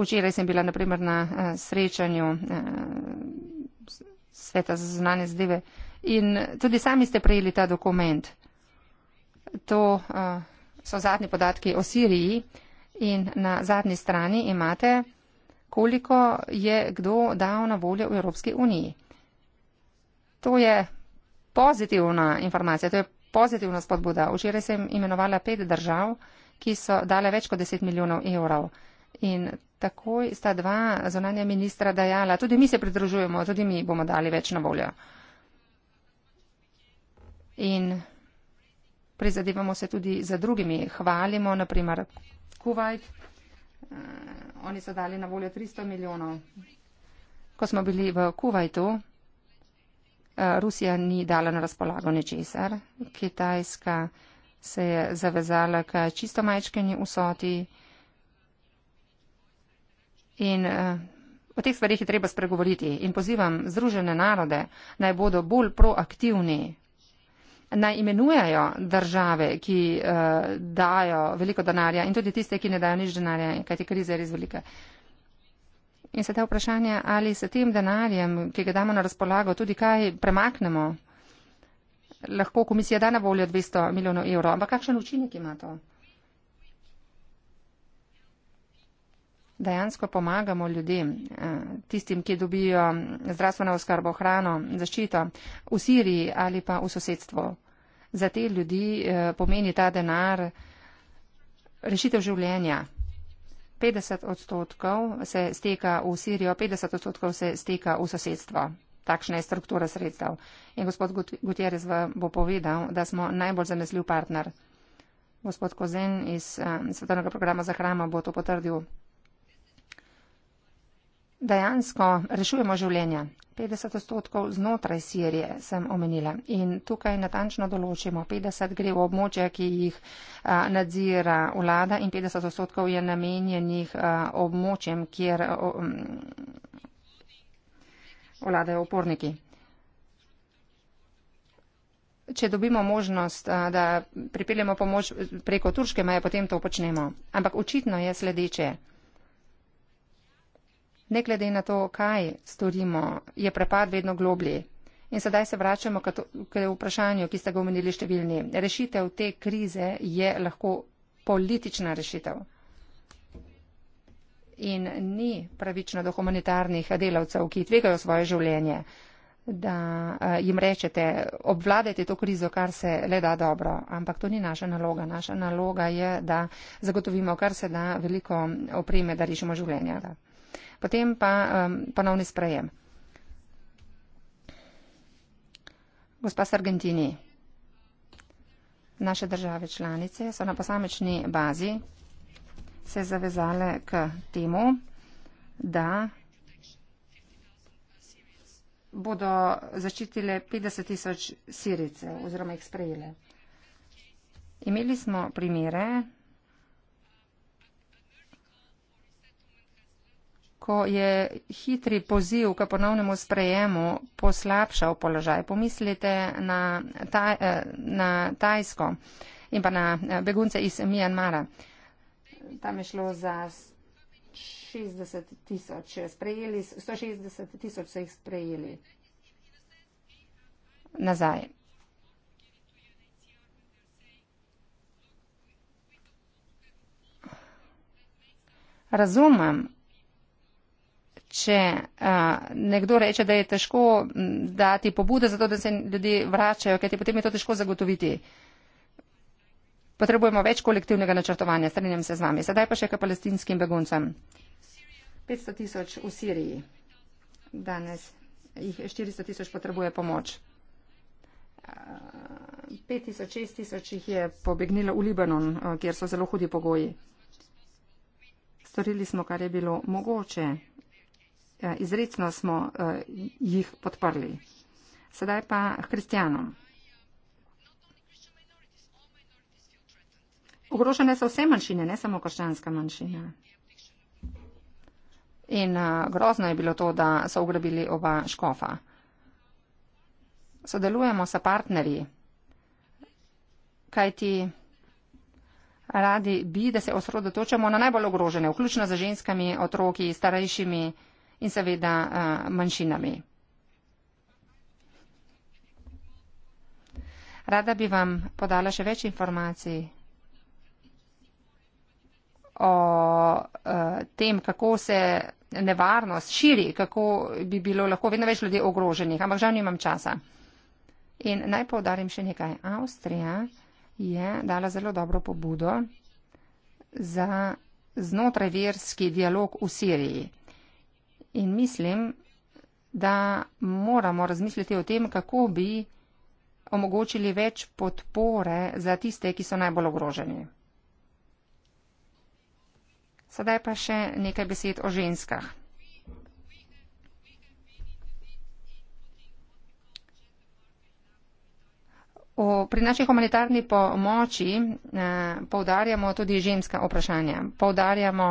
Speaker 2: Včeraj sem bila naprimer na uh, srečanju. Uh, sveta za zunanje zadeve. In tudi sami ste prejeli ta dokument. To uh, so zadnji podatki o Siriji in na zadnji strani imate, koliko je kdo dal na voljo v Evropski uniji. To je pozitivna informacija, to je pozitivna spodbuda. Včeraj sem imenovala pet držav, ki so dale več kot 10 milijonov evrov. In takoj sta dva zonanja ministra dajala, tudi mi se pridružujemo, tudi mi bomo dali več na voljo. In prizadevamo se tudi za drugimi. Hvalimo, naprimer, Kuwait. Eh, oni so dali na voljo 300 milijonov. Ko smo bili v Kuwaitu, eh, Rusija ni dala na razpolago ničesar. Kitajska se je zavezala k čisto majčkeni usoti. In uh, o teh stvarih je treba spregovoriti. In pozivam Združene narode, naj bodo bolj proaktivni, naj imenujejo države, ki uh, dajo veliko denarja in tudi tiste, ki ne dajo nič denarja, kajti kriza je res velika. In se te vprašanje, ali se tem denarjem, ki ga damo na razpolago, tudi kaj premaknemo, lahko komisija da na voljo 200 milijonov evrov, ampak kakšen učinek ima to? dejansko pomagamo ljudem, eh, tistim, ki dobijo zdravstveno oskrbo, hrano, zaščito v Siriji ali pa v sosedstvu. Za te ljudi eh, pomeni ta denar rešitev življenja. 50 odstotkov se steka v Sirijo, 50 odstotkov se steka v sosedstvo. Takšna je struktura sredstev. In gospod Gutierrez bo povedal, da smo najbolj zanesljiv partner. Gospod Kozen iz eh, Svetovnega programa za hrama bo to potrdil dejansko rešujemo življenja. 50 odstotkov znotraj Sirije sem omenila in tukaj natančno določimo, 50 gre v območje, ki jih a, nadzira vlada in 50 odstotkov je namenjenih a, območjem, kjer mm, vladajo uporniki. Če dobimo možnost, a, da pripeljemo pomoč preko turške meje, potem to počnemo. Ampak očitno je sledeče ne glede na to, kaj storimo, je prepad vedno globlji. In sedaj se vračamo k vprašanju, ki ste ga omenili številni. Rešitev te krize je lahko politična rešitev. In ni pravično do humanitarnih delavcev, ki tvegajo svoje življenje, da eh, jim rečete, obvladajte to krizo, kar se le da dobro. Ampak to ni naša naloga. Naša naloga je, da zagotovimo kar se da veliko opreme, da rešimo življenje. Da potem pa um, ponovni sprejem. Gospa Sargentini, naše države članice so na posamečni bazi se zavezale k temu, da bodo zaščitile 50 tisoč sirice oziroma jih sprejele. Imeli smo primere ko je hitri poziv k ponovnemu sprejemu poslabšal položaj. Pomislite na, taj, eh, na Tajsko in pa na eh, begunce iz Mjanmara. Tam je šlo za 60 tisoč. 160 tisoč so jih sprejeli nazaj. Razumem, če a, nekdo reče, da je težko dati pobude za to, da se ljudje vračajo, kajti potem je to težko zagotoviti. Potrebujemo več kolektivnega načrtovanja, strinjam se z vami. Sedaj pa še k palestinskim beguncem. 500 tisoč v Siriji. Danes jih 400 tisoč potrebuje pomoč. 5 tisoč, 6 tisoč jih je pobegnilo v Libanon, kjer so zelo hudi pogoji. Storili smo, kar je bilo mogoče. Ja, Izredno smo eh, jih podprli. Sedaj pa hrščanom. Ogrožene so vse manjšine, ne samo krščanska manjšina. In eh, grozno je bilo to, da so ugrabili oba škofa. Sodelujemo sa partnerji, kajti radi bi, da se osredotočamo na najbolj ogrožene, vključno za ženskami, otroki, starejšimi in seveda eh, manjšinami. Rada bi vam podala še več informacij o eh, tem, kako se nevarnost širi, kako bi bilo lahko vedno več ljudi ogroženih, ampak žal nimam časa. In naj povdarim še nekaj. Avstrija je dala zelo dobro pobudo za znotraj verski dialog v Siriji in mislim, da moramo razmisliti o tem, kako bi omogočili več podpore za tiste, ki so najbolj ogroženi. Sedaj pa še nekaj besed o ženskah. O, pri naši humanitarni pomoči eh, poudarjamo tudi ženska vprašanja. Poudarjamo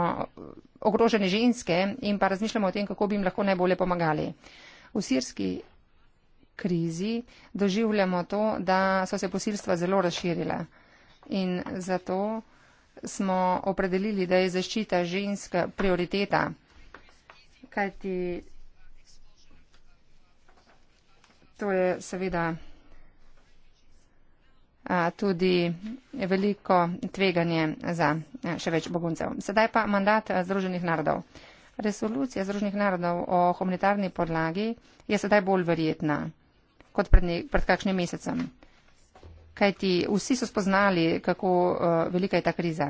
Speaker 2: ogrožene ženske in pa razmišljamo o tem, kako bi jim lahko najbolje pomagali. V sirski krizi doživljamo to, da so se posilstva zelo razširila in zato smo opredelili, da je zaščita žensk prioriteta, kajti to je seveda tudi veliko tveganje za še več boguncev. Sedaj pa mandat Združenih narodov. Resolucija Združenih narodov o humanitarni podlagi je sedaj bolj verjetna kot pred, ne, pred kakšnim mesecem. Kajti vsi so spoznali, kako uh, velika je ta kriza.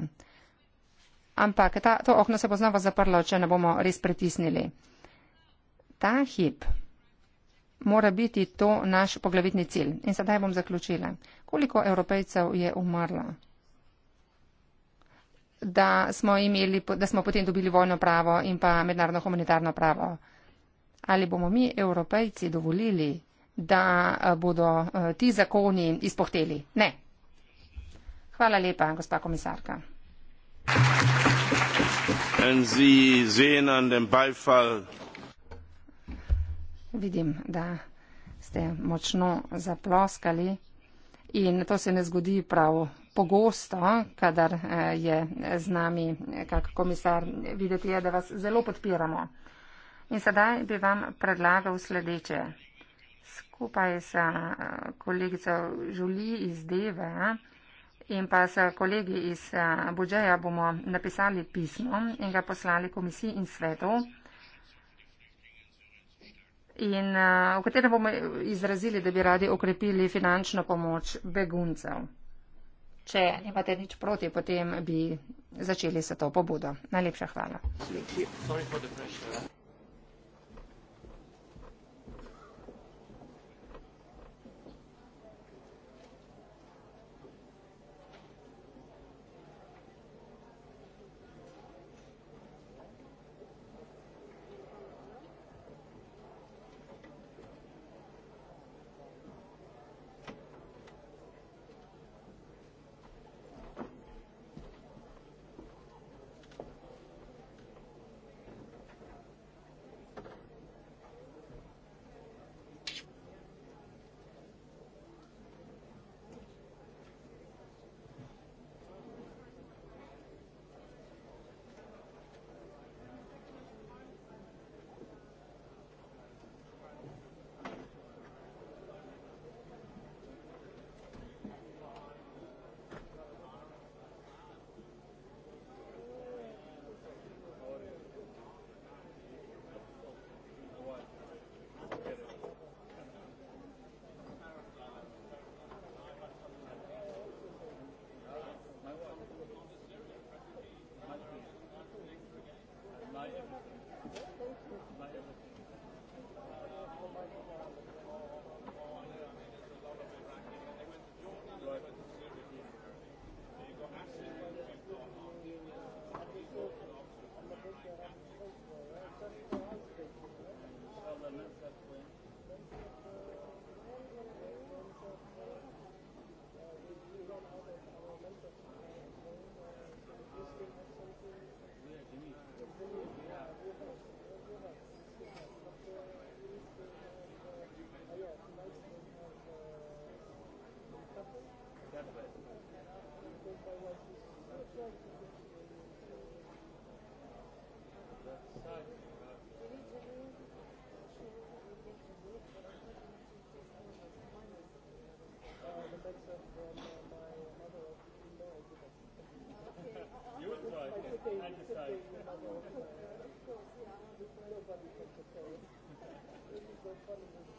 Speaker 2: Ampak ta, to okno se bo znova zaprlo, če ne bomo res pritisnili. Ta hip mora biti to naš poglavitni cilj. In sedaj bom zaključila. Koliko evropejcev je umrlo? Da smo, imeli, da smo potem dobili vojno pravo in pa mednarodno humanitarno pravo. Ali bomo mi, evropejci, dovolili, da eh, bodo eh, ti zakoni izpohteli? Ne. Hvala lepa, gospa komisarka. Vidim, da ste močno zaploskali in to se ne zgodi prav pogosto, kadar eh, je z nami kak komisar videti, je, da vas zelo podpiramo. In sedaj bi vam predlagal sledeče. Skupaj s eh, kolegico Žuli iz Deve in pa s kolegi iz eh, Budžeja bomo napisali pismo in ga poslali komisiji in svetu in eh, v katerem bomo izrazili, da bi radi okrepili finančno pomoč beguncev. Če nimate nič proti, potem bi začeli se to pobudo. Najlepša hvala.
Speaker 1: Sorry. Thank you.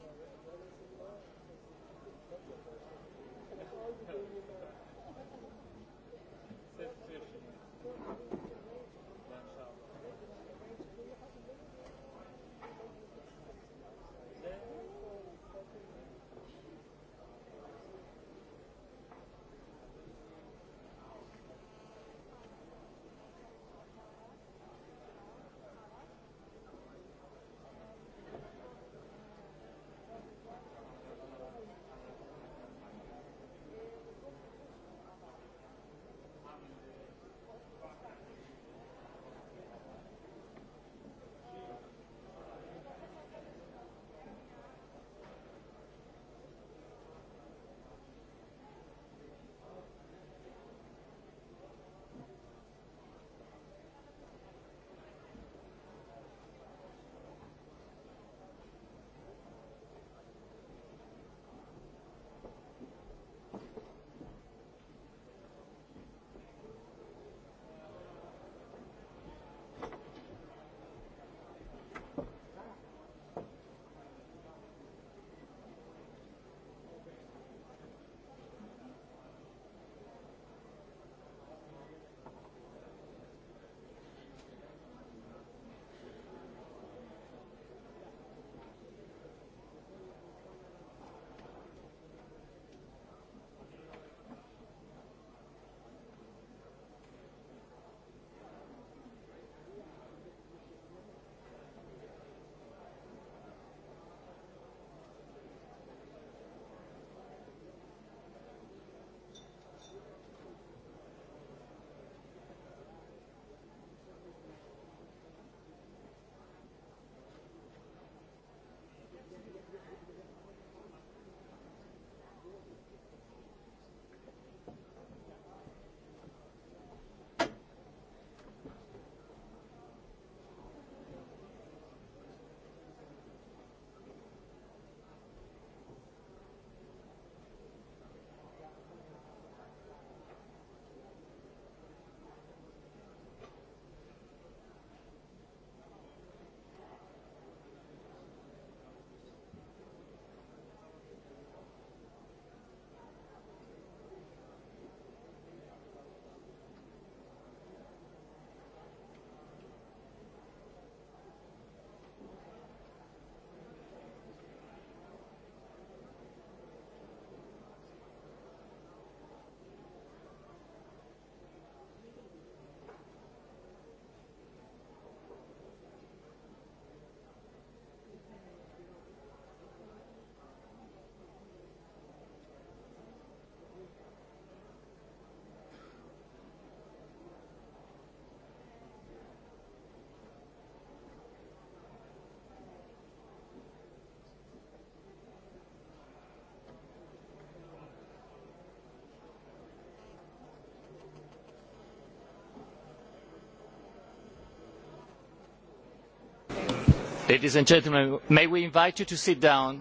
Speaker 1: Ladies and gentlemen, may we invite you to sit down?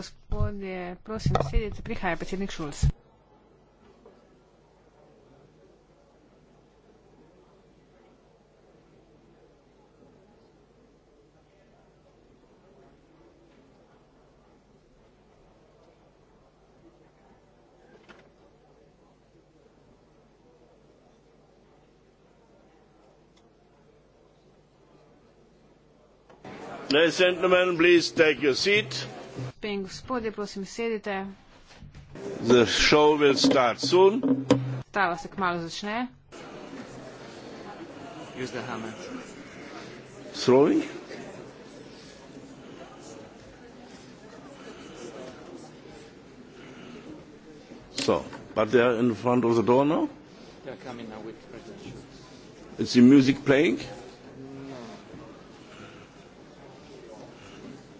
Speaker 5: Gospodje, prosim, sedite, prihaja predsednik Schulz.
Speaker 3: Ladies and gentlemen, please take your seat.
Speaker 5: Gospodje, prosim, sedite.
Speaker 3: The show will start soon.
Speaker 5: Tava se kmalo začne.
Speaker 1: Use the hammer.
Speaker 3: Throwing? So, but they are in front of the door now?
Speaker 1: They are coming now with presentations.
Speaker 3: Is the music playing? Yeah.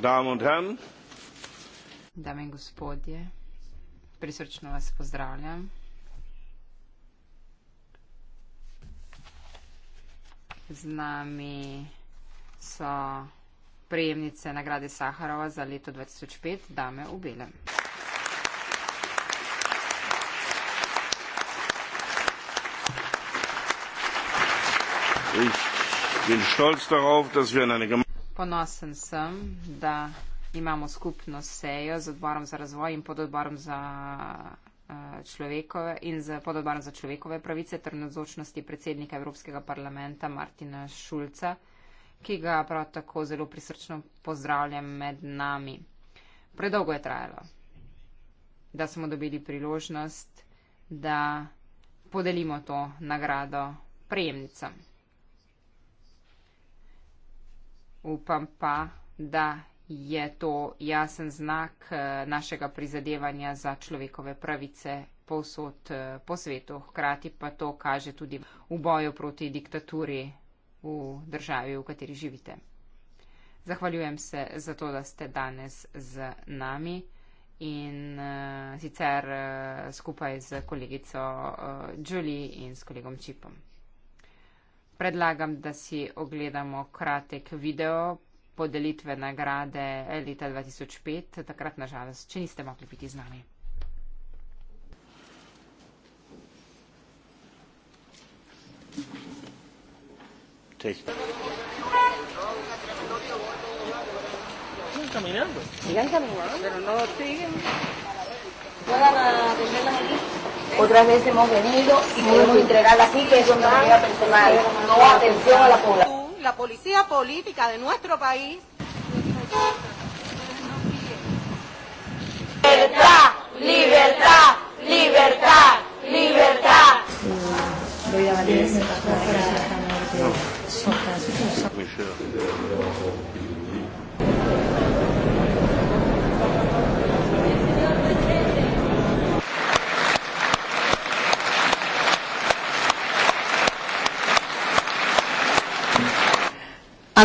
Speaker 3: Damen und
Speaker 4: Herren. Dame in gospodje, prisrčno vas pozdravljam. Z nami so prejemnice nagrade Saharova za leto 2005, dame v belem.
Speaker 3: Ich bin stolz darauf, dass wir in einer Gemeinschaft
Speaker 4: ponosen sem, da imamo skupno sejo z odborom za razvoj in pododborom za eh, človekove in z pododborom za človekove pravice ter nadzočnosti predsednika Evropskega parlamenta Martina Šulca, ki ga prav tako zelo prisrčno pozdravljam med nami. Predolgo je trajalo, da smo dobili priložnost, da podelimo to nagrado prejemnicam. upam pa, da je to jasen znak eh, našega prizadevanja za človekove pravice povsod eh, po svetu. Hkrati pa to kaže tudi v boju proti diktaturi v državi, v kateri živite. Zahvaljujem se za to, da ste danes z nami in uh, sicer uh, skupaj z kolegico uh, Julie in s kolegom Čipom predlagam, da si ogledamo kratek video podelitve nagrade leta 2005, takrat nažalost, če niste mogli biti z nami.
Speaker 5: Sí. Sí. Sí. Sí.
Speaker 1: Sí. Sí. Sí. Sí. Sí otras veces hemos venido y queremos entregar aquí que es una manera personal, no atención a la población. La policía política de nuestro país.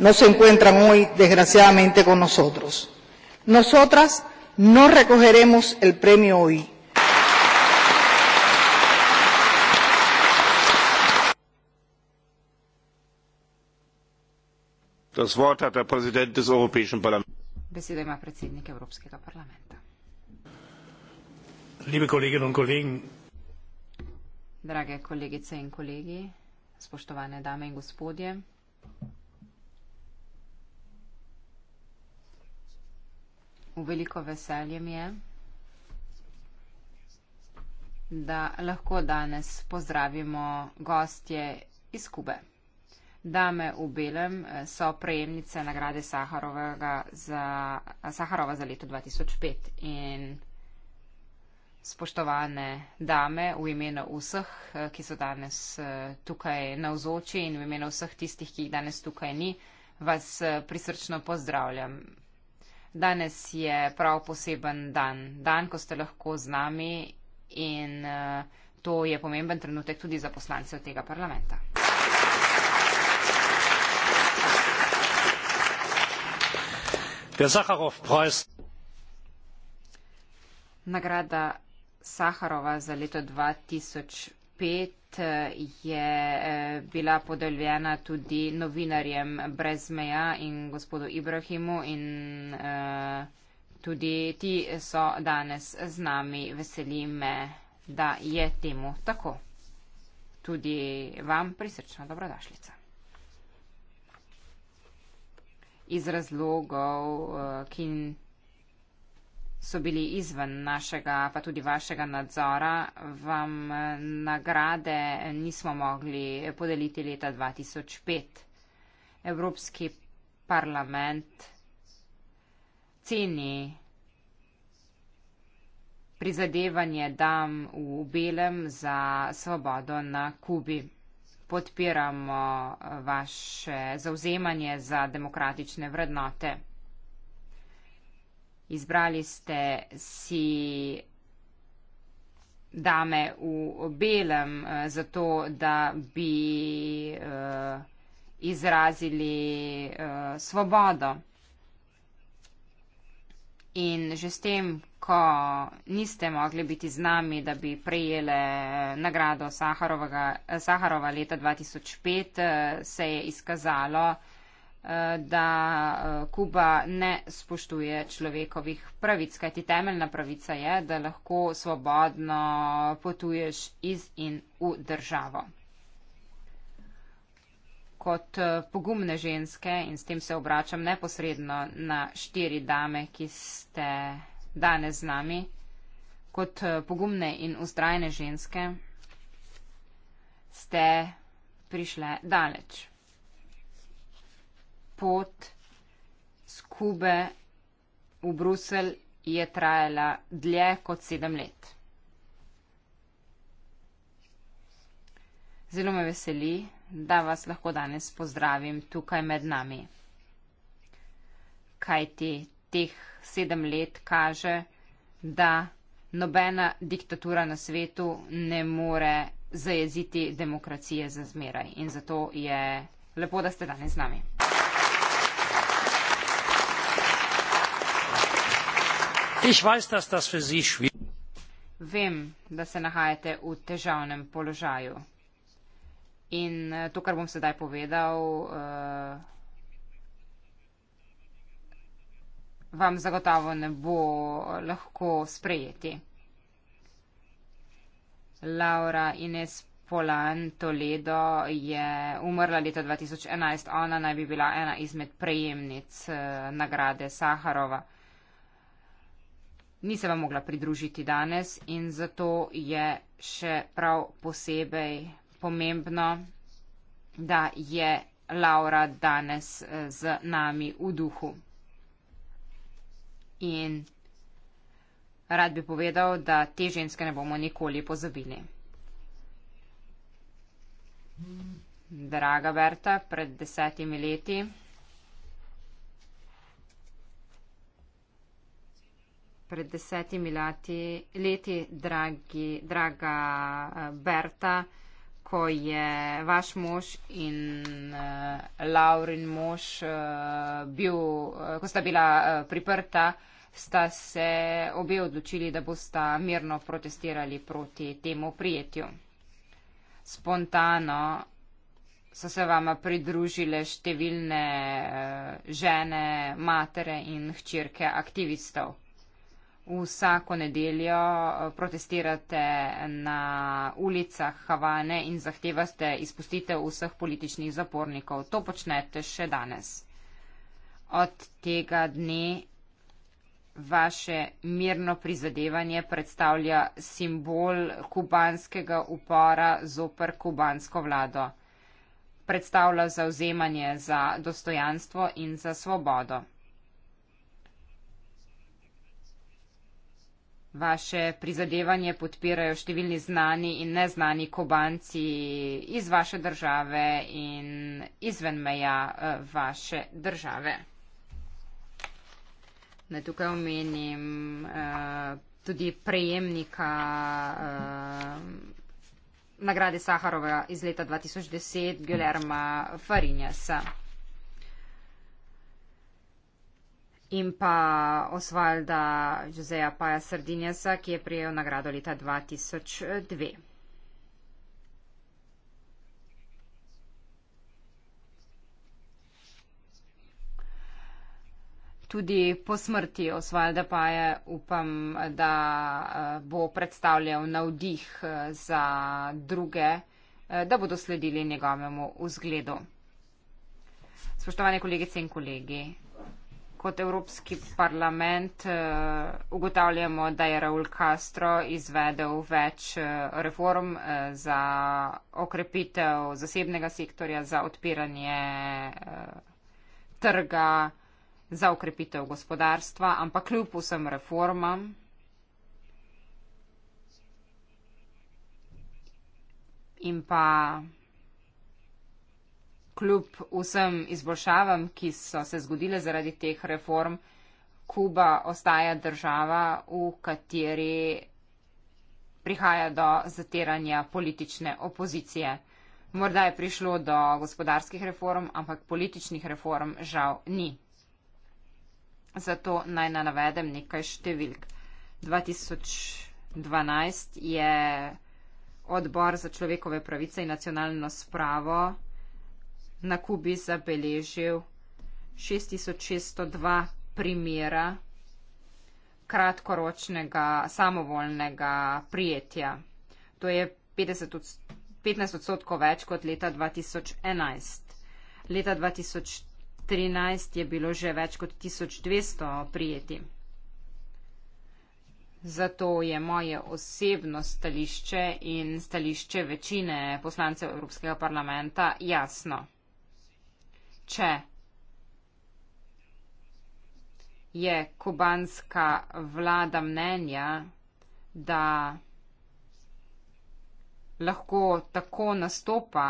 Speaker 1: no se encuentran hoy, desgraciadamente, con nosotros.
Speaker 5: Nosotras no recogeremos el premio hoy.
Speaker 3: Das Wort hat der Präsident des Europäischen Parlaments. Liebe Kolleginnen und Kollegen,
Speaker 4: Drage kolegice in kolegi, spoštovane dame in gospodje, V veliko veselje mi je, da lahko danes pozdravimo gostje iz Kube. Dame v belem eh, so prejemnice nagrade za, eh, Saharova za leto 2005 in spoštovane dame v imenu vseh, eh, ki so danes tukaj navzoči in v imenu vseh tistih, ki jih danes tukaj ni, vas prisrčno pozdravljam. Danes je prav poseben dan, dan, ko ste lahko z nami in eh, to je pomemben trenutek tudi za poslance tega parlamenta. Nagrada Saharova za leto 2005 Eh, je eh, bila podeljena tudi novinarjem brez meja in gospodu Ibrahimu in eh, tudi ti so danes z nami. Veseli me, da je temu tako. Tudi vam prisrčno dobrodošlica. Iz razlogov, ki so bili izven našega, pa tudi vašega nadzora, vam eh, nagrade nismo mogli podeliti leta 2005. Evropski parlament ceni prizadevanje dam v belem za svobodo na Kubi. Podpiramo eh, vaše zauzemanje za demokratične vrednote. Izbrali ste si dame v belem, eh, zato da bi eh, izrazili eh, svobodo. In že s tem, ko niste mogli biti z nami, da bi prejele nagrado Saharova leta 2005, se je izkazalo, da je da eh, Kuba ne spoštuje človekovih pravic, kajti temeljna pravica je, da lahko svobodno potuješ iz in v državo. Kot eh, pogumne ženske, in s tem se obračam neposredno na štiri dame, ki ste danes z nami, kot eh, pogumne in ustrajne ženske ste prišle daleč pot z Kube v Bruselj je trajala dlje kot sedem let. Zelo me veseli, da vas lahko danes pozdravim tukaj med nami. Kaj ti teh sedem let kaže, da nobena diktatura na svetu ne more zajeziti demokracije za zmeraj. In zato je lepo, da ste danes z nami. Vem, da se nahajate v težavnem položaju. In eh, to, kar bom sedaj povedal, uh, vam zagotovo ne bo eh, lahko sprejeti. Laura Ines Polan Toledo je umrla leta 2011. Ona naj bi bila ena izmed prejemnic uh, nagrade Saharova ni se vam mogla pridružiti danes in zato je še prav posebej pomembno, da je Laura danes eh, z nami v duhu. In rad bi povedal, da te ženske ne bomo nikoli pozabili. Draga Berta, pred desetimi leti pred desetimi leti, leti dragi, draga eh, Berta, ko je vaš mož in uh, Laurin mož uh, bil, uh, ko sta bila uh, priprta, sta se obe odločili, da bosta mirno protestirali proti temu prijetju. Spontano so se vama pridružile številne žene, matere in hčirke aktivistov vsako nedeljo eh, protestirate na ulicah Havane in zahtevate izpustitev vseh političnih zapornikov. To počnete še danes. Od tega dne vaše mirno prizadevanje predstavlja simbol kubanskega upora zoper kubansko vlado. Predstavlja zauzemanje za dostojanstvo in za svobodo. Vaše prizadevanje podpirajo številni znani in neznani kobanci iz vaše države in izven meja eh, vaše države. Ne tukaj omenim eh, tudi prejemnika eh, nagrade Saharova iz leta 2010, Gülerma Farinjasa. in pa Osvalda Joseja Paja Sardinjasa, ki je prijel nagrado leta 2002. Tudi po smrti Osvalda pa je upam, da eh, bo predstavljal navdih eh, za druge, eh, da bodo sledili njegovemu vzgledu. Spoštovane kolegice in kolegi, kot Evropski parlament eh, ugotavljamo, da je Raul Castro izvedel več eh, reform eh, za okrepitev zasebnega sektorja, za odpiranje trga, za okrepitev gospodarstva, ampak kljub vsem reformam. In pa kljub vsem izboljšavam, ki so se zgodile zaradi teh reform, Kuba ostaja država, v kateri prihaja do zatiranja politične opozicije. Morda je prišlo do gospodarskih reform, ampak političnih reform žal ni. Zato naj navedem nekaj številk. 2012 je odbor za človekove pravice in nacionalno spravo na Kubi zabeležil 6602 primera kratkoročnega samovolnega prijetja. To je 50, 15 odstotkov več kot leta 2011. Leta 2013 je bilo že več kot 1200 prijeti. Zato je moje osebno stališče in stališče večine poslancev Evropskega parlamenta jasno če. Je kubanska vlada mnenja, da lahko tako nastopa,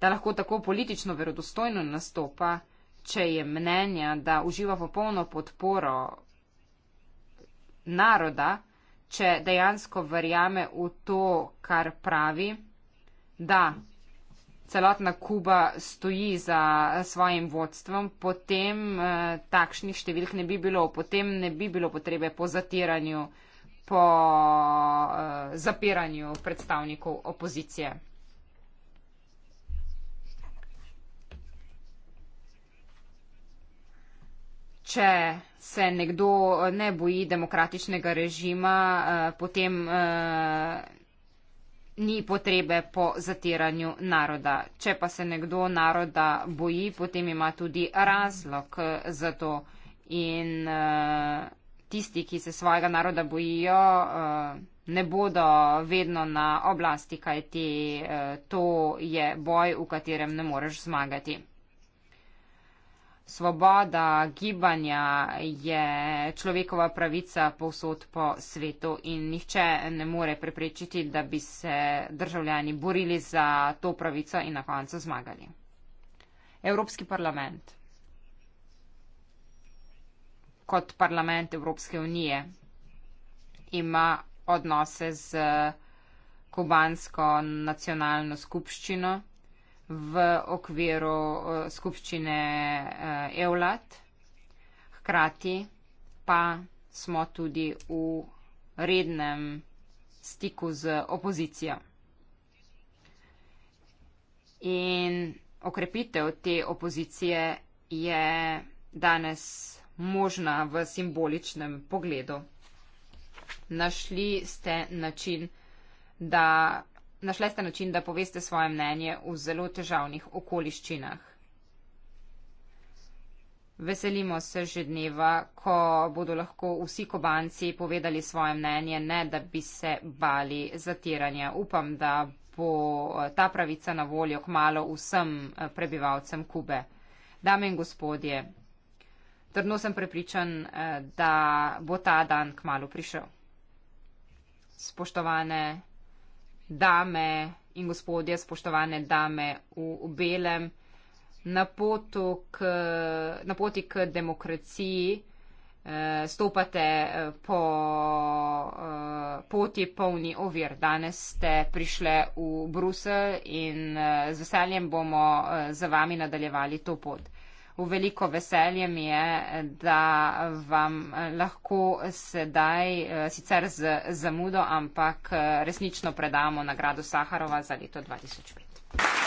Speaker 4: da lahko tako politično verodostojno nastopa, če je mnenja, da uživa popolno podporo naroda, če dejansko verjame v to, kar pravi, da celotna Kuba stoji za svojim vodstvom, potem eh, takšnih številk ne bi bilo, potem ne bi bilo potrebe po zatiranju, po eh, zapiranju predstavnikov opozicije. Če se nekdo ne boji demokratičnega režima, eh, potem ni potrebe po zatiranju naroda. Če pa se nekdo naroda boji, potem ima tudi razlog za to. In uh, tisti, ki se svojega naroda bojijo, uh, ne bodo vedno na oblasti, kajti uh, to je boj, v katerem ne moreš zmagati. Svoboda gibanja je človekova pravica povsod po svetu in nihče ne more preprečiti, da bi se državljani borili za to pravico in na koncu zmagali. Evropski parlament. Kot parlament Evropske unije ima odnose z kubansko nacionalno skupščino v okviru eh, skupščine eh, EULAT. Hkrati pa smo tudi v rednem stiku z opozicijo. In okrepitev te opozicije je danes možna v simboličnem pogledu. Našli ste način, da Našle ste način, da poveste svoje mnenje v zelo težavnih okoliščinah. Veselimo se že dneva, ko bodo lahko vsi kobanci povedali svoje mnenje, ne da bi se bali zatiranja. Upam, da bo eh, ta pravica na voljo k malo vsem eh, prebivalcem Kube. Dame in gospodje, trdno sem prepričan, eh, da bo ta dan k malu prišel. Spoštovane dame in gospodje, spoštovane dame v, v belem, na, k, na poti k demokraciji eh, stopate eh, po eh, poti polni ovir. Danes ste prišle v Brusel in eh, z veseljem bomo eh, za vami nadaljevali to pot. V veliko veselje mi je, da vam lahko sedaj, eh, sicer z zamudo, ampak eh, resnično predamo nagrado Saharova za leto 2005.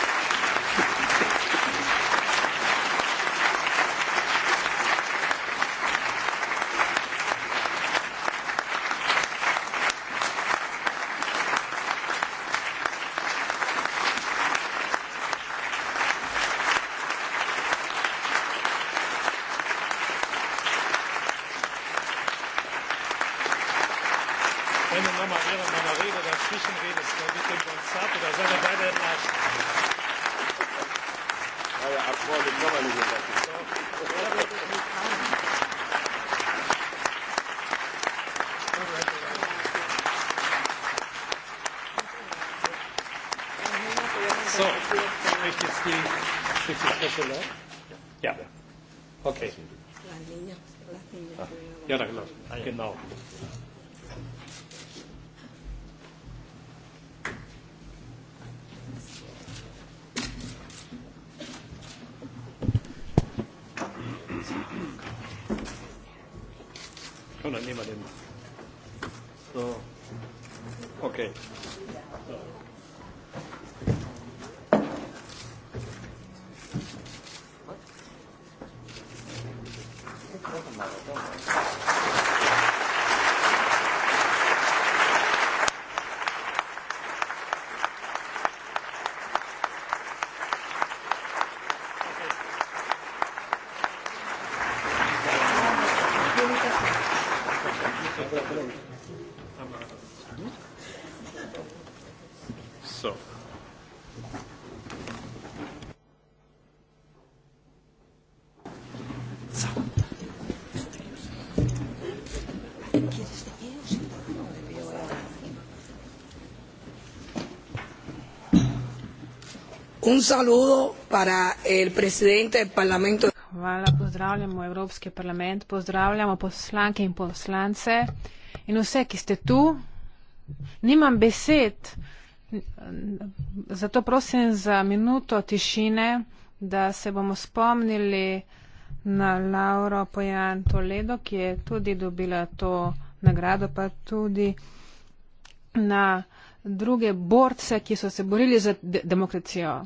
Speaker 1: niños, las niñas. Ah, y ahora,
Speaker 3: claro, genau.
Speaker 5: Un saludo para el presidente del parlamento. Hvala, pozdravljamo Evropski parlament, pozdravljamo poslanke in poslance in vse, ki ste tu. Nimam besed, zato prosim za minuto tišine, da se bomo spomnili na Lauro Pojan Toledo, ki je tudi dobila to nagrado, pa tudi na druge borce, ki so se borili za de demokracijo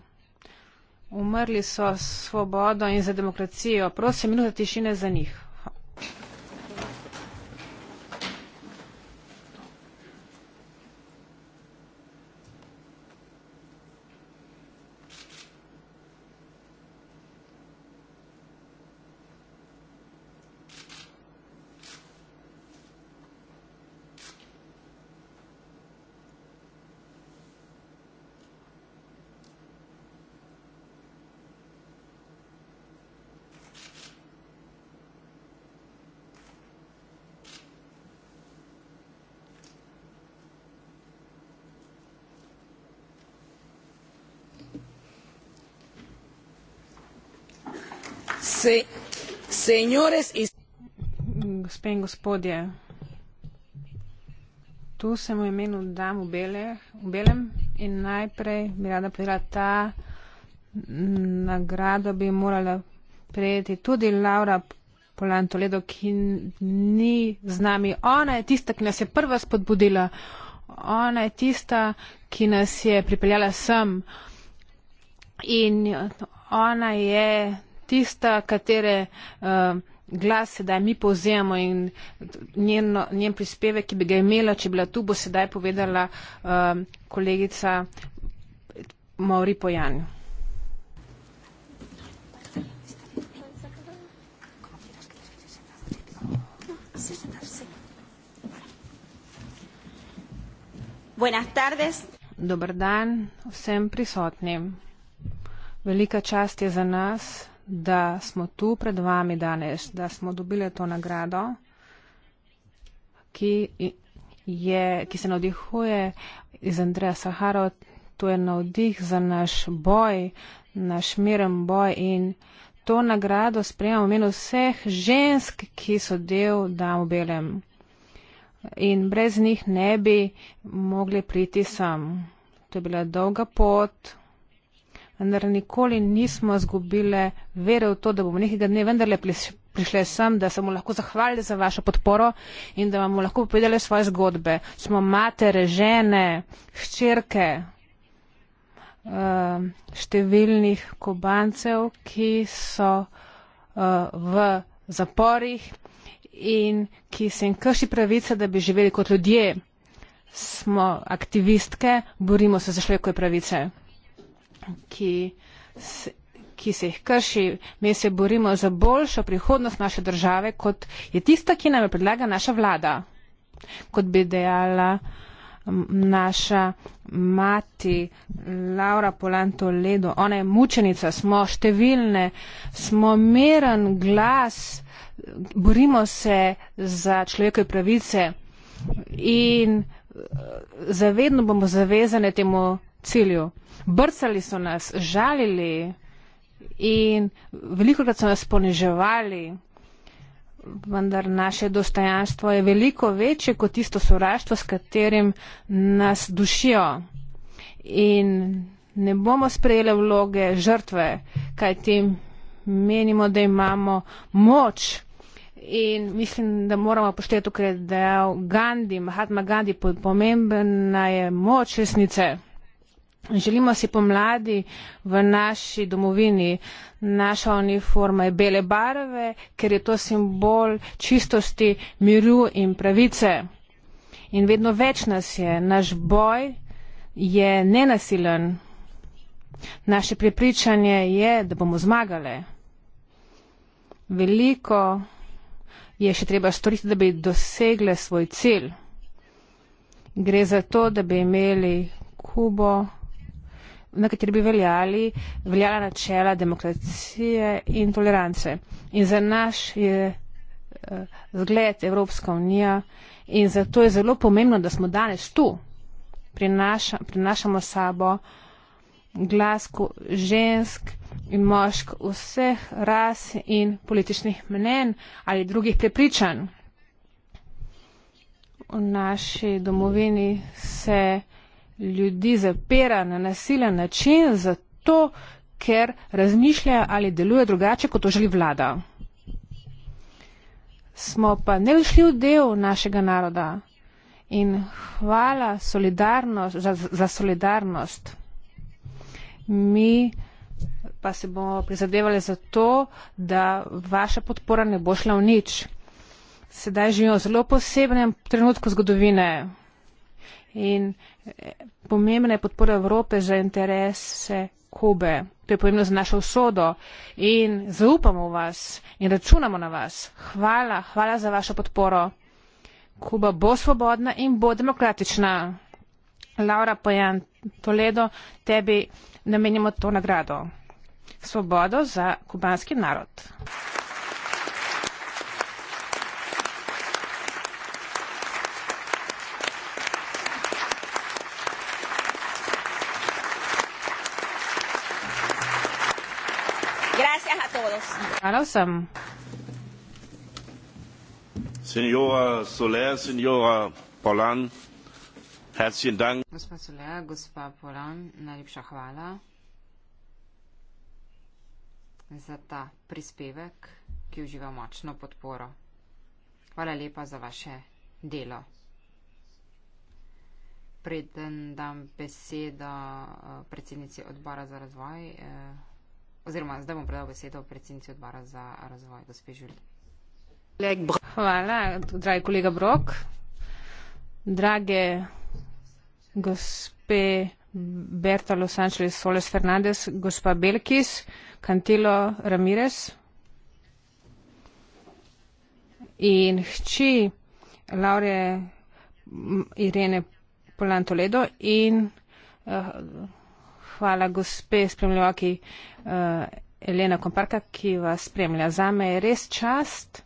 Speaker 5: umrli so svobodo in za demokracijo. Prosim, minuta tišine za njih. Gospe in gospodje, tu sem v imenu dam v belem in najprej bi rada povedala, ta nagrado bi morala prejeti tudi Laura Polan Toledo, ki ni z nami. Ona je tista, ki nas je prva spodbudila. Ona je tista, ki nas je pripeljala sem. In ona je tista, katere uh, glas sedaj mi povzemo in njeno, njen prispevek, ki bi ga imela, če bi bila tu, bo sedaj povedala uh, kolegica Mauri Pojan. Dobar dan vsem prisotnim. Velika čast je za nas, da smo tu pred vami danes, da smo dobili to nagrado, ki, je, ki se navdihuje iz Andreja Saharo. To je navdih za naš boj, naš miren boj in to nagrado sprejemamo v imenu vseh žensk, ki so del Dam v Belem. In brez njih ne bi mogli priti sam. To je bila dolga pot vendar nikoli nismo izgubile vere v to, da bomo nekega dne vendarle prišle sem, da se bomo lahko zahvalili za vašo podporo in da vam bomo lahko povedali svoje zgodbe. Smo matere, žene, hčerke eh, številnih kobancev, ki so eh, v zaporih in ki se jim krši pravice, da bi živeli kot ljudje. Smo aktivistke, borimo se za človekove pravice ki, ki se jih krši. Mi se borimo za boljšo prihodnost naše države, kot je tista, ki nam je predlaga naša vlada. Kot bi dejala naša mati Laura Polanto Ledo, ona je mučenica, smo številne, smo meren glas, borimo se za človekove pravice in eh, zavedno bomo zavezane temu cilju. Brcali so nas, žalili in veliko krat so nas poniževali, vendar naše dostojanstvo je veliko večje kot tisto sovraštvo, s katerim nas dušijo. In ne bomo sprejeli vloge žrtve, kajti menimo, da imamo moč. In mislim, da moramo poštevati, ker je dejal Gandhi, Mahatma Gandhi, pomembna je moč resnice. Želimo si pomladi v naši domovini. Naša uniforma je bele barve, ker je to simbol čistosti, miru in pravice. In vedno več nas je. Naš boj je nenasilen. Naše prepričanje je, da bomo zmagali. Veliko je še treba storiti, da bi dosegle svoj cilj. Gre za to, da bi imeli Kubo na kateri bi veljali, veljala načela demokracije in tolerance. In za naš je eh, zgled Evropska unija in zato je zelo pomembno, da smo danes tu, prinaša, prinašamo sabo glasko žensk in mošk vseh ras in političnih mnen ali drugih prepričanj. V naši domovini se ljudi zapira na nasilen način zato, ker razmišlja ali deluje drugače, kot to želi vlada. Smo pa nevšljiv del našega naroda in hvala solidarnost, za, za solidarnost. Mi pa se bomo prizadevali za to, da vaša podpora ne bo šla v nič. Sedaj živimo v zelo posebnem trenutku zgodovine in eh, pomembna je podpora Evrope za interese Kube. To je pomembno za našo usodo in zaupamo v vas in računamo na vas. Hvala, hvala za vašo podporo. Kuba bo svobodna in bo demokratična. Laura Pojan Toledo, tebi namenimo to nagrado. Svobodo za kubanski narod. Hvala vsem.
Speaker 3: Senjora Soler, senjora Polan, herzlichen Dank.
Speaker 4: Gospa Soler, gospa Polan, najlepša hvala za ta prispevek, ki uživa močno podporo. Hvala lepa za vaše delo. Preden dam besedo eh, predsednici odbora za razvoj. Eh, oziroma zdaj bom predal besedo predsednici odbora za razvoj, gospe Žuli.
Speaker 5: Hvala, dragi kolega Brok. Drage gospe Berta Los Angeles Soles Fernandez, gospa Belkis, Cantelo Ramirez in hči Laure Irene Polantoledo in uh, hvala gospe spremljavki uh, eh, Elena Komparka, ki vas spremlja. Zame je res čast,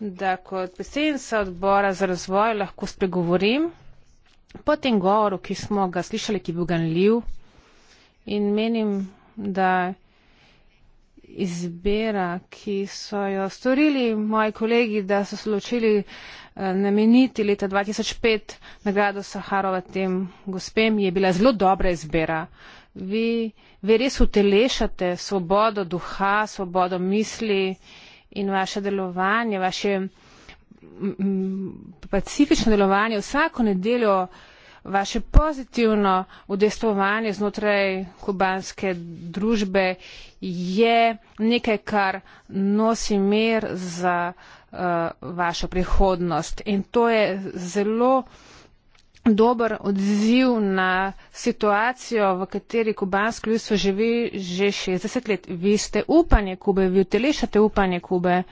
Speaker 5: da kot predsednica odbora za razvoj lahko spregovorim po tem govoru, ki smo ga slišali, ki je bil ganljiv. In menim, da izbira, ki so jo storili moji kolegi, da so se ločili eh, nameniti leta 2005 nagrado Saharova tem gospem, je bila zelo dobra izbira. Uh, vi, vi res utelešate svobodo duha, svobodo misli in vaše delovanje, vaše pacifično delovanje vsako nedeljo, vaše pozitivno udestovanje znotraj kubanske družbe je nekaj, kar nosi mer za uh, vašo prihodnost. In to je zelo uh, dober odziv na situacijo, v kateri kubansko ljudstvo živi že 60 let. Vi ste upanje Kube, vi utelešate upanje Kube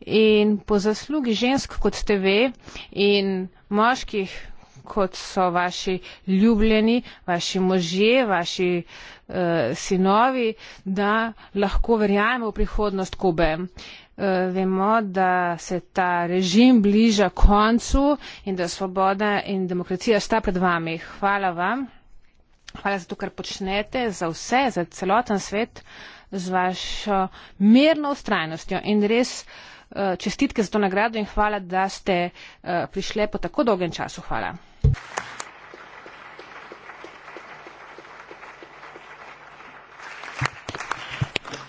Speaker 5: in po zaslugi žensk kot ste ve in moških kot so vaši ljubljeni, vaši možje, vaši uh, sinovi, da lahko verjamemo v prihodnost Kube. Uh, Eh, vemo, da se ta režim bliža koncu in da svoboda in demokracija sta pred vami. Hvala vam. Hvala za to, kar počnete, za vse, za celoten svet, z vašo mirno ustrajnostjo in res eh, čestitke za to nagrado in hvala, da ste eh, prišle po tako dolgem času. Hvala.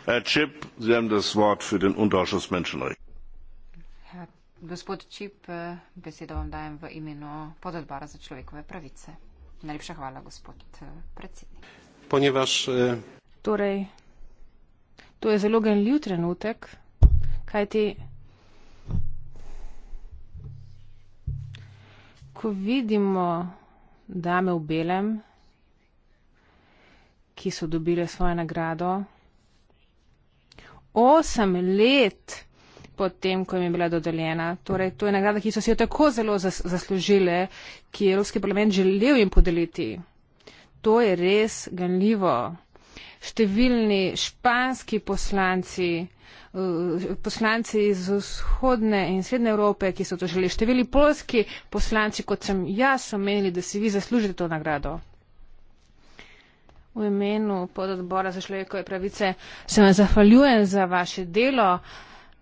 Speaker 3: herr cip sie haben das wort für den unterausschuss menschenrechte.
Speaker 4: Gospod Čip, eh, besedo vam dajem v imenu pododbora za človekove pravice. Najlepša hvala, gospod
Speaker 5: eh, predsednik.
Speaker 3: Ponevaš, eh,
Speaker 5: torej, to je zelo genljiv trenutek, kajti ko vidimo dame v belem, ki so dobile svojo nagrado, osem let potem, ko jim je bila dodeljena. Torej, to je nagrada, ki so si jo tako zelo zas zaslužile, ki je Evropski parlament želel jim podeliti. To je res ganljivo. Številni španski poslanci, eh, poslanci iz vzhodne in srednje Evrope, ki so to želeli, številni polski poslanci, kot sem jaz, so menili, da si vi zaslužite to nagrado. V imenu pododbora za človekove pravice se vam zahvaljujem za vaše delo,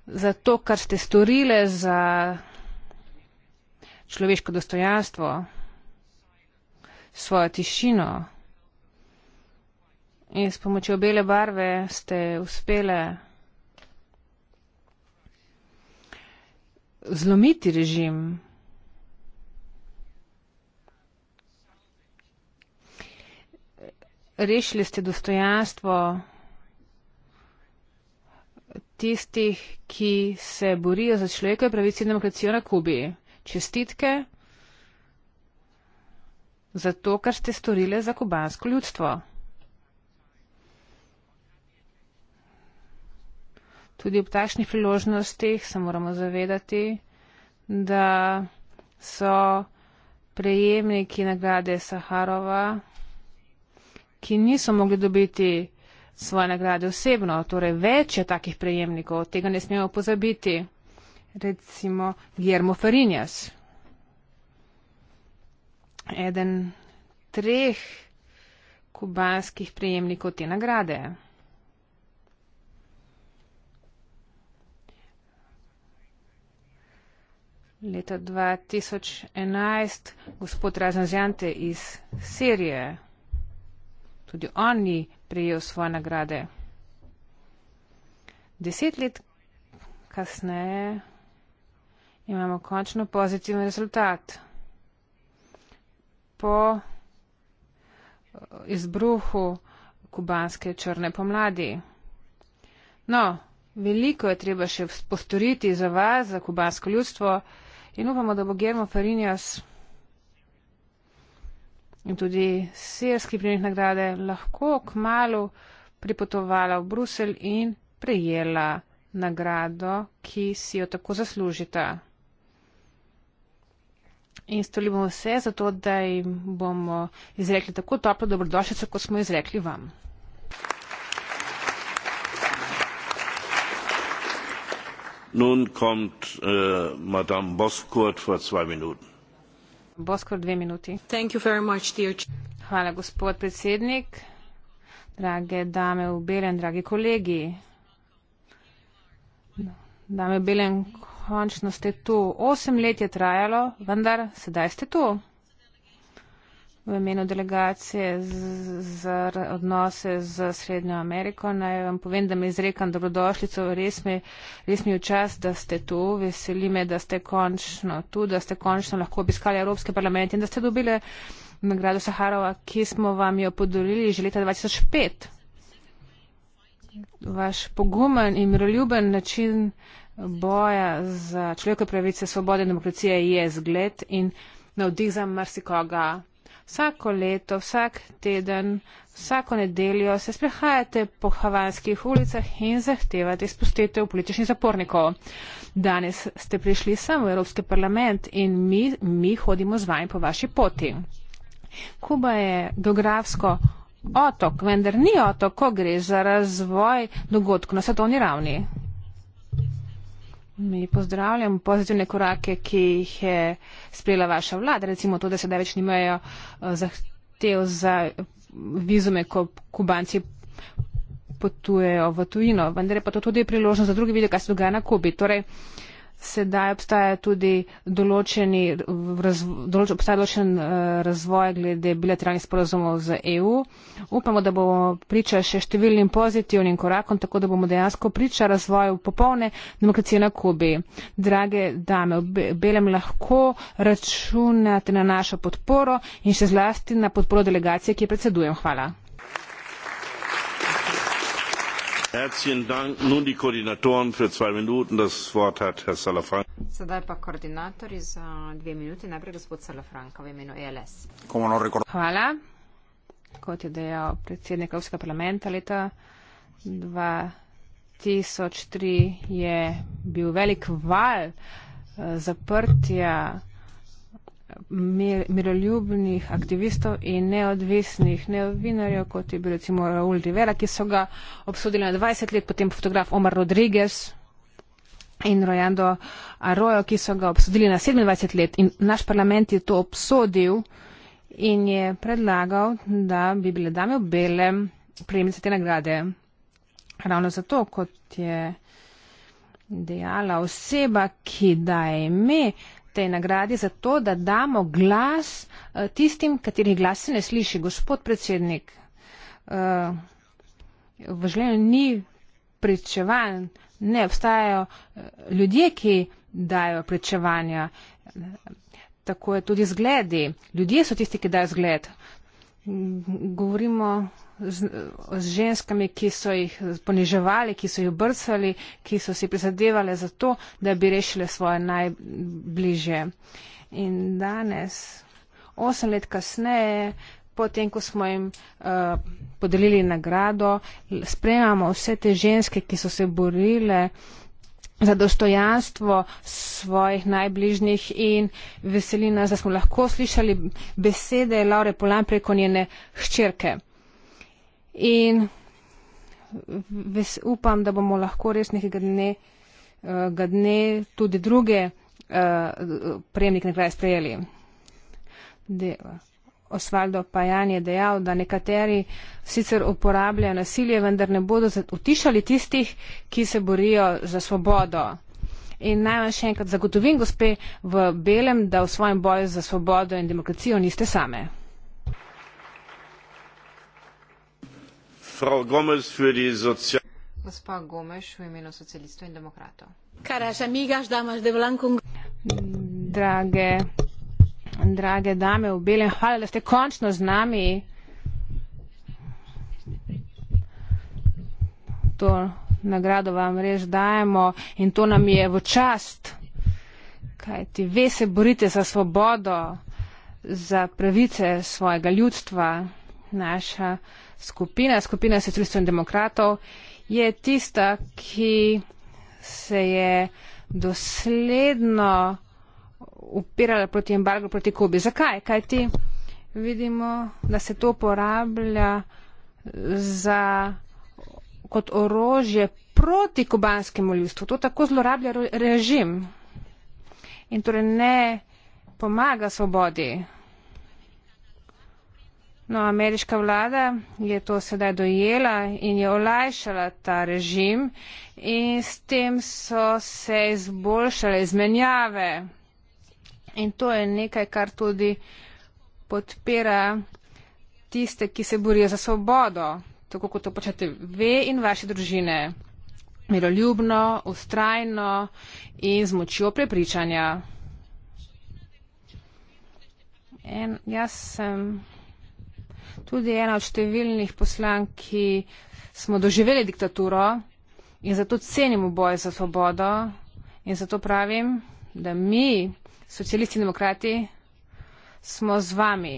Speaker 5: za to, kar ste storile za človeško dostojanstvo, svojo tišino. In s pomočjo bele barve ste uspele zlomiti režim. rešili ste dostojanstvo tistih, ki se borijo za človekove pravice in demokracijo na Kubi. Čestitke za to, kar ste storili za kubansko ljudstvo. Tudi ob takšnih priložnostih se moramo zavedati, da so prejemniki nagrade Saharova ki niso mogli dobiti svoje nagrade osebno, torej več je takih prejemnikov, tega ne smemo pozabiti. Recimo Germo Farinjas, eden treh kubanskih prejemnikov te nagrade. Leta 2011 gospod Razan Zjante iz Sirije. Tudi on ni prejel svoje nagrade. Deset let kasneje imamo končno pozitiven rezultat. Po eh, izbruhu kubanske črne pomladi. No, veliko je treba še postoriti za vas, za kubansko ljudstvo in upamo, da bo Germo Farinjas in tudi sirski prejemnik nagrade, lahko k malu pripotovala v Bruselj in prejela nagrado, ki si jo tako zaslužita. In stoli bomo vse zato, da jim bomo izrekli tako toplo dobrodošljico, kot smo izrekli vam.
Speaker 3: Nun kommt äh, Madame Boskurt vor zwei Minuten.
Speaker 5: Bo skoraj dve minuti. Much, Hvala, gospod predsednik, drage dame v belem, dragi kolegi. Dame v belem, končno ste tu. Osem let je trajalo, vendar sedaj ste tu v imenu delegacije za odnose z Srednjo Ameriko. Naj vam povem, da me izrekam dobrodošlico, res mi, res mi je čas, da ste tu. Veseli me, da ste končno tu, da ste končno lahko obiskali Evropski parlament in da ste dobili nagrado Saharova, ki smo vam jo podarili že leta 2005. Vaš pogumen in miroljuben način boja za človekove pravice, svobode in demokracije je zgled in navdih za marsikoga. Vsako leto, vsak teden, vsako nedeljo se sprehajate po havanskih ulicah in zahtevate izpustitev političnih zapornikov. Danes ste prišli sem v Evropski parlament in mi, mi hodimo z vami po vaši poti. Kuba je geografsko otok, vendar ni otok, ko gre za razvoj dogodkov na svetovni ravni. Mi pozdravljam pozitivne korake, ki jih je sprejela vaša vlada, recimo to, da se da več nimajo eh, zahtev za vizume, ko kubanci potujejo v tujino, vendar je pa to tudi priložnost za druge vide, kaj se dogaja na Kubi. Torej, uh, sedaj obstaja tudi določeni, razvo, določ, obstaja določen uh, razvoj glede bilateralnih sporozumov z EU. Upamo, da bomo priča še številnim pozitivnim korakom, tako da bomo dejansko priča razvoju popolne demokracije na Kubi. Drage dame, v Belem lahko računate na našo podporo in še zlasti na podporo delegacije, ki jo predsedujem. Hvala.
Speaker 3: Herzlichen Dank. Nun die Koordinatoren für zwei Minuten. Das Wort hat Herr Salafranca.
Speaker 4: Sedaj pa koordinatorji za dve minuti. Najprej gospod Salafranca v imenu ELS.
Speaker 5: No Hvala. Kot je dejal predsednik Evropskega parlamenta leta 2003, je bil velik val eh, zaprtja mir, miroljubnih aktivistov in neodvisnih neovinarjev, kot je bil recimo Raul Rivera, ki so ga obsodili na 20 let, potem fotograf Omar Rodriguez in Rojando Arojo, ki so ga obsodili na 27 let in naš parlament je to obsodil in je predlagal, da bi bile dame v belem prejemnice te nagrade. Ravno zato, kot je dejala oseba, ki daje ime tej nagradi za to, da damo glas eh, tistim, katerih glas se ne sliši. Gospod predsednik, eh, v življenju ni pričevanj, ne obstajajo eh, ljudje, ki dajo pričevanja. Tako je tudi zgledi. Ljudje so tisti, ki dajo zgled. Govorimo z, z ženskami, ki so jih poniževali, ki so jih brcali, ki so si prizadevali za to, da bi rešile svoje najbližje. In danes, osem let kasneje, potem, ko smo jim uh, podelili nagrado, spremamo vse te ženske, ki so se borile za dostojanstvo svojih najbližnjih in veselina, da smo lahko slišali besede Laure Polan preko njene hčerke. In ves, upam, da bomo lahko res nekega dne, uh, dne tudi druge uh, prejemnike nekaj sprejeli. De, Osvaldo Pajan je dejal, da nekateri sicer uporabljajo nasilje, vendar ne bodo utišali tistih, ki se borijo za svobodo. In naj vam še enkrat zagotovim, gospe, v belem, da v svojem boju za svobodo in demokracijo niste same.
Speaker 3: frau gomes für die sozial
Speaker 5: Gospa Gomes v imenu socialistov in demokratov. Drage, drage dame v belem, hvala, da ste končno z nami. To nagrado vam res dajemo in to nam je v čast, kaj ti ve se borite za svobodo, za pravice svojega ljudstva, naša skupina, skupina socialistov in demokratov, je tista, ki se je dosledno upirala proti embargo proti Kubi. Zakaj? Kaj ti vidimo, da se to uporablja za, kot orožje proti kubanskemu ljudstvu? To tako zlorablja režim in torej ne pomaga svobodi No, ameriška vlada je to sedaj dojela in je olajšala ta režim in s tem so se izboljšale izmenjave. In to je nekaj, kar tudi podpira tiste, ki se borijo za svobodo, tako kot to počnete ve in vaše družine. Miroljubno, ustrajno in z močjo prepričanja. En, jaz sem. Um, tudi ena od številnih poslank, ki smo doživeli diktaturo in zato cenimo boj za svobodo in zato pravim, da mi, socialisti in demokrati, smo z vami.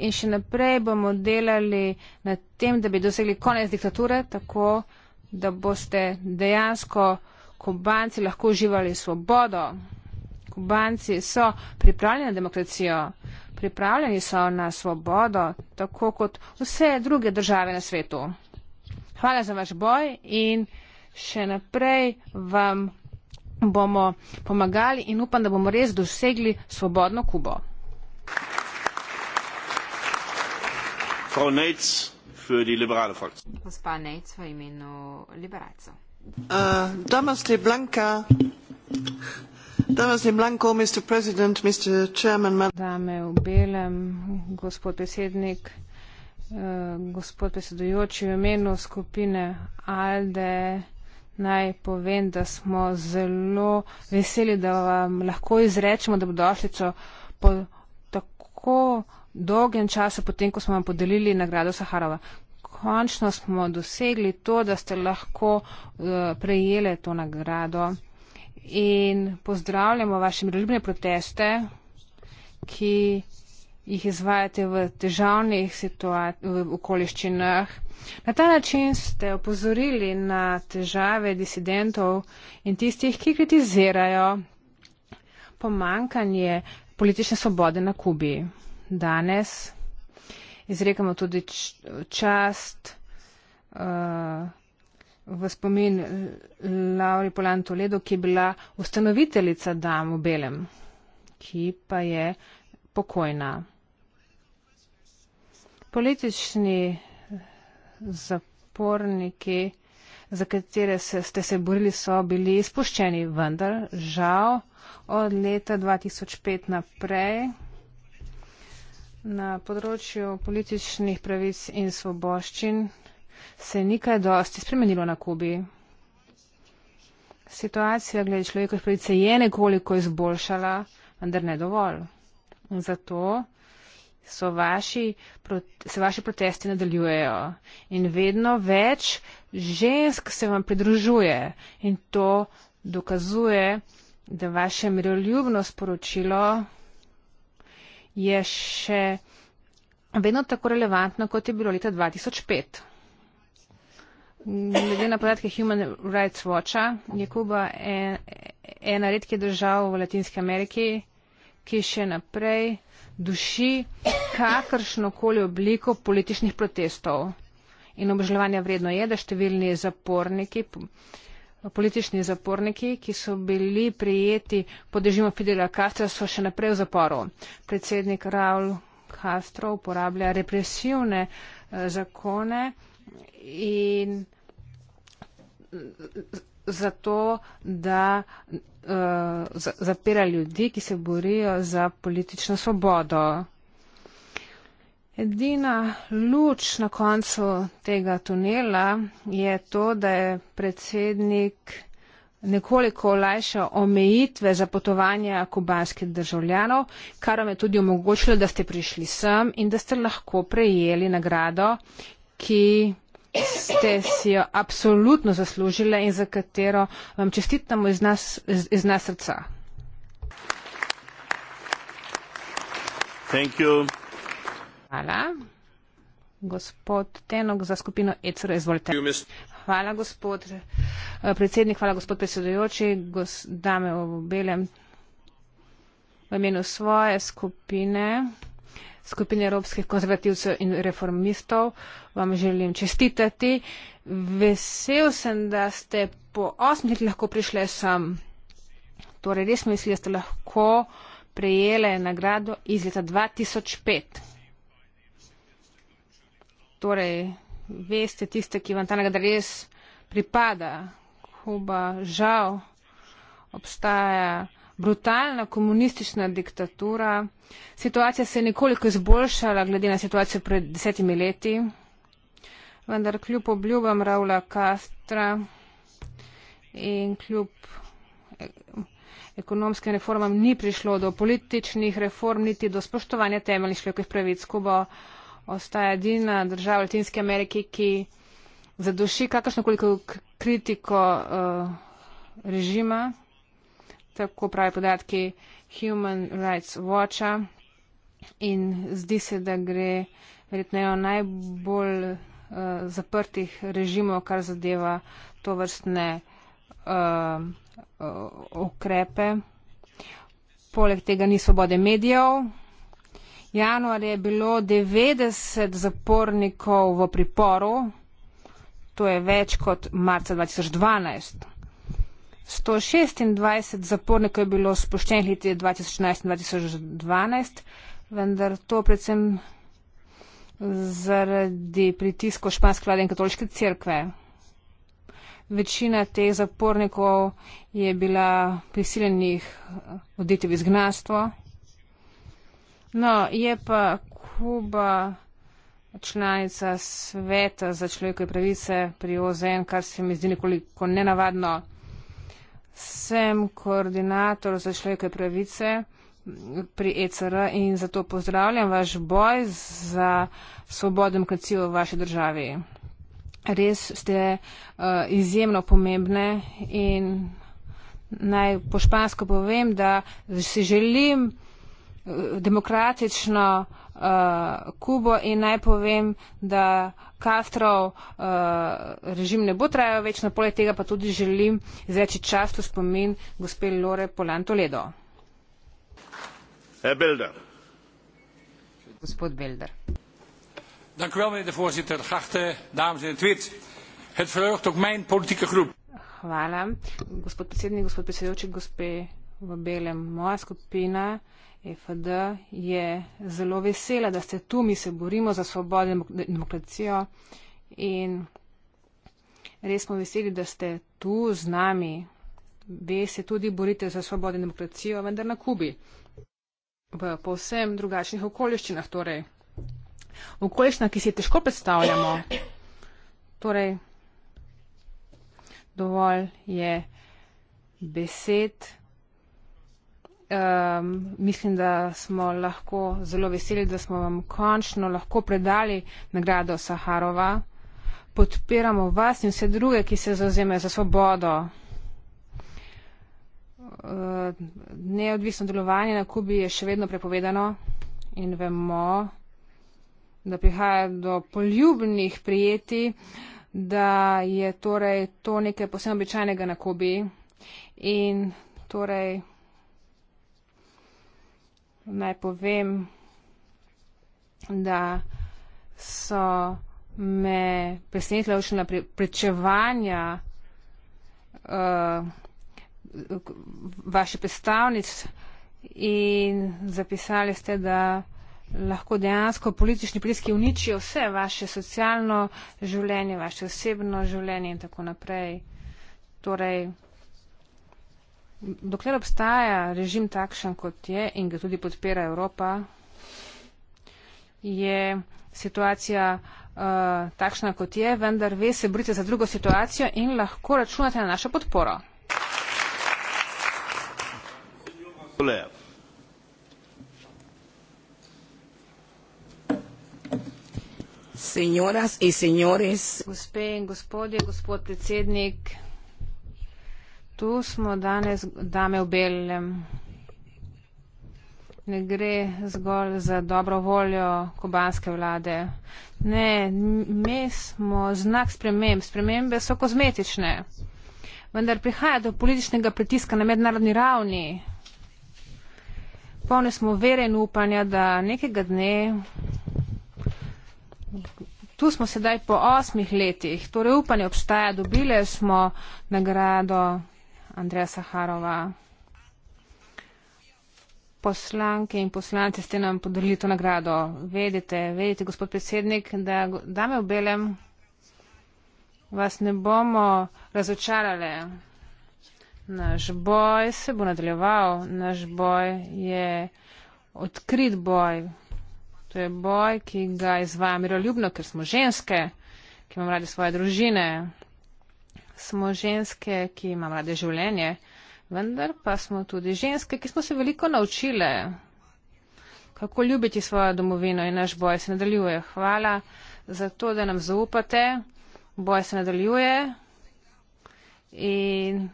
Speaker 5: In še naprej bomo delali na tem, da bi dosegli konec diktature, tako da boste dejansko kubanci lahko uživali svobodo. Kubanci so pripravljeni na demokracijo, Pripravljeni so na svobodo, tako kot vse druge države na svetu. Hvala za vaš boj in še naprej vam bomo pomagali in upam, da bomo res dosegli svobodno Kubo. Gospa Nejc v
Speaker 4: imenu liberalcev.
Speaker 5: Uh, dame v belem gospod predsednik eh, gospod predsedujoči v imenu skupine alde naj povem da smo zelo veseli da vam lahko izrečemo dobrodošlico po tako dolgem času potem ko smo vam podelili nagrado saharova končno smo dosegli to da ste lahko uh, prejele to nagrado in pozdravljamo vaše miroljubne proteste, ki jih izvajate v težavnih v okoliščinah. Na ta način ste opozorili na težave disidentov in tistih, ki kritizirajo pomankanje politične svobode na Kubi. Danes izrekamo tudi čast uh, v spomin eh, Lauri Polan Toledo, ki je bila ustanoviteljica Dam v Belem, ki pa je pokojna. Politični eh, zaporniki, za katere ste se borili, so bili izpuščeni, vendar žal od leta 2005 naprej na področju političnih pravic in svoboščin se je nekaj dosti spremenilo na Kubi. Situacija glede človekovih pravic se je nekoliko izboljšala, vendar ne dovolj. In zato so vaši, se vaši protesti nadaljujejo in vedno več žensk se vam pridružuje in to dokazuje, da vaše miroljubno sporočilo je še vedno tako relevantno, kot je bilo leta 2005 glede na podatke Human Rights Watcha, je Kuba ena redke držav v Latinski Ameriki, ki še naprej duši kakršnokoli obliko političnih protestov. In obžalovanja vredno je, da številni zaporniki, politični zaporniki, ki so bili prijeti pod režimom Fidela Castra, so še naprej v zaporu. Predsednik Raul Castro uporablja represivne eh, zakone in zato, da uh, zapira ljudi, ki se borijo za politično svobodo. Edina luč na koncu tega tunela je to, da je predsednik nekoliko olajšal omejitve za potovanje kubanskih državljanov, kar vam je tudi omogočilo, da ste prišli sem in da ste lahko prejeli nagrado, ki ste si jo absolutno zaslužile in za katero vam čestitamo iz nas, iz, iz nas srca. Thank you. Hvala. Gospod Tenok za skupino ECR, izvolite. Hvala, gospod eh, predsednik, hvala, gospod predsedujoči, gos, dame v belem. V imenu svoje skupine skupine Európskych konzervatívcov in reformistov vam želim čestitati. Vesel sem, da ste po osmih lahko prišli sem. Torej, res mislim, da ste lahko prejeli nagrado iz leta 2005. Torej, veste tiste, ki vam ta nagrada res pripada. Kuba, žal, obstaja brutalna komunistična diktatura. Situacija se je nekoliko izboljšala glede na situacijo pred desetimi leti, vendar kljub obljubam Raula Castra in kljub e, ekonomskim reformam ni prišlo do političnih reform, niti do spoštovanja temeljnih človekovih pravic. Kubo ostaja edina država Latinske Amerike, ki zaduši kakršnokoliko kritiko uh, režima tako pravi podatki Human Rights Watcha in zdi se, da gre verjetno najbolj uh, zaprtih režimov, kar zadeva to vrstne uh, uh, ukrepe. Poleg tega ni svobode medijev. Januar je bilo 90 zapornikov v priporu, to je več kot marca 2012. 126 zapornikov je bilo spoščenih leti 2011 in 2012, vendar to predvsem zaradi pritisko španske vlade in katoliške cerkve. Večina teh zapornikov je bila prisiljenih oditi v izgnanstvo. No, je pa Kuba članica sveta za človekove pravice pri OZN, kar se mi zdi nekoliko nenavadno sem koordinator za človeške pravice pri ECR in zato pozdravljam vaš boj za svobodo demokracijo v vaši državi. Res ste uh, izjemno pomembne in naj po špansko povem, da si želim eh, demokratično uh, Kubo in naj povem, da Kastrov uh, režim ne bo trajal več, na poleg tega pa tudi želim izreči čast v spomin gospe Lore Polan Toledo. Herr Bilder. Gospod Bilder.
Speaker 3: Dank u wel, meneer de voorzitter. Geachte dames in het wit.
Speaker 4: Het verheugt ook
Speaker 3: mijn politieke groep.
Speaker 5: Hvala. Gospod predsednik, gospod predsedujoči, gospe v belem, moja skupina. EFD je zelo vesela, da ste tu, mi se borimo za svobodo in demokracijo in res smo veseli, da ste tu z nami. Vi se tudi borite za svobodo in demokracijo, vendar na Kubi. V povsem drugačnih okoliščinah, torej. Okoliščina, ki si je težko predstavljamo. Torej, dovolj je besed um, mislim, da smo lahko zelo veseli, da smo vam končno lahko predali nagrado Saharova. Podpiramo vas in vse druge, ki se zauzemajo za svobodo. Uh, neodvisno delovanje na Kubi je še vedno prepovedano in vemo, da prihaja do poljubnih prijeti, da je torej to nekaj posebno običajnega na Kubi. In torej naj povem, da so me presenetila učena prečevanja uh, eh, vaše predstavnic in zapisali ste, da lahko dejansko politični priski uničijo vse vaše socialno življenje, vaše osebno življenje in tako naprej. Torej, dokler obstaja režim takšen, kot je in ga tudi podpira Evropa, je situacija uh, takšna, kot je, vendar ve se brite za drugo situacijo in lahko računate na našo podporo. Gospe in gospodje, gospod predsednik tu smo danes dame v belem. Ne gre zgolj za dobro voljo kubanske vlade. Ne, mi smo znak sprememb. Spremembe so kozmetične. Vendar prihaja do političnega pritiska na mednarodni ravni. Polne smo vere in upanja, da nekega dne. Tu smo sedaj po osmih letih, torej upanje obstaja, dobile smo nagrado Andreja Saharova. Poslanke in poslanci ste nam podelili to nagrado. Vedite, vedite, gospod predsednik, da dame v belem vas ne bomo razočarale. Naš boj se bo nadaljeval. Naš boj je odkrit boj. To je boj, ki ga izvaja miroljubno, ker smo ženske, ki imamo radi svoje družine smo ženske, ki imamo rade življenje, vendar pa smo tudi ženske, ki smo se veliko naučile, kako ljubiti svojo domovino in naš boj se nadaljuje. Hvala za to, da nam zaupate. Boj se nadaljuje in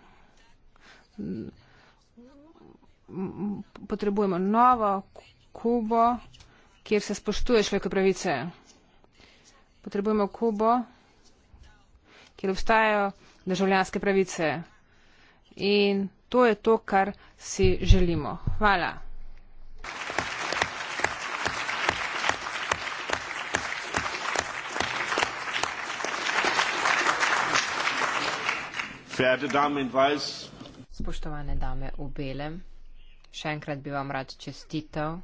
Speaker 5: potrebujemo novo Kubo, kjer se spoštuje človekove pravice. Potrebujemo Kubo, kjer obstajajo državljanske pravice. In to je to, kar si želimo. Hvala.
Speaker 4: Spoštovane dame v belem, še enkrat bi vam rad čestitev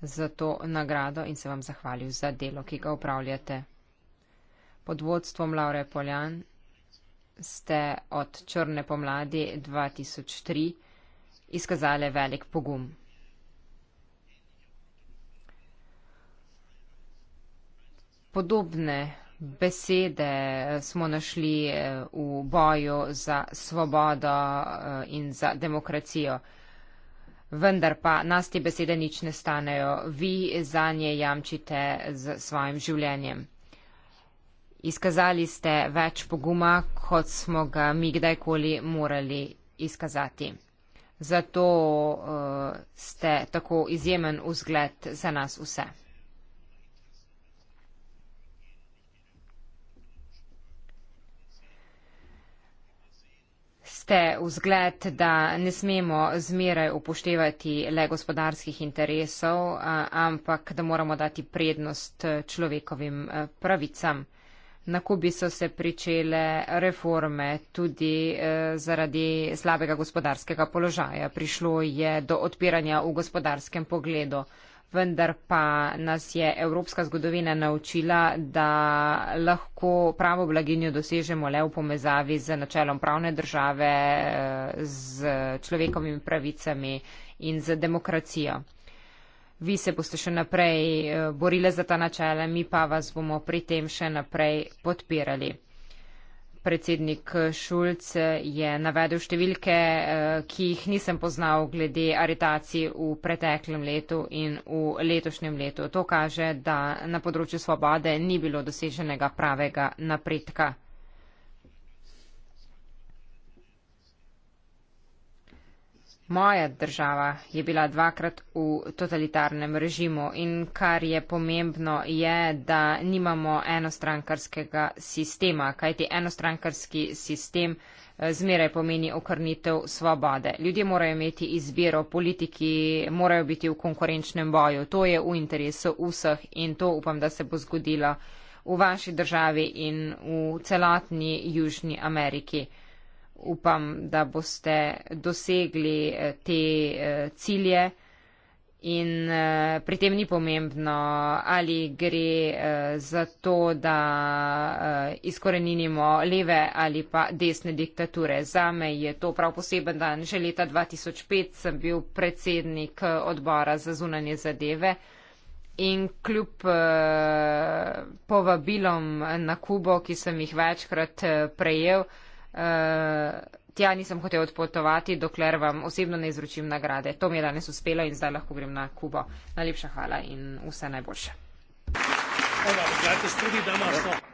Speaker 4: za to nagrado in se vam zahvalil za delo, ki ga upravljate. Pod vodstvom Laure Poljan ste od črne pomladi 2003 izkazali velik pogum. Podobne besede smo našli eh, v boju za svobodo eh, in za demokracijo. Vendar pa nas te besede nič ne stanejo, vi za nje jamčite z svojim življenjem. Izkazali ste več poguma, kot smo ga mi kdajkoli morali izkazati. Zato uh, ste tako izjemen vzgled za nas vse. Ste vzgled, da ne smemo zmeraj upoštevati le gospodarskih interesov, eh, ampak da moramo dati prednost človekovim eh, pravicam na Kubi so se pričele reforme tudi eh, zaradi slabega gospodarskega položaja. Prišlo je do odpiranja v gospodarskem pogledu, vendar pa nas je evropska zgodovina naučila, da lahko pravo blaginjo dosežemo le v pomezavi z načelom pravne države, eh, z človekovimi pravicami in z demokracijo vi se boste še naprej eh, borile za ta načela, mi pa vas bomo pri tem še naprej podpirali. Predsednik Šulc eh, je navedel številke, eh, ki jih nisem poznal glede aretacij v preteklem letu in v letošnjem letu. To kaže, da na področju svobode ni bilo doseženega pravega napredka. Moja država je bila dvakrat v totalitarnem režimu in kar je pomembno je, da nimamo enostrankarskega sistema, kajti enostrankarski sistem eh, zmeraj pomeni okrnitev svobode. Ljudje morajo imeti izbiro, politiki morajo biti v konkurenčnem boju, to je v interesu vseh in to upam, da se bo zgodilo v vaši državi in v celotni Južni Ameriki upam, da boste dosegli eh, te eh, cilje in eh, pri tem ni pomembno, ali gre za to, da izkoreninimo leve ali pa desne diktature. Za me je to prav poseben dan. Že leta 2005 sem bil predsednik odbora za zunanje zadeve. In kljub eh, povabilom na Kubo, ki sem jih večkrat eh, prejel, eh, uh, tja nisem hotel odpotovati, dokler vam osebno ne izročim nagrade. To mi je danes uspelo in zdaj lahko grem na Kubo. Najlepša hvala in vse najboljše.
Speaker 1: Hvala,